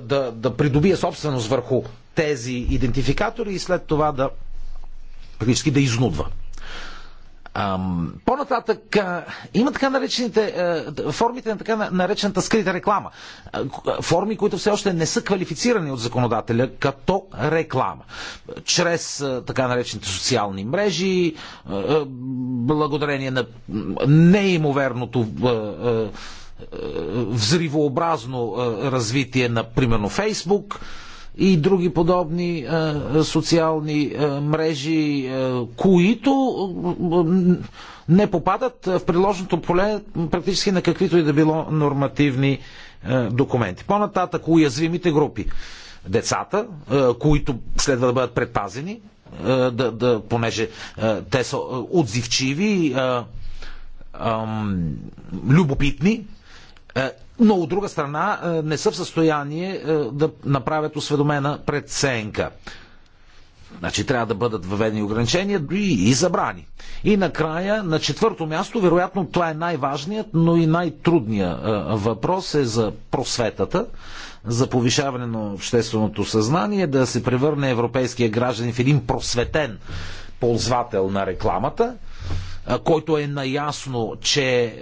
да, да придобие собственост върху тези идентификатори и след това да практически да изнудва по-нататък има така наречените формите на така наречената скрита реклама. Форми, които все още не са квалифицирани от законодателя като реклама. Чрез така наречените социални мрежи, благодарение на неимоверното взривообразно развитие на, примерно, Фейсбук, и други подобни а, е, социални а, е, мрежи, а, е, които не попадат в приложното поле практически на каквито и да било нормативни документи. По-нататък уязвимите групи. Децата, които следва да бъдат предпазени, да, да, понеже те са отзивчиви, любопитни, е, но от друга страна е, не са в състояние е, да направят осведомена преценка. Значи трябва да бъдат въведени ограничения и, и забрани. И накрая, на четвърто място, вероятно това е най-важният, но и най-трудният въпрос е за просветата, за повишаване на общественото съзнание, да се превърне европейския граждан в един просветен ползвател на рекламата, който е наясно, че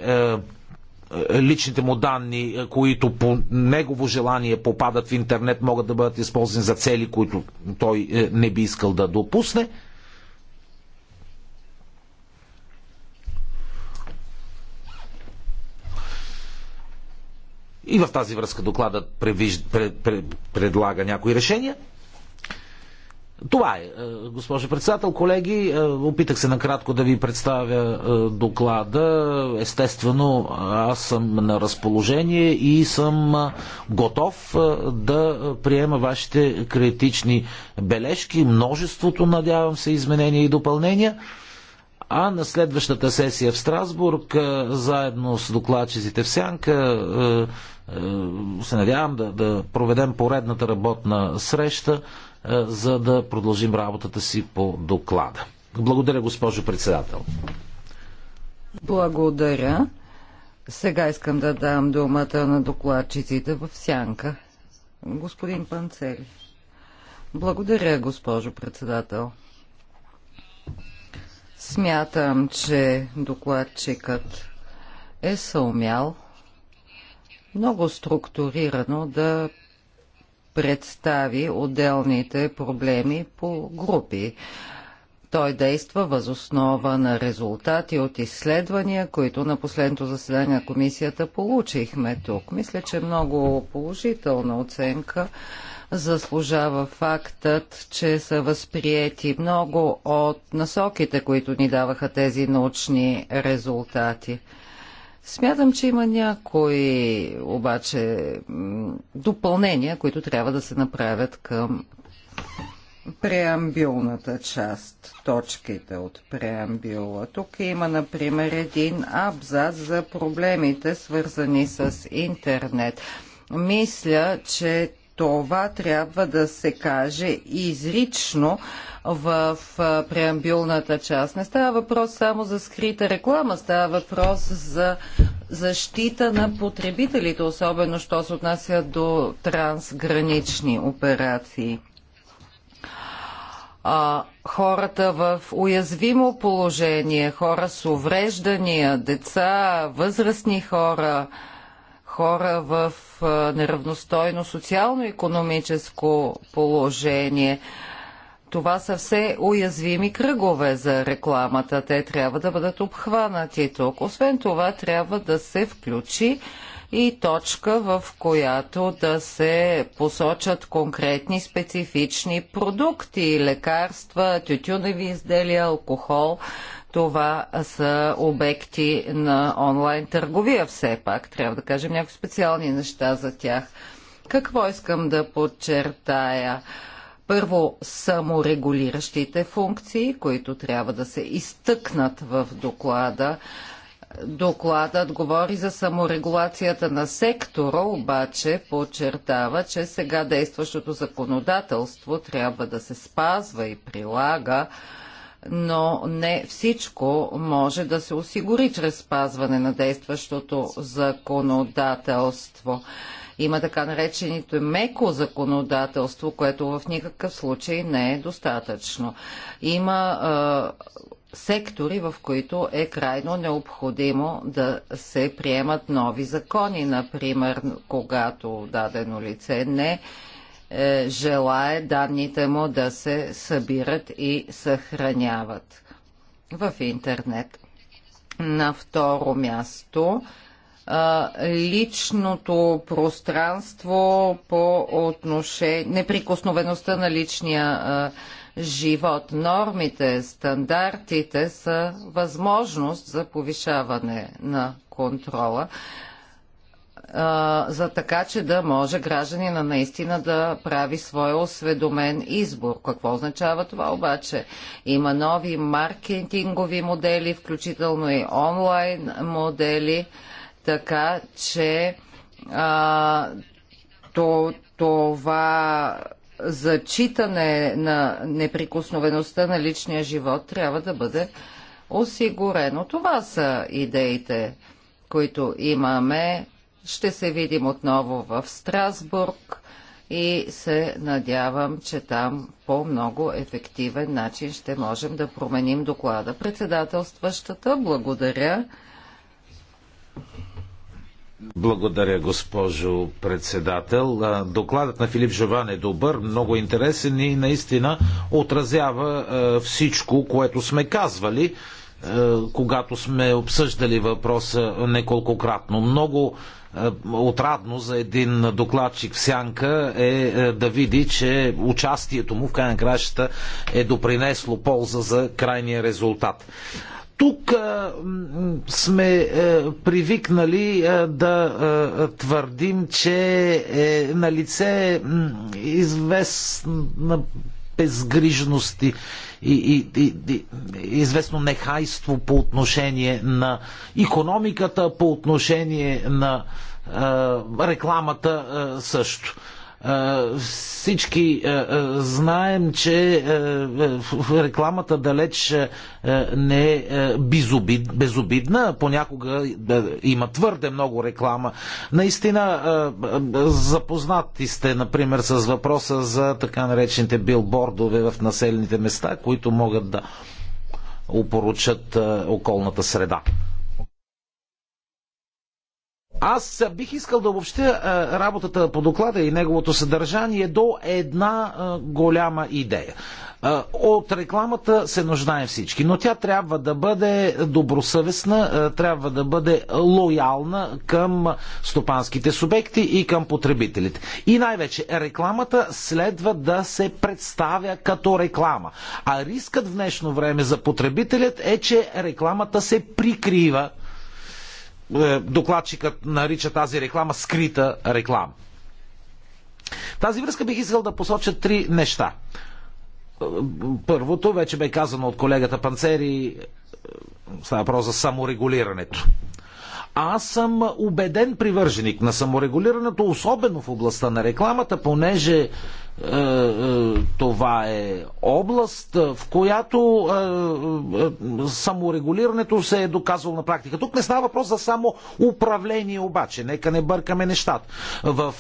е, личните му данни, е, които по негово желание попадат в интернет, могат да бъдат използвани за цели, които той е, не би искал да допусне. И в тази връзка докладът предлага някои решения. Това е, е, госпожо председател. Колеги, е, опитах се накратко да ви представя е, доклада. Естествено, аз съм на разположение и съм готов да приема вашите критични бележки, множеството, надявам се, изменения и допълнения. А на следващата сесия в Страсбург, заедно с докладчиците в Сянка, се надявам да, да проведем поредната работна среща е, за да продължим работата си по доклада. Благодаря, госпожо председател. Благодаря. Сега искам да дам думата на докладчиците в сянка. Господин Панцери. Благодаря, госпожо председател. Смятам, че докладчикът е съумял много структурирано да представи отделните проблеми по групи. Той действа възоснова на резултати от изследвания, които на последното заседание на комисията получихме тук. Мисля, че много положителна оценка заслужава фактът, че са възприяти много от насоките, които ни даваха тези научни резултати. Смятам, че има някои обаче допълнения, които трябва да се направят към преамбилната част, точките от преамбила. Тук има, например, един абзац за проблемите, свързани с интернет. Мисля, че това трябва да се каже изрично в преамбюлната част. Не става въпрос само за скрита реклама, става въпрос за защита на потребителите, особено що се отнася до трансгранични операции а, хората в уязвимо положение, хора с увреждания, деца, възрастни хора, хора в неравностойно социално-економическо положение. Това са все уязвими кръгове за рекламата. Те трябва да бъдат обхванати тук. Освен това, трябва да се включи и точка, в която да се посочат конкретни специфични продукти, лекарства, тютюневи изделия, алкохол, това са обекти на онлайн търговия все пак. Трябва да кажем някои специални неща за тях. Какво искам да подчертая? Първо, саморегулиращите функции, които трябва да се изтъкнат в доклада. Докладът говори за саморегулацията на сектора, обаче подчертава, че сега действащото законодателство трябва да се спазва и прилага но не всичко може да се осигури чрез спазване на действащото законодателство. Има така наречените меко законодателство, което в никакъв случай не е достатъчно. Има а, сектори, в които е крайно необходимо да се приемат нови закони, например, когато дадено лице не е е, желае данните му да се събират и съхраняват в интернет. На второ място личното пространство по отношение, неприкосновеността на личния живот. Нормите, стандартите са възможност за повишаване на контрола за така, че да може гражданина наистина да прави своя осведомен избор. Какво означава това обаче? Има нови маркетингови модели, включително и онлайн модели, така че а, то, това зачитане на неприкосновеността на личния живот трябва да бъде осигурено. Това са идеите, които имаме ще се видим отново в Страсбург и се надявам, че там по много ефективен начин ще можем да променим доклада. Председателстващата, благодаря. Благодаря, госпожо председател. Докладът на Филип Жован е добър, много интересен и наистина отразява всичко, което сме казвали, когато сме обсъждали въпроса неколкократно. Много е, отрадно за един докладчик в сянка е, е да види, че участието му в край на кращата е допринесло полза за крайния резултат. Тук а, е, сме а, привикнали а, да а, твърдим, че е на лице известна безгрижност и, и, и, и известно нехайство по отношение на економиката, по отношение на е, рекламата е, също. Всички знаем, че рекламата далеч не е безобидна. Понякога има твърде много реклама. Наистина, запознати сте, например, с въпроса за така наречените билбордове в населените места, които могат да опоручат околната среда. Аз бих искал да обобщя е, работата по доклада и неговото съдържание до една е, голяма идея. Е, от рекламата се нуждаем всички, но тя трябва да бъде добросъвестна, трябва да бъде лоялна към стопанските субекти и към потребителите. И най-вече рекламата следва да се представя като реклама. А рискът в днешно време за потребителят е, че рекламата се прикрива е, докладчикът нарича тази реклама скрита реклама. В тази връзка бих искал да посоча три неща. Първото вече бе казано от колегата Панцери, е, става въпрос за саморегулирането. Аз съм убеден привърженик на саморегулирането, особено в областта на рекламата, понеже е, е, това е област, е, в която саморегулирането се е доказвало на практика. Тук не става въпрос за само управление обаче. Нека не бъркаме нещата. В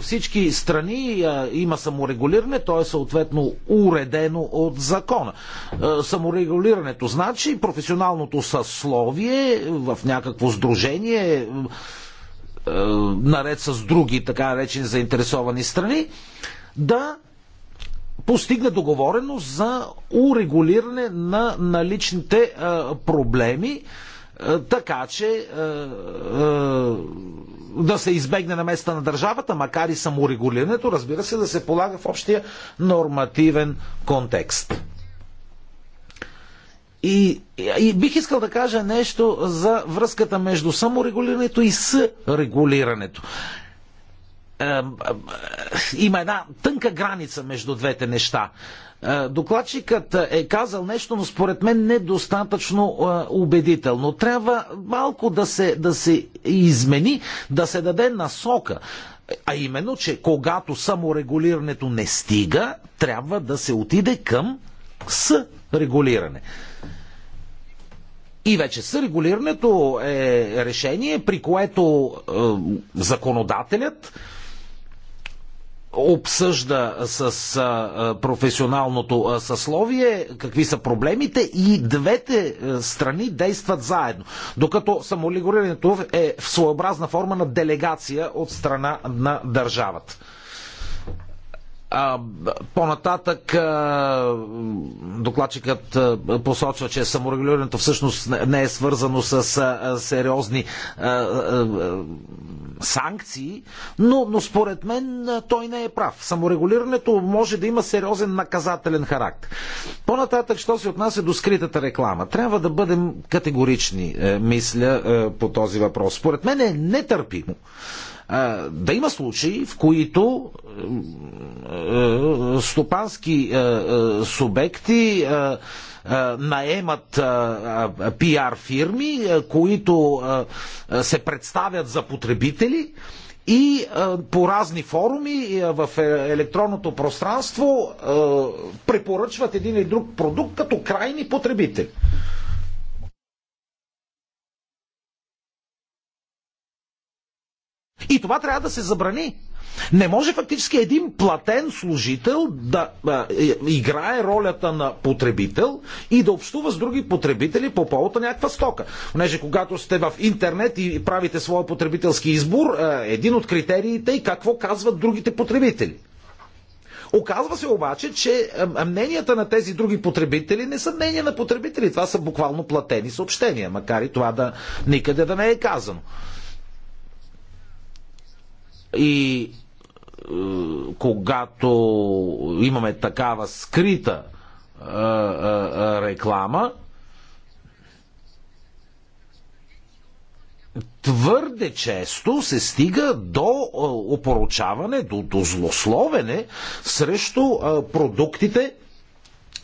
всички страни има саморегулиране, то е съответно уредено от закона. Саморегулирането значи професионалното съсловие в някакво сдружение наред с други така речени заинтересовани страни да постигне договореност за урегулиране на наличните е, проблеми, е, така че е, да се избегне на места на държавата, макар и саморегулирането, разбира се, да се полага в общия нормативен контекст. И, и бих искал да кажа нещо за връзката между саморегулирането и сърегулирането има една тънка граница между двете неща. Е, докладчикът е казал нещо, но според мен недостатъчно е, убедително. Трябва малко да се, да се измени, да се даде насока. А именно, че когато саморегулирането не стига, трябва да се отиде към с регулиране. И вече сърегулирането е решение, при което е, законодателят обсъжда с а, професионалното а, съсловие, какви са проблемите и двете а, страни действат заедно. Докато самолигурирането е в своеобразна форма на делегация от страна на държавата. А, по-нататък а, докладчикът а, посочва, че саморегулирането всъщност не е свързано с а, сериозни а, а, санкции, но, но според мен а, той не е прав. Саморегулирането може да има сериозен наказателен характер. По-нататък, що се отнася до скритата реклама? Трябва да бъдем категорични, а, е, мисля, а, е, по този въпрос. Според мен е нетърпимо да има случаи, в които стопански субекти наемат пиар фирми, които се представят за потребители и по разни форуми в е, електронното пространство препоръчват един или друг продукт като крайни потребители. И това трябва да се забрани. Не може фактически един платен служител да а, е, играе ролята на потребител и да общува с други потребители по повод на някаква стока. Понеже когато сте в интернет и правите своя потребителски избор, а, един от критериите е какво казват другите потребители. Оказва се обаче, че мненията на тези други потребители не са мнения на потребители. Това са буквално платени съобщения, макар и това да никъде да не е казано. И е, когато имаме такава скрита е, е, реклама, твърде често се стига до опоручаване, до, до злословене срещу продуктите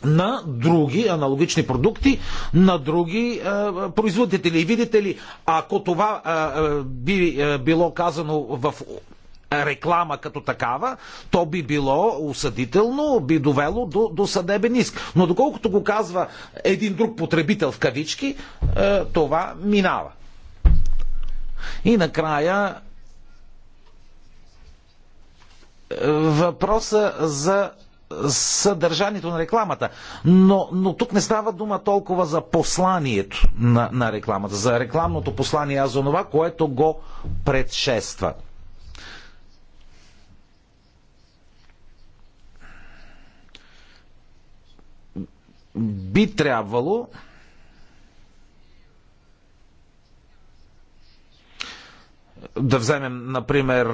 на други аналогични продукти, на други а, производители. И видите ли, ако това а, би а, било казано в реклама като такава, то би било осъдително, би довело до, до съдебен иск. Но доколкото го казва един друг потребител в кавички, е, това минава. И накрая е, въпроса за съдържанието на рекламата. Но, но тук не става дума толкова за посланието на, на рекламата, за рекламното послание, а за това, което го предшества. би трябвало да вземем, например,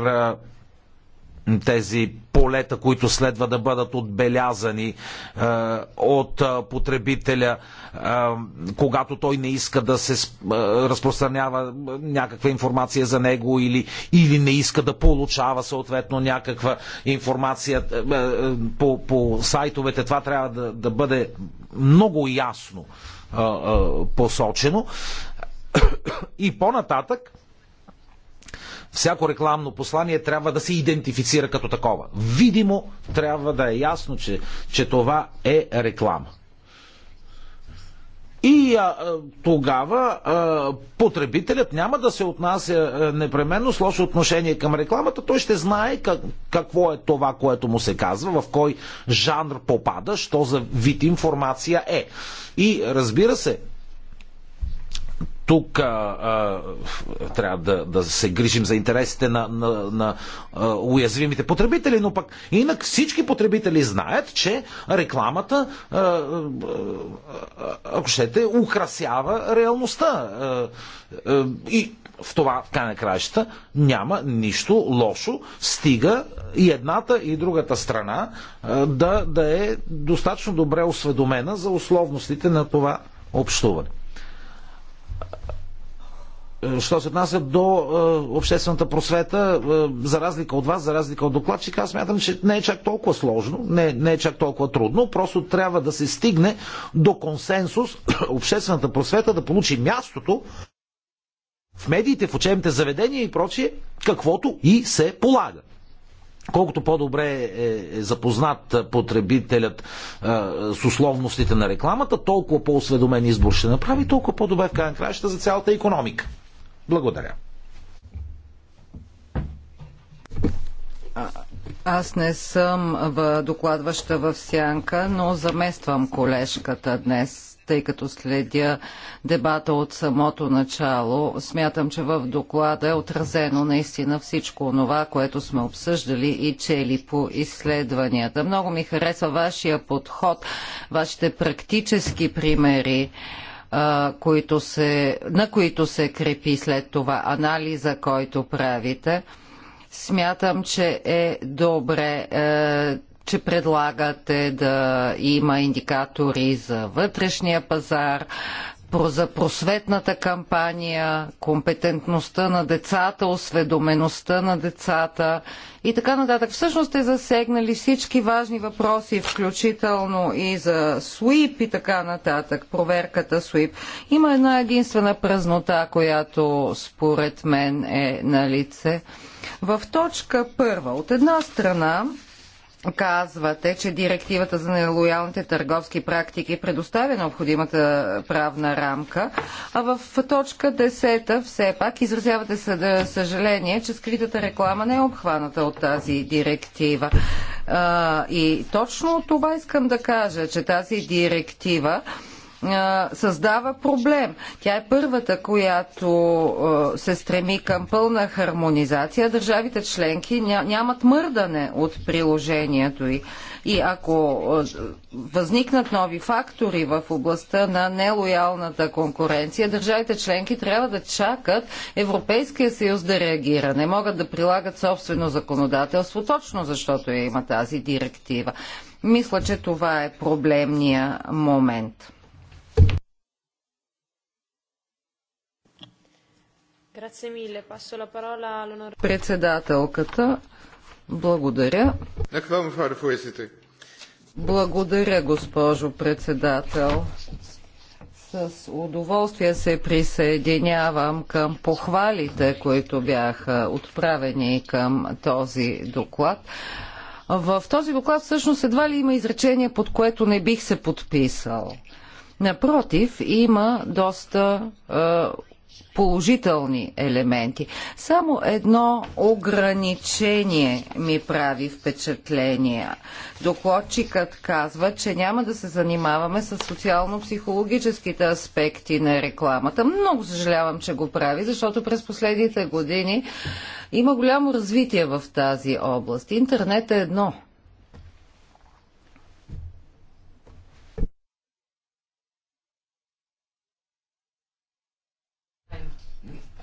тези полета, които следва да бъдат отбелязани е, от е, потребителя, е, когато той не иска да се е, разпространява някаква информация за него или, или не иска да получава съответно някаква информация е, е, по, по сайтовете. Това трябва да, да бъде много ясно посочено. И по-нататък всяко рекламно послание трябва да се идентифицира като такова. Видимо трябва да е ясно, че, че това е реклама. И а, тогава а, потребителят няма да се отнася а, непременно с лошо отношение към рекламата, той ще знае как, какво е това, което му се казва, в кой жанр попада, що за вид информация е. И разбира се, тук а, а, трябва да, да се грижим за интересите на, на, на а, уязвимите потребители, но пък инак всички потребители знаят, че рекламата, а, а, ако щете, украсява реалността. А, а, и в това, в край на краищата, няма нищо лошо, стига и едната и другата страна да, да е достатъчно добре осведомена за условностите на това общуване. Е, що се отнася до е, обществената просвета, е, за разлика от вас, за разлика от докладчика, аз смятам, че не е чак толкова сложно, не, не е чак толкова трудно, просто трябва да се стигне до консенсус (clears throat) обществената просвета да получи мястото в медиите, в учебните заведения и прочие, каквото и се полага. Колкото по-добре е, е запознат потребителят е, с условностите на рекламата, толкова по-осведомен избор ще направи, толкова по-добре в крайна краща за цялата економика. Благодаря. Аз не съм в докладваща в сянка, но замествам колежката днес тъй като следя дебата от самото начало. Смятам, че в доклада е отразено наистина всичко това, което сме обсъждали и чели по изследванията. Много ми харесва вашия подход, вашите практически примери които се, на които се крепи след това анализа, който правите. Смятам, че е добре е, че предлагате да има индикатори за вътрешния пазар, за просветната кампания, компетентността на децата, осведомеността на децата и така нататък. Всъщност сте засегнали всички важни въпроси, включително и за СУИП и така нататък, проверката СУИП. Има една единствена празнота, която според мен е на лице. В точка първа, от една страна, казвате, че директивата за нелоялните търговски практики предоставя необходимата правна рамка, а в точка 10 все пак изразявате съжаление, че скритата реклама не е обхваната от тази директива. И точно това искам да кажа, че тази директива създава проблем. Тя е първата, която се стреми към пълна хармонизация. Държавите членки нямат мърдане от приложението и, И ако възникнат нови фактори в областта на нелоялната конкуренция, държавите членки трябва да чакат Европейския съюз да реагира. Не могат да прилагат собствено законодателство, точно защото я има тази директива. Мисля, че това е проблемния момент. Председателката, благодаря. Благодаря, госпожо председател. С удоволствие се присъединявам към похвалите, които бяха отправени към този доклад. В този доклад всъщност едва ли има изречение, под което не бих се подписал. Напротив, има доста е, положителни елементи. Само едно ограничение ми прави впечатление. Докладчикът казва, че няма да се занимаваме с социално-психологическите аспекти на рекламата. Много съжалявам, че го прави, защото през последните години има голямо развитие в тази област. Интернет е едно –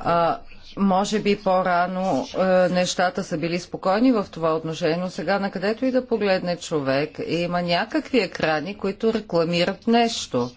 А, може би по-рано е, нещата са били спокойни в това отношение, но сега на където и да погледне човек, има някакви екрани, които рекламират нещо.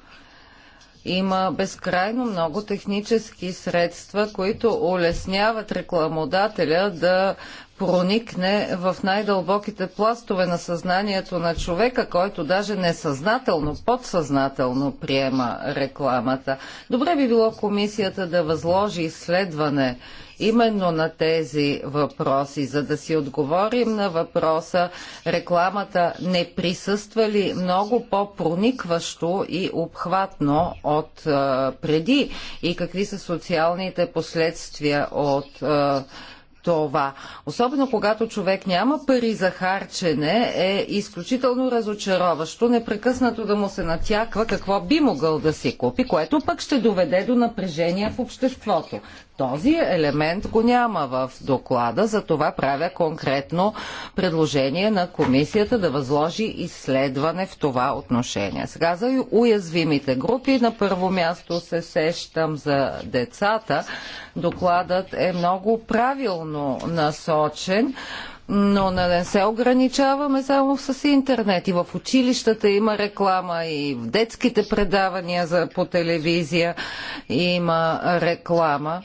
Има безкрайно много технически средства, които улесняват рекламодателя да проникне в най-дълбоките пластове на съзнанието на човека, който даже несъзнателно, подсъзнателно приема рекламата. Добре би било комисията да възложи изследване именно на тези въпроси, за да си отговорим на въпроса рекламата не присъства ли много по-проникващо и обхватно от а, преди и какви са социалните последствия от а, това. Особено когато човек няма пари за харчене, е изключително разочароващо непрекъснато да му се натяква какво би могъл да си купи, което пък ще доведе до напрежение в обществото. Този елемент го няма в доклада, за това правя конкретно предложение на комисията да възложи изследване в това отношение. Сега за уязвимите групи на първо място се сещам за децата. Докладът е много правилно насочен но не се ограничаваме само с интернет. И в училищата има реклама, и в детските предавания за, по телевизия има реклама.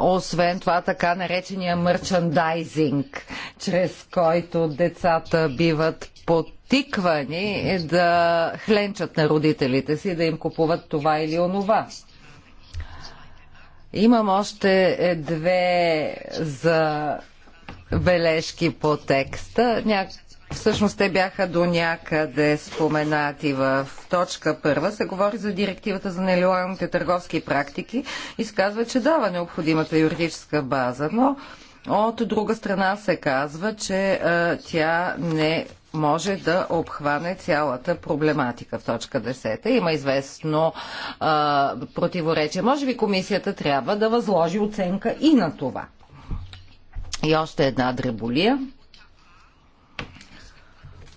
Освен това, така наречения мерчандайзинг, чрез който децата биват потиквани да хленчат на родителите си, да им купуват това или онова. Имам още две за бележки по текста. Някак Всъщност те бяха до някъде споменати в точка първа. Се говори за директивата за нелоялните търговски практики и се казва, че дава необходимата юридическа база, но от друга страна се казва, че а, е, тя не може да обхване цялата проблематика в точка 10. Има известно а, е, противоречие. Може би комисията трябва да възложи оценка и на това. И още една дреболия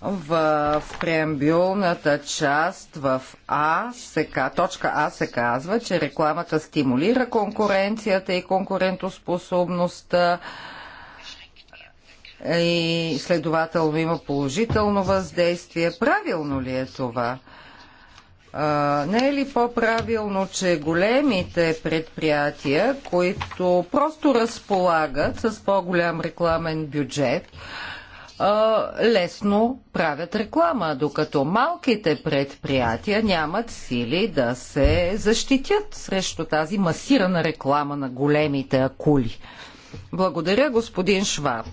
в преамбюлната част в А, се, точка А се казва, че рекламата стимулира конкуренцията и конкурентоспособността и следователно има положително въздействие. Правилно ли е това? А, не е ли по-правилно, че големите предприятия, които просто разполагат с по-голям рекламен бюджет, лесно правят реклама, докато малките предприятия нямат сили да се защитят срещу тази масирана реклама на големите акули. Благодаря, господин Шваб.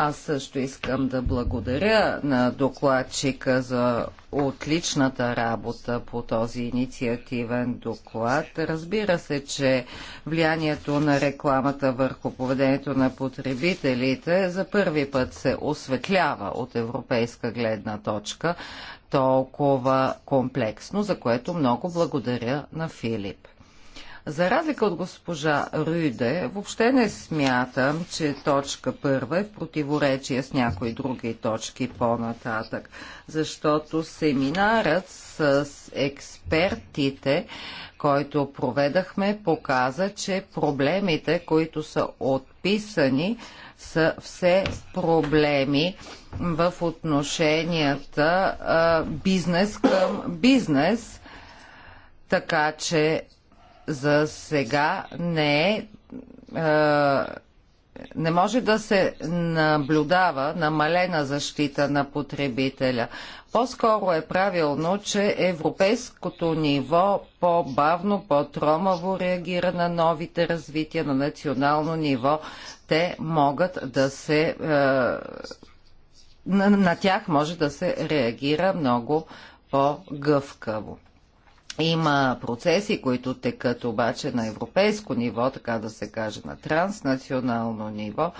Аз също искам да благодаря на докладчика за отличната работа по този инициативен доклад. Разбира се, че влиянието на рекламата върху поведението на потребителите за първи път се осветлява от европейска гледна точка толкова комплексно, за което много благодаря на Филип. За разлика от госпожа Рюде, въобще не смятам, че точка първа е в противоречие с някои други точки по-нататък, защото семинарът с експертите, който проведахме, показа, че проблемите, които са отписани, са все проблеми в отношенията бизнес към бизнес, така че за сега не е, е не може да се наблюдава намалена защита на потребителя. По-скоро е правилно, че европейското ниво по-бавно, по-тромаво реагира на новите развития на национално ниво. Те могат да се. на, на тях може да се реагира много по-гъвкаво. Има процеси, които текат обаче на европейско ниво, така да се каже, на транснационално ниво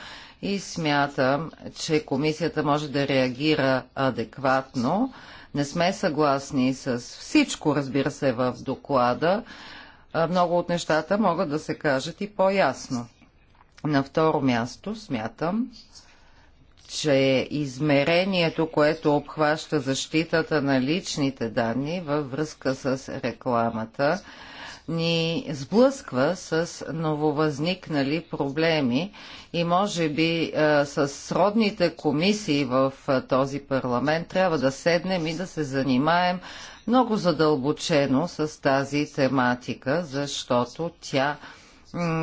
и смятам, че комисията може да реагира адекватно. Не сме съгласни с всичко, разбира се, в доклада. Много от нещата могат да се кажат и по-ясно. На второ място смятам, че измерението, което обхваща защитата на личните данни във връзка с рекламата, ни сблъсква с нововъзникнали проблеми и може би с родните комисии в този парламент трябва да седнем и да се занимаем много задълбочено с тази тематика, защото тя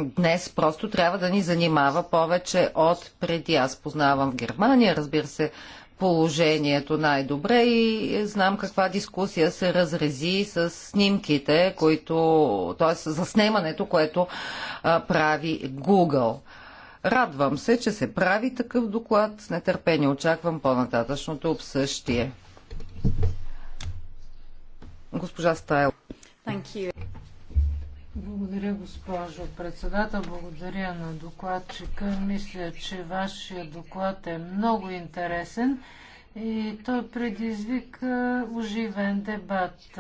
днес просто трябва да ни занимава повече от преди. Аз познавам в Германия, разбира се, положението най-добре и знам каква дискусия се разрези с снимките, които, т.е. заснемането, което а, прави Google. Радвам се, че се прави такъв доклад. С нетърпение очаквам по-нататъчното обсъщие. Госпожа Стайл. Благодаря, госпожо председател. Благодаря на докладчика. Мисля, че вашия доклад е много интересен и той предизвика оживен дебат.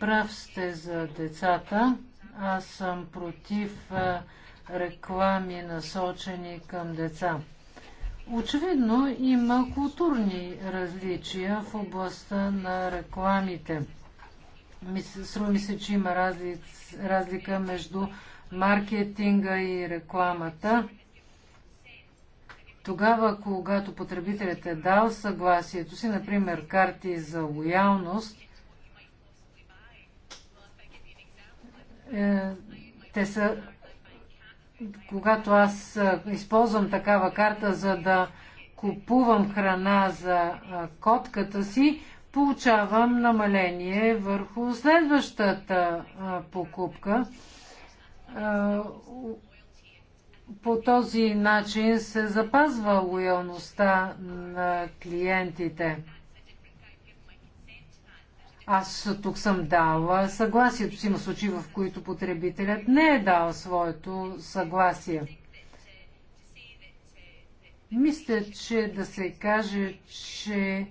Прав сте за децата. Аз съм против реклами, насочени към деца. Очевидно има културни различия в областта на рекламите – Струва ми се, че има разлика между маркетинга и рекламата. Тогава, когато потребителят е дал съгласието си, например, карти за лоялност, е, те са когато аз е, използвам такава карта, за да купувам храна за е, котката си, получавам намаление върху следващата а, покупка. А, по този начин се запазва лоялността на клиентите. Аз тук съм дала съгласието си. Има случаи, в които потребителят не е дал своето съгласие. Мисля, че да се каже, че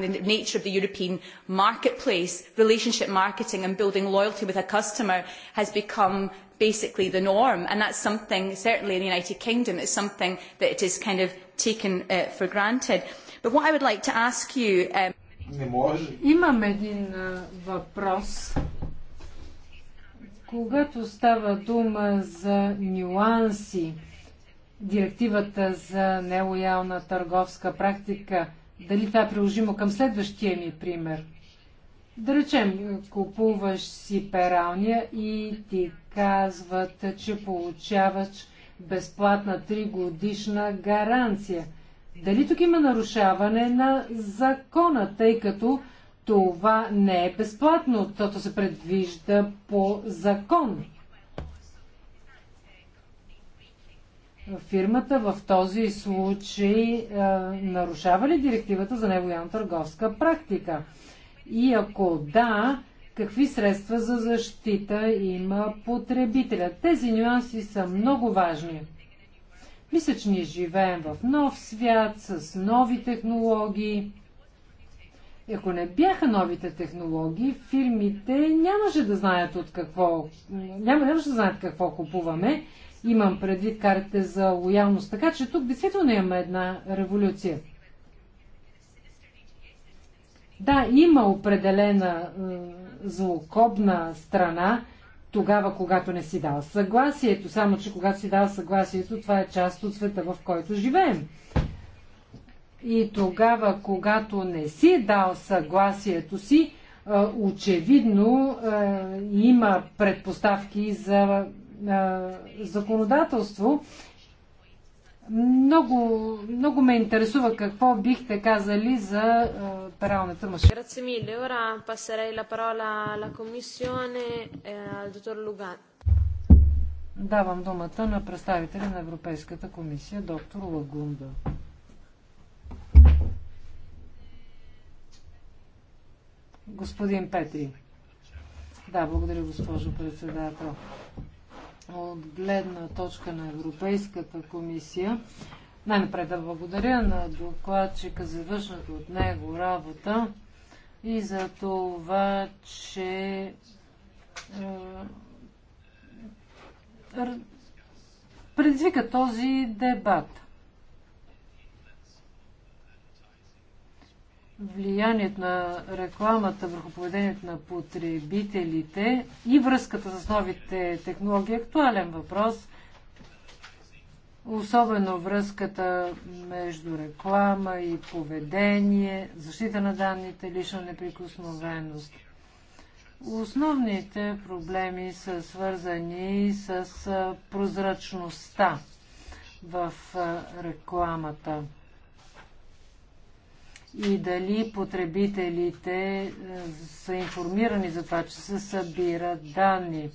the nature of the European marketplace, relationship marketing and building loyalty with a customer has become basically the norm. And that's something, certainly in the United Kingdom, is something that it is kind of taken uh, for granted. But what I would like to ask you... Um, Не може. Имам един а, въпрос. Когато става дума за нюанси, директивата за нелоялна търговска практика – дали това е приложимо към следващия ми пример? Да речем, купуваш си пералня и ти казват, че получаваш безплатна 3 годишна гаранция. Дали тук има нарушаване на закона, тъй като това не е безплатно, тото се предвижда по закон. фирмата в този случай а, е, нарушава ли директивата за нелоялна търговска практика? И ако да, какви средства за защита има потребителя? Тези нюанси са много важни. Мисля, че ние живеем в нов свят с нови технологии. Ако не бяха новите технологии, фирмите нямаше да знаят от какво, няма, нямаше да знаят какво купуваме Имам предвид карите за лоялност. Така че тук действително имаме една революция. Да, има определена е, злокобна страна, тогава, когато не си дал съгласието. Само, че когато си дал съгласието, това е част от света, в който живеем. И тогава, когато не си дал съгласието си, е, очевидно е, има предпоставки за законодателство. Много, много ме интересува какво бихте казали за а, пералната машина. Grazie mille. Ora passerei la parola alla Commissione e al dottor Lugan. Давам думата на представителя на Европейската комисия, доктор Лагунда. Господин Петри. Да, благодаря, госпожо председател от гледна точка на Европейската комисия. Най-напред да благодаря на докладчика за вършната от него работа и за това, че е, предизвика този дебат. влиянието на рекламата върху поведението на потребителите и връзката с новите технологии е актуален въпрос. Особено връзката между реклама и поведение, защита на данните, лична неприкосновеност. Основните проблеми са свързани с прозрачността в рекламата и дали потребителите е, са информирани за това, че се събират данни.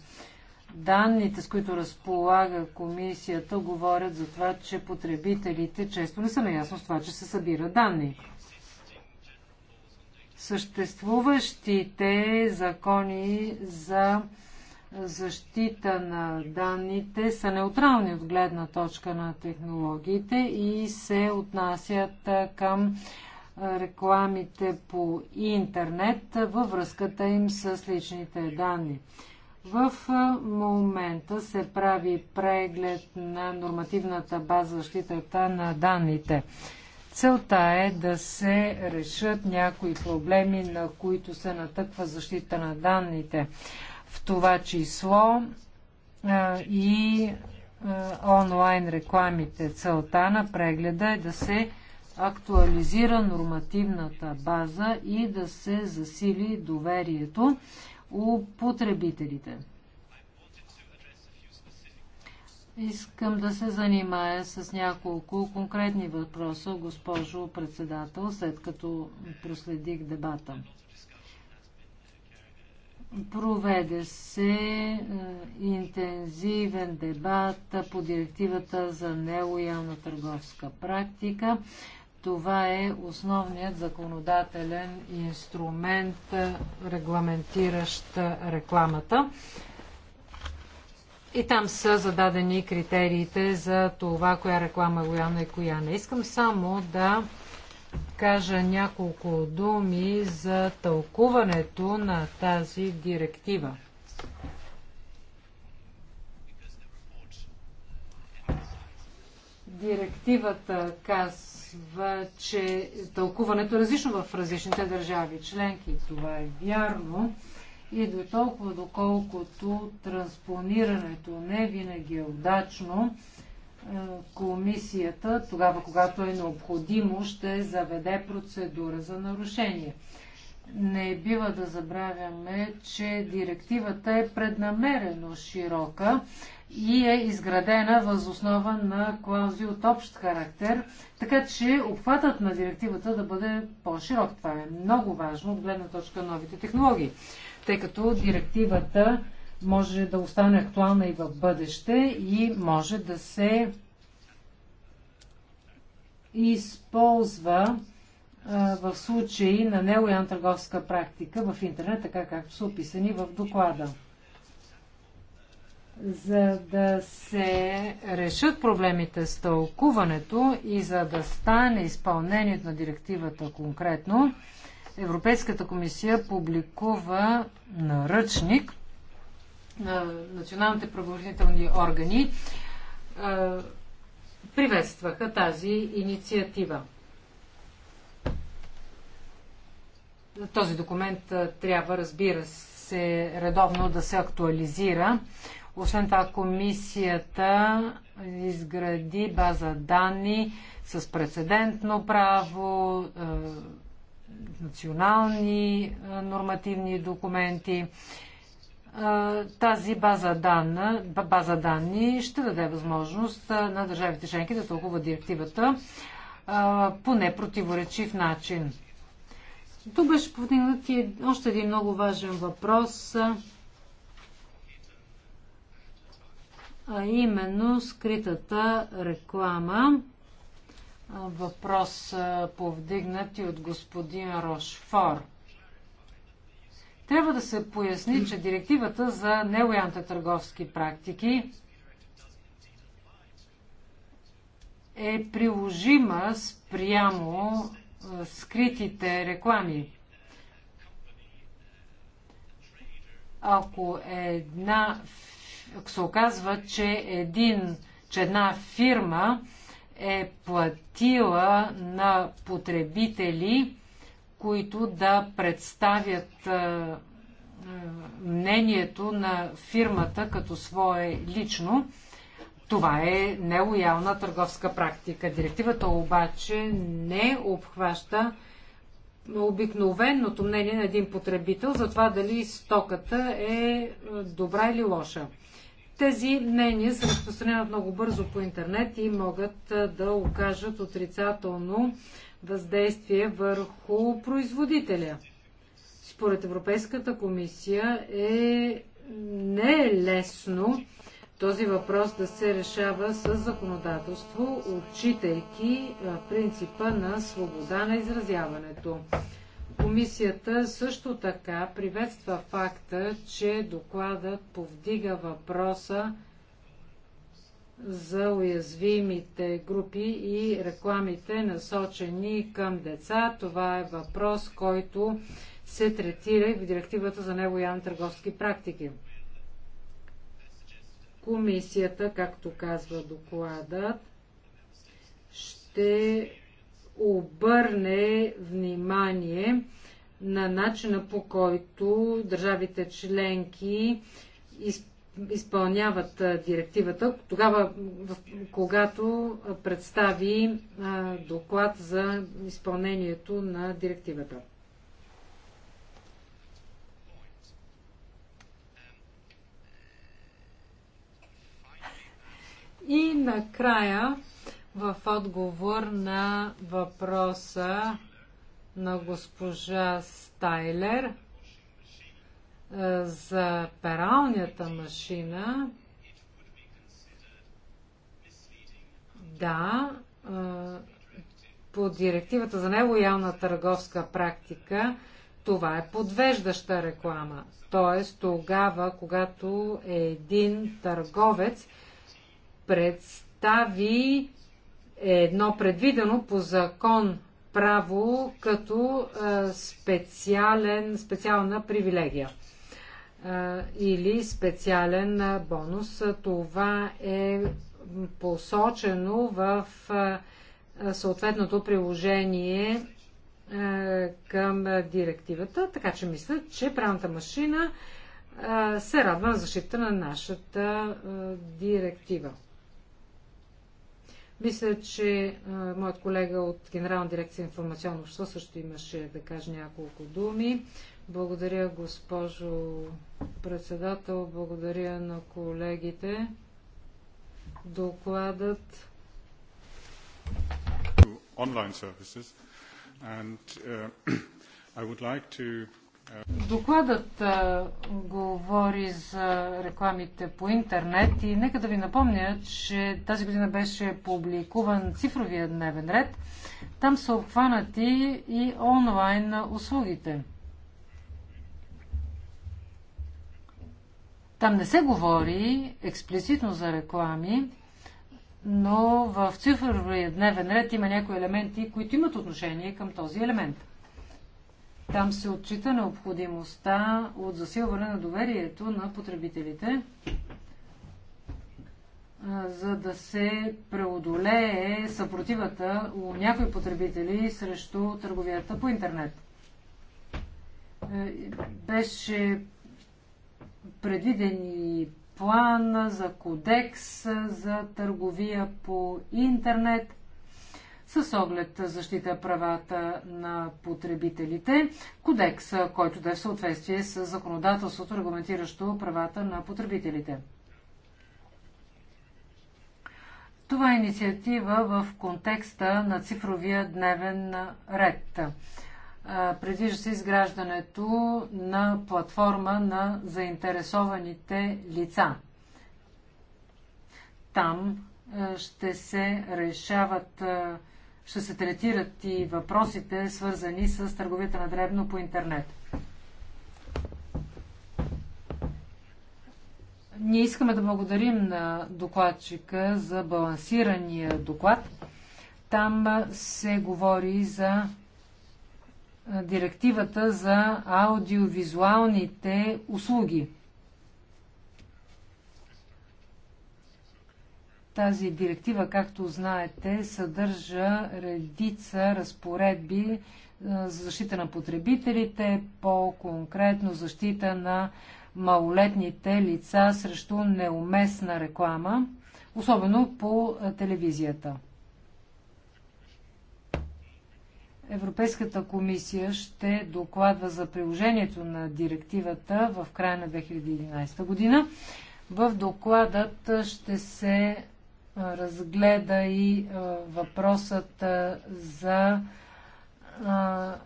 Данните, с които разполага комисията, говорят за това, че потребителите често не са наясно с това, че се събират данни. Съществуващите закони за защита на данните са неутрални от гледна точка на технологиите и се отнасят е, към рекламите по интернет във връзката им с личните данни. В момента се прави преглед на нормативната база защитата на данните. Целта е да се решат някои проблеми, на които се натъква защита на данните. В това число а, и а, онлайн рекламите. Целта на прегледа е да се актуализира нормативната база и да се засили доверието у потребителите. Искам да се занимая с няколко конкретни въпроса, госпожо председател, след като проследих дебата. Проведе се е, интензивен дебат по директивата за нелоялна търговска практика. Това е основният законодателен инструмент, е, регламентиращ е, рекламата. И там са зададени критериите за това, коя реклама е лоялна и коя не. Искам само да кажа няколко думи за тълкуването на тази директива. Директивата КАС казва, че тълкуването е различно в различните държави членки. Това е вярно. И до толкова, доколкото транспонирането не винаги е удачно, е, комисията, тогава когато е необходимо, ще заведе процедура за нарушение. Не бива да забравяме, че директивата е преднамерено широка и е изградена въз основа на клаузи от общ характер, така че обхватът на директивата да бъде по-широк. Това е много важно от гледна точка на новите технологии, тъй като директивата може да остане актуална и в бъдеще и може да се използва в случаи на нелоялна търговска практика в интернет, така както са описани в доклада. За да се решат проблемите с тълкуването и за да стане изпълнението на директивата конкретно, Европейската комисия публикува наръчник на националните правоохранителни органи. Приветстваха тази инициатива. Този документ трябва, разбира се, редовно да се актуализира. Освен това, комисията изгради база данни с прецедентно право, национални нормативни документи. Тази база, данна, база данни ще даде възможност на държавите членки да толкова директивата по непротиворечив начин. Тук беше повдигнат и още един много важен въпрос, а именно скритата реклама. Въпрос повдигнат и от господин Рошфор. Трябва да се поясни, че директивата за нелоялните търговски практики е приложима спрямо скритите реклами. Ако една ако се оказва, че един, че една фирма е платила на потребители, които да представят мнението на фирмата като свое лично, това е нелоялна търговска практика. Директивата обаче не обхваща обикновеното мнение на един потребител за това дали стоката е добра или лоша. Тези мнения се разпространяват много бързо по интернет и могат да окажат отрицателно въздействие върху производителя. Според Европейската комисия е не е лесно този въпрос да се решава с законодателство, отчитайки принципа на свобода на изразяването. Комисията също така приветства факта, че докладът повдига въпроса за уязвимите групи и рекламите насочени към деца. Това е въпрос, който се третира и в директивата за нелоялни търговски практики. Комисията, както казва докладът, ще обърне внимание на начина по който държавите членки изпълняват директивата, тогава, когато представи доклад за изпълнението на директивата. И накрая, в отговор на въпроса на госпожа Стайлер е, за пералнята машина, да, е, по директивата за нелоялна търговска практика, това е подвеждаща реклама. Тоест тогава, когато е един търговец представи едно предвидено по закон право като специален, специална привилегия или специален бонус. Това е посочено в съответното приложение към директивата, така че мисля, че правната машина се радва на защита на нашата директива. Мисля, че а, моят колега от Генерална дирекция информационно общество също имаше да каже няколко думи. Благодаря, госпожо председател, благодаря на колегите. Докладът Онлайн services and uh, (clears throat) I would like to Докладът а, говори за рекламите по интернет и нека да ви напомня, че тази година беше публикуван цифровия дневен ред. Там са обхванати и онлайн услугите. Там не се говори експлицитно за реклами, но в цифровия дневен ред има някои елементи, които имат отношение към този елемент. Там се отчита необходимостта от засилване на доверието на потребителите, за да се преодолее съпротивата у някои потребители срещу търговията по интернет. Е, беше предвиден и план за кодекс за търговия по интернет – с оглед защита правата на потребителите, кодекс, който да е в съответствие с законодателството, регламентиращо правата на потребителите. Това е инициатива в контекста на цифровия дневен ред. Предвижда се изграждането на платформа на заинтересованите лица. Там ще се решават ще се третират и въпросите, свързани с търговията на дребно по интернет. Ние искаме да благодарим на докладчика за балансирания доклад. Там се говори за директивата за аудиовизуалните услуги. Тази директива, както знаете, съдържа редица разпоредби за защита на потребителите, по-конкретно защита на малолетните лица срещу неуместна реклама, особено по телевизията. Европейската комисия ще докладва за приложението на директивата в края на 2011 година. В докладът ще се разгледа и въпросът за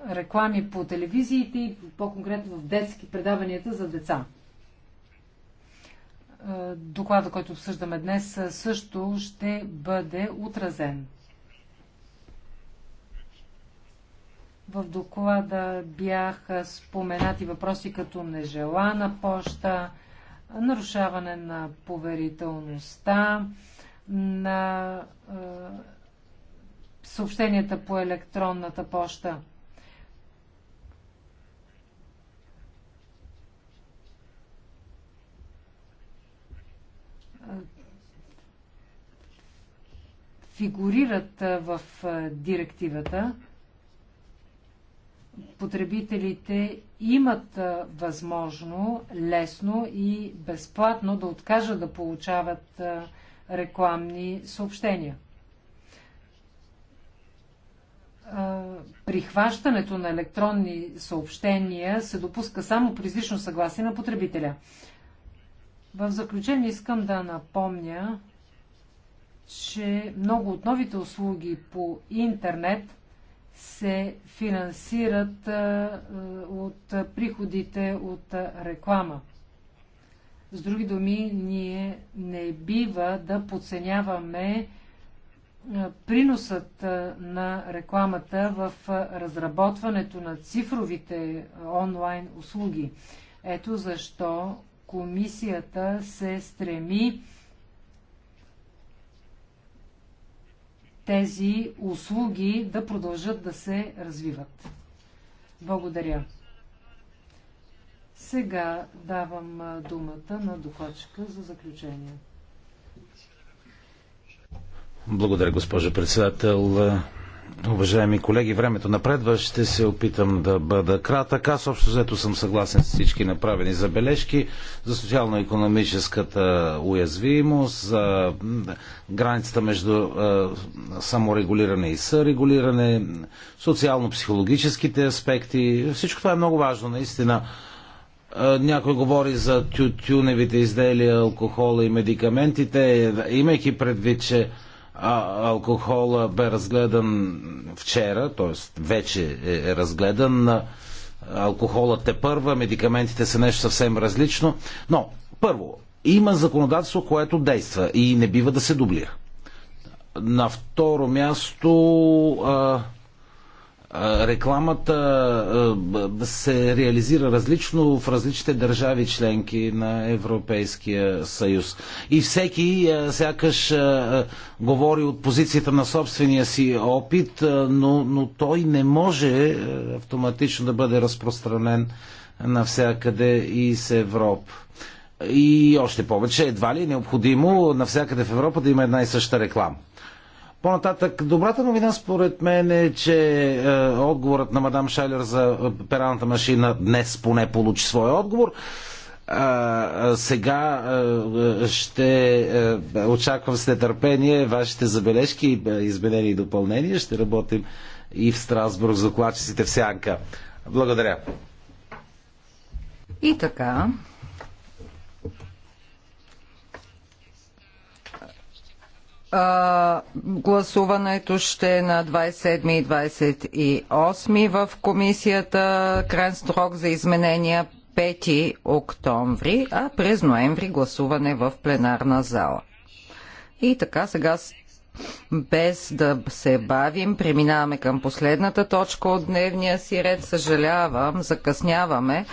реклами по телевизиите и по-конкретно в детски предаванията за деца. Доклада, който обсъждаме днес, също ще бъде отразен. В доклада бяха споменати въпроси като нежелана поща, нарушаване на поверителността, на съобщенията по електронната поща. фигурират в директивата. Потребителите имат възможно, лесно и безплатно да откажат да получават рекламни съобщения. Прихващането на електронни съобщения се допуска само при излишно съгласие на потребителя. В заключение искам да напомня, че много от новите услуги по интернет се финансират от приходите от реклама. С други думи, ние не бива да подценяваме приносът на рекламата в разработването на цифровите онлайн услуги. Ето защо комисията се стреми тези услуги да продължат да се развиват. Благодаря. Сега давам думата на докладчика за заключение. Благодаря, госпожо председател. Уважаеми колеги, времето напредва. Ще се опитам да бъда кратък. Аз общо взето съм съгласен с всички направени забележки за социално-економическата уязвимост, за границата между саморегулиране и сърегулиране, социално-психологическите аспекти. Всичко това е много важно, наистина. Някой говори за тютюневите изделия, алкохола и медикаментите, имайки предвид, че а, алкохола бе разгледан вчера, т.е. вече е, е разгледан. Алкохолът е първа, медикаментите са нещо съвсем различно. Но, първо, има законодателство, което действа и не бива да се дублира. На второ място, а, Рекламата се реализира различно в различните държави членки на Европейския съюз. И всеки сякаш говори от позицията на собствения си опит, но, но той не може автоматично да бъде разпространен навсякъде и с Европа. И още повече, едва ли е необходимо навсякъде в Европа да има една и съща реклама. По-нататък, добрата новина според мен е, че е, отговорът на мадам Шайлер за е, пералната машина днес поне получи своя отговор. А, е, а е, сега а, ще а, очаквам с нетърпение вашите забележки, изменения и допълнения. Ще работим и в Страсбург за в Сянка. Благодаря. И така, гласуването ще е на 27 и 28 в комисията. Крайен срок за изменения 5 октомври, а през ноември гласуване в пленарна зала. И така сега без да се бавим, преминаваме към последната точка от дневния си ред. Съжалявам, закъсняваме.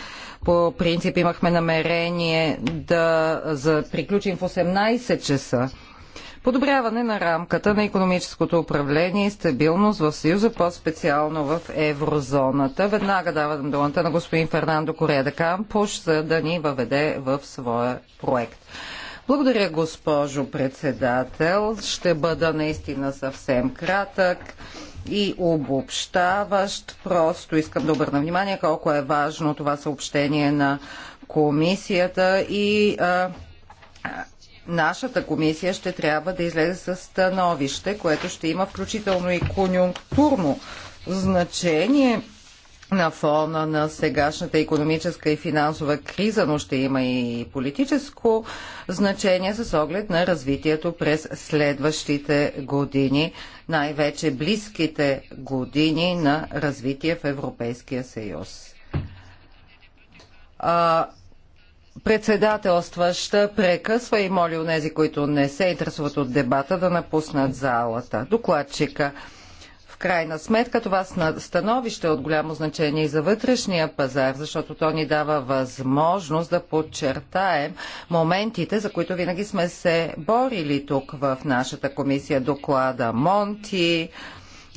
По принцип имахме намерение да за... приключим в 18 часа подобряване на рамката на економическото управление и стабилност в Съюза, по-специално в еврозоната. Веднага давам думата на господин Фернандо Корея де Кампуш, за да ни въведе в своя проект. Благодаря, госпожо председател. Ще бъда наистина съвсем кратък и обобщаващ. Просто искам да обърна внимание колко е важно това съобщение на комисията и а, нашата комисия ще трябва да излезе с становище, което ще има включително и конюнктурно значение на фона на сегашната економическа и финансова криза, но ще има и политическо значение с оглед на развитието през следващите години, най-вече близките години на развитие в Европейския съюз председателстваща прекъсва и моли онези, които не се интересуват от дебата, да напуснат залата. Докладчика. В крайна сметка това становище е от голямо значение и за вътрешния пазар, защото то ни дава възможност да подчертаем моментите, за които винаги сме се борили тук в нашата комисия. Доклада Монти,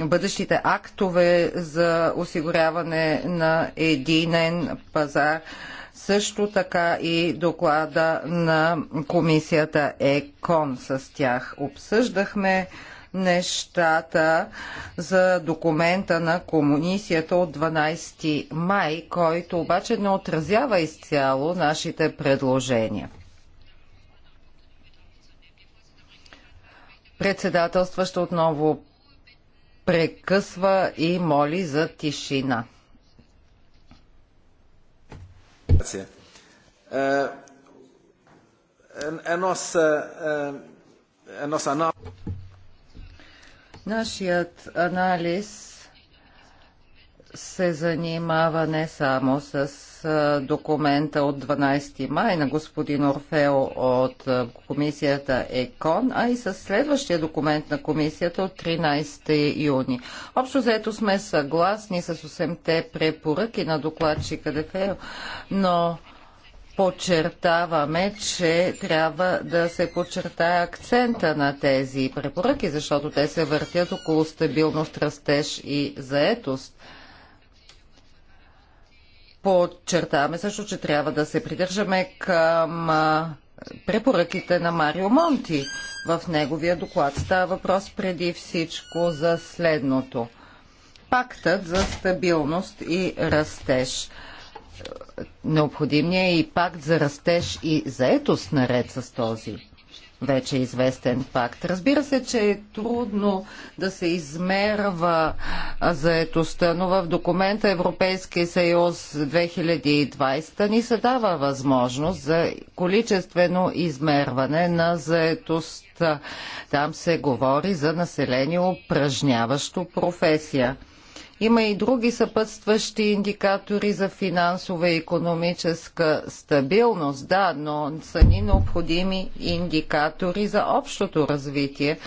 бъдещите актове за осигуряване на единен пазар също така и доклада на комисията ЕКОН с тях. Обсъждахме нещата за документа на комунисията от 12 май, който обаче не отразява изцяло нашите предложения. Председателстващ отново прекъсва и моли за тишина. Eh, eh, Нашият анализ се занимава не само с е, документа от 12 май на господин Орфео от е, комисията ЕКОН, а и с следващия документ на комисията от 13 юни. Общо заето сме съгласни с 8-те препоръки на докладчика Дефео, но подчертаваме, че трябва да се подчертая акцента на тези препоръки, защото те се въртят около стабилност, растеж и заетост – Подчертаваме също, че трябва да се придържаме към препоръките на Марио Монти. В неговия доклад става въпрос преди всичко за следното. Пактът за стабилност и растеж. Необходимният е и пакт за растеж и заетост наред с този вече известен пакт. Разбира се, че е трудно да се измерва заетостта, но в документа Европейски съюз 2020 ни се дава възможност за количествено измерване на заетостта. Там се говори за население упражняващо професия. Има и други съпътстващи индикатори за финансова и економическа стабилност, да, но са ни необходими индикатори за общото развитие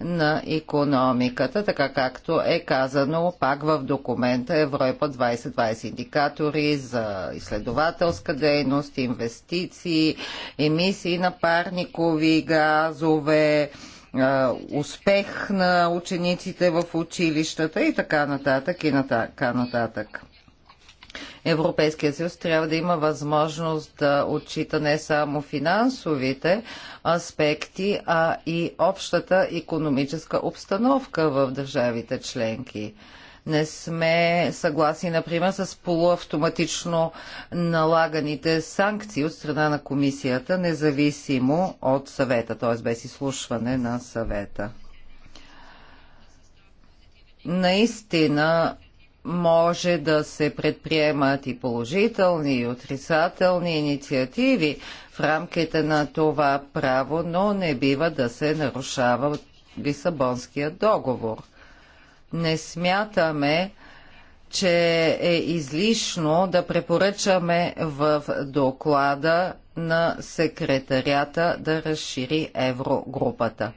на економиката, така както е казано пак в документа Европа 2020 индикатори за изследователска дейност, инвестиции, емисии на парникови газове, успех на учениците в училищата и така нататък и така нататък. Европейския съюз трябва да има възможност да отчита не само финансовите аспекти, а и общата економическа обстановка в държавите членки. Не сме съгласни, например, с полуавтоматично налаганите санкции от страна на комисията, независимо от съвета, т.е. без изслушване на съвета. Наистина може да се предприемат и положителни, и отрицателни инициативи в рамките на това право, но не бива да се нарушава Лисабонския договор – не смятаме, че е излишно да препоръчаме в доклада на секретарята да разшири еврогрупата.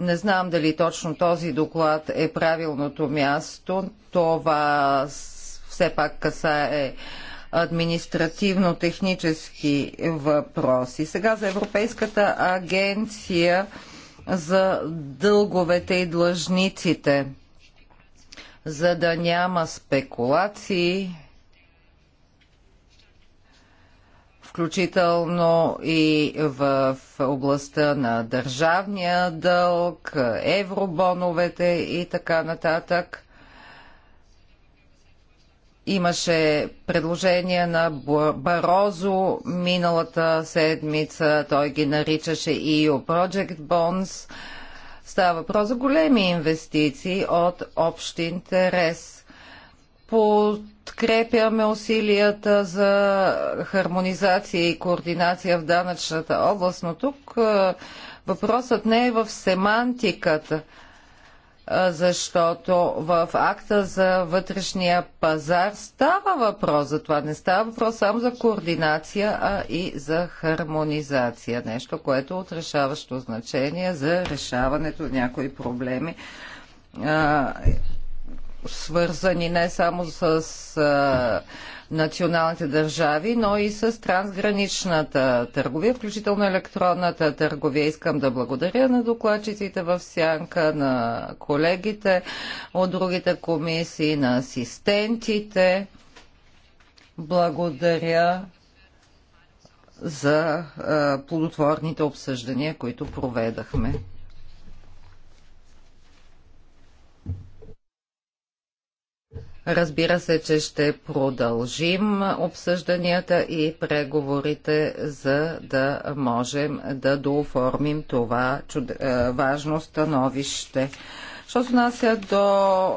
Не знам дали точно този доклад е правилното място. Това все пак касае административно-технически въпроси. Сега за Европейската агенция за дълговете и длъжниците, за да няма спекулации, включително и в областта на държавния дълг, евробоновете и така нататък. Имаше предложения на Барозо миналата седмица. Той ги наричаше EU Project Bonds. Става въпрос за големи инвестиции от общ интерес. Подкрепяме усилията за хармонизация и координация в данъчната област, но тук въпросът не е в семантиката защото в акта за вътрешния пазар става въпрос за това. Не става въпрос само за координация, а и за хармонизация. Нещо, което е отрешаващо значение за решаването на някои проблеми, свързани не само с. А, националните държави, но и с трансграничната търговия, включително електронната търговия. Искам да благодаря на докладчиците в сянка, на колегите от другите комисии, на асистентите. Благодаря за плодотворните обсъждания, които проведахме. Разбира се, че ще продължим обсъжданията и преговорите, за да можем да дооформим това чуд... Е, важно становище. Що се нася до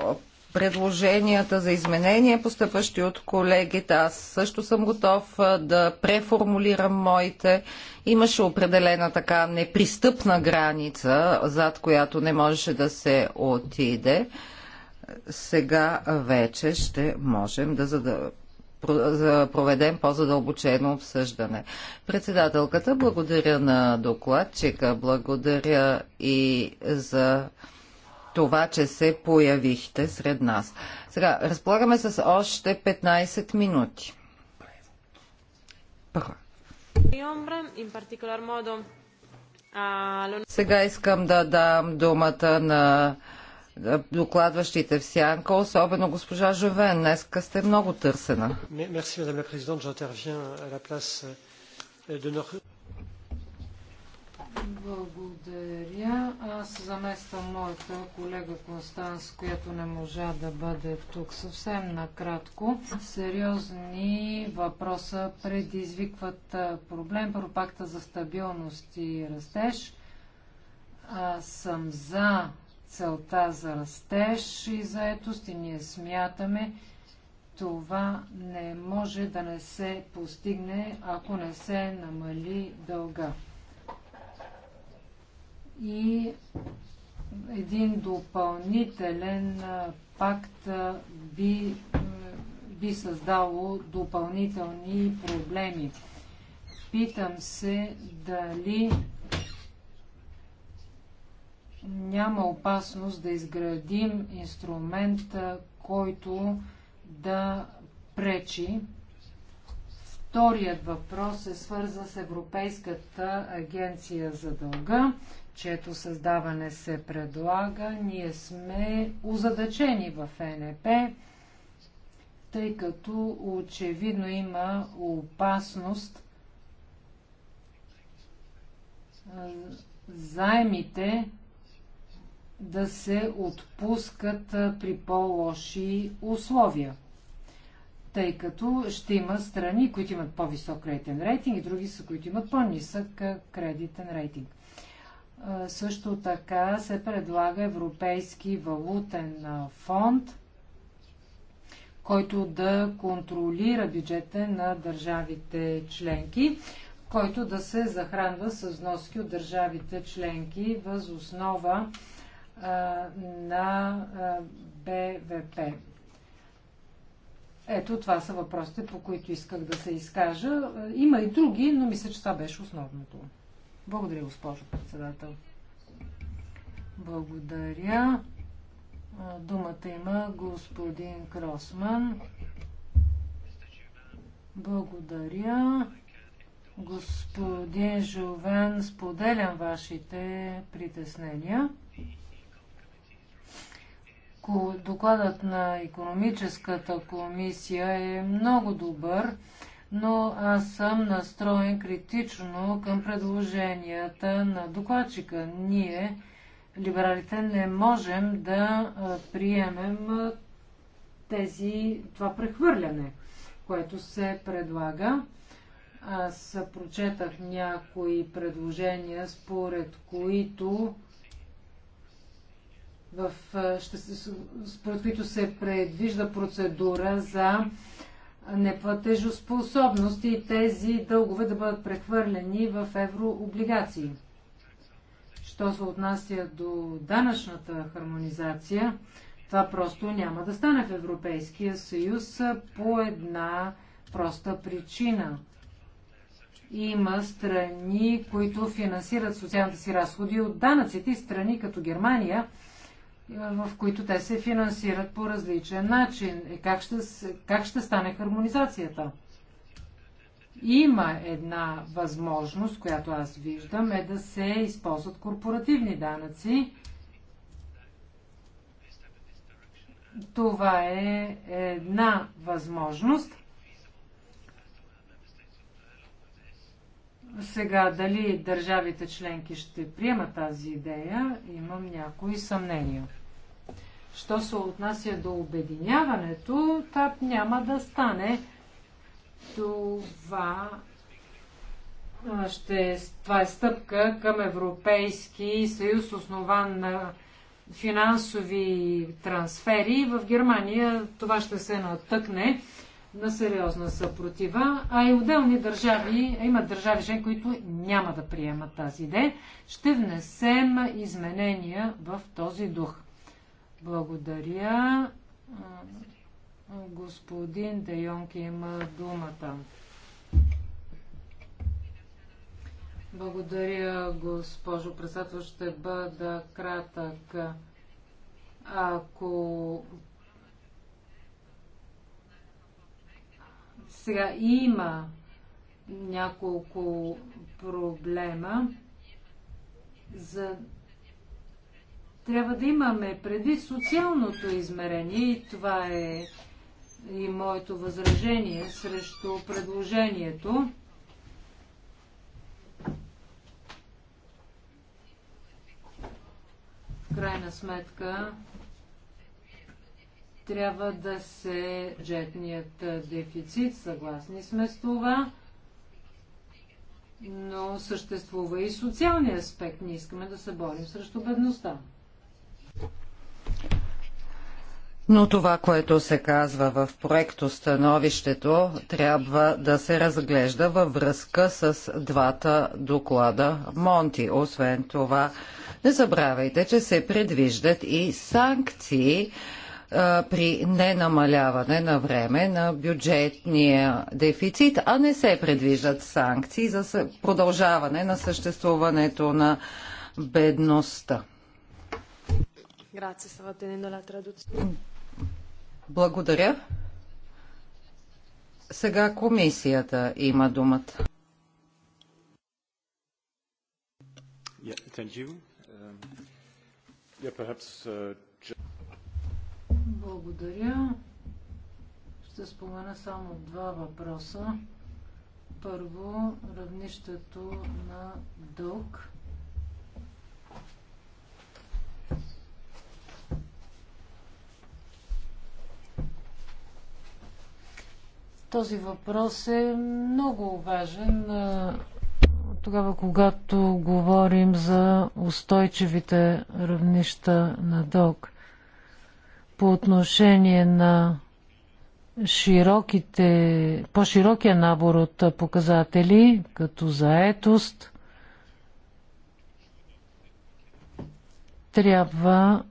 предложенията за изменения, постъпващи от колегите. Аз също съм готов е, да преформулирам моите. Имаше определена така непристъпна граница, зад която не можеше да се отиде сега вече ще можем да проведем по-задълбочено обсъждане. Председателката, благодаря на докладчика, благодаря и за това, че се появихте сред нас. Сега, разполагаме с още 15 минути. Сега искам да дам думата на докладващите в Сянка, особено госпожа Жовен. Днеска сте много търсена. Euh, Благодаря. Аз замествам моята колега Констанс, която не можа да бъде тук съвсем накратко. Сериозни въпроса предизвикват проблем. Първо пакта за стабилност и растеж. Аз съм за целта за растеж и заетост и ние смятаме, това не може да не се постигне, ако не се намали дълга. И един допълнителен пакт би, би създало допълнителни проблеми. Питам се дали няма опасност да изградим инструмент, който да пречи. Вторият въпрос е свързан с Европейската агенция за дълга, чието създаване се предлага. Ние сме озадачени в ЕНП, тъй като очевидно има опасност заемите да се отпускат при по-лоши условия. Тъй като ще има страни, които имат по-висок кредитен рейтинг и други, са, които имат по-нисък кредитен рейтинг. Също така се предлага Европейски валутен фонд, който да контролира бюджета на държавите членки който да се захранва с вноски от държавите членки въз основа на БВП. Ето, това са въпросите, по които исках да се изкажа. Има и други, но мисля, че това беше основното. Благодаря, госпожо председател. Благодаря. Думата има господин Кросман. Благодаря. Господин Жовен, споделям вашите притеснения. Докладът на економическата комисия е много добър, но аз съм настроен критично към предложенията на докладчика. Ние, либералите, не можем да приемем тези, това прехвърляне, което се предлага. Аз прочетах някои предложения, според които в, ще, според които се предвижда процедура за неплатежоспособност и тези дългове да бъдат прехвърлени в еврооблигации. Що се отнася до данъчната хармонизация, това просто няма да стане в Европейския съюз по една проста причина. Има страни, които финансират социалните си разходи от данъците и страни като Германия, е, в които те се финансират по различен начин. И е, как ще, как ще стане хармонизацията? Има една възможност, която аз виждам, е да се използват корпоративни данъци. Това е една възможност. Сега, дали държавите членки ще приемат тази идея, имам някои съмнения. Що се отнася до обединяването, так няма да стане. Това, ще, това е стъпка към Европейски съюз, основан на финансови трансфери. В Германия това ще се натъкне на сериозна съпротива, а и отделни държави, имат държави жени, които няма да приемат тази идея. Ще внесем изменения в този дух. Благодаря. Господин Дейонг има думата. Благодаря, госпожо председател. Ще бъда кратък. Ако Сега има няколко проблема. За... Трябва да имаме преди социалното измерение и това е и моето възражение срещу предложението. В крайна сметка трябва да се бюджетният дефицит. Съгласни сме с това. Но съществува и социалния аспект. Ние искаме да се борим срещу бедността. Но това, което се казва в проекто становището, трябва да се разглежда във връзка с двата доклада Монти. Освен това, не забравяйте, че се предвиждат и санкции при ненамаляване на време на бюджетния дефицит, а не се предвиждат санкции за продължаване на съществуването на бедността. Благодаря. Сега комисията има думата. Yeah, thank you. Um, yeah, perhaps uh, благодаря. Ще спомена само два въпроса. Първо, равнището на дълг. Този въпрос е много важен тогава, когато говорим за устойчивите равнища на дълг. По отношение на широките, по-широкия набор от показатели, като заетост, трябва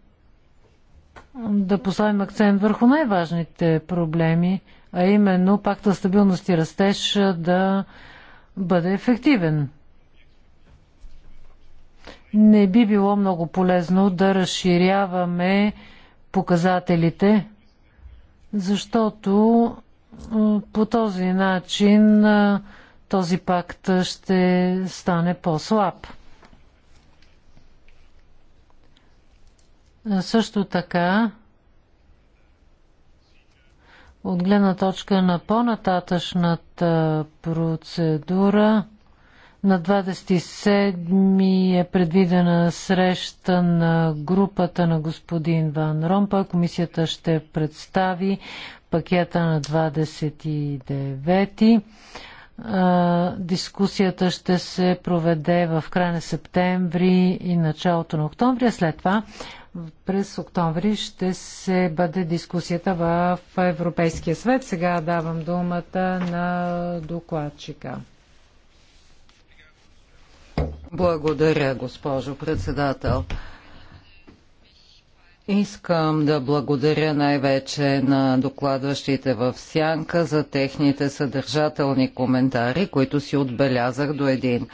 да поставим акцент върху най-важните проблеми, а именно пакта стабилност и растеж да бъде ефективен. Не би било много полезно да разширяваме показателите, защото по този начин този пакт ще стане по-слаб. Също така, от гледна точка на по-нататъчната процедура, на 27 е предвидена среща на групата на господин Ван Ромпа. Комисията ще представи пакета на 29. ти Дискусията ще се проведе в края на септември и началото на октомври. След това през октомври ще се бъде дискусията в Европейския свет. Сега давам думата на докладчика. Благодаря, госпожо председател. Искам да благодаря най-вече на докладващите в Сянка за техните съдържателни коментари, които си отбелязах до един.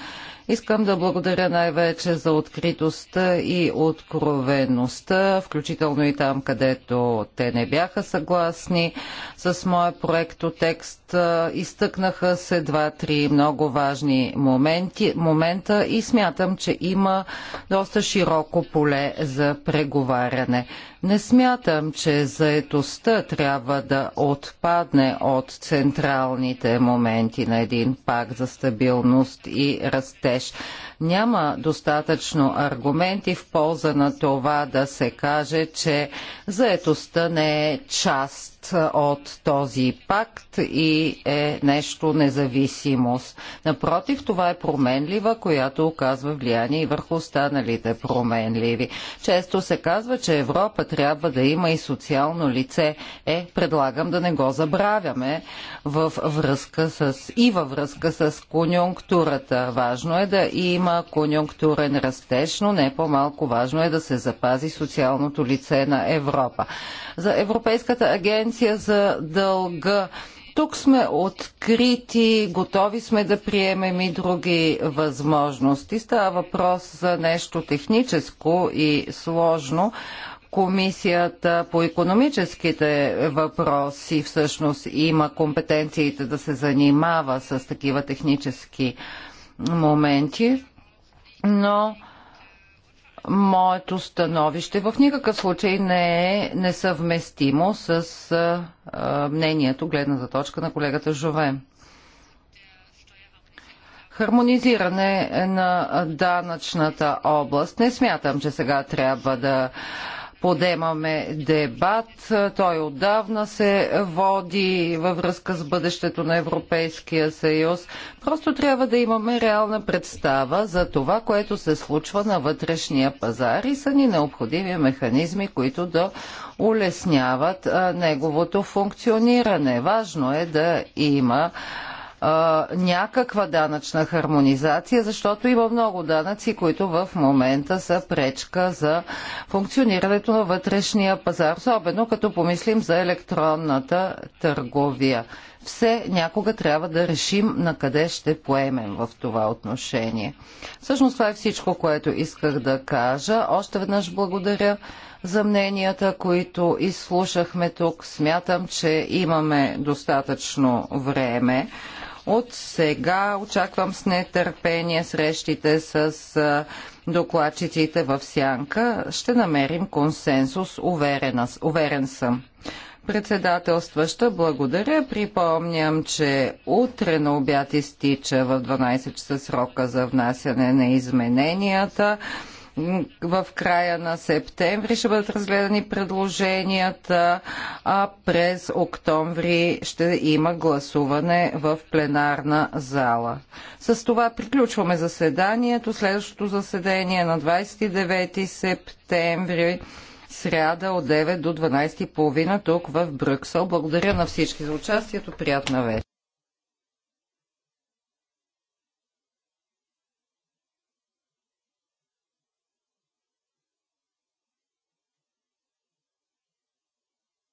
Искам да благодаря най-вече за откритостта и откровеността, включително и там, където те не бяха съгласни с моя проектотекст. Изтъкнаха се два-три много важни моменти, момента и смятам, че има доста широко поле за преговаряне. Не смятам, че заетостта трябва да отпадне от централните моменти на един пакт за стабилност и растеж. Няма достатъчно аргументи в полза на това да се каже, че заетостта не е част от този пакт и е нещо независимост. Напротив, това е променлива, която оказва влияние и върху останалите променливи. Често се казва, че Европа трябва да има и социално лице. Е, предлагам да не го забравяме в връзка с, и във връзка с конюнктурата. Важно е да има конюнктурен растеж, но не по-малко важно е да се запази социалното лице на Европа. За Европейската агенция позиция за дълга. Тук сме открити, готови сме да приемем и други възможности. Става въпрос за нещо техническо и сложно, Комисията по економическите въпроси всъщност има компетенциите да се занимава с такива технически моменти, но моето становище в никакъв случай не е несъвместимо с а, мнението, гледната точка на колегата Жове. Хармонизиране на данъчната област. Не смятам, че сега трябва да подемаме дебат. Той отдавна се води във връзка с бъдещето на Европейския съюз. Просто трябва да имаме реална представа за това, което се случва на вътрешния пазар и са ни необходими механизми, които да улесняват неговото функциониране. Важно е да има а, някаква данъчна хармонизация, защото има много данъци, които в момента са пречка за функционирането на вътрешния пазар, особено като помислим за електронната търговия. Все някога трябва да решим на къде ще поемем в това отношение. Всъщност това е всичко, което исках да кажа. Още веднъж благодаря за мненията, които изслушахме тук. Смятам, че имаме достатъчно време. От сега очаквам с нетърпение срещите с докладчиците в Сянка. Ще намерим консенсус, уверена, уверен съм. Председателстваща, благодаря. Припомням, че утре на обяд изтича в 12 часа срока за внасяне на измененията в края на септември ще бъдат разгледани предложенията, а през октомври ще има гласуване в пленарна зала. С това приключваме заседанието. Следващото заседание е на 29 септември сряда от 9 до 12.30 тук в Брюксел. Благодаря на всички за участието. Приятна вечер.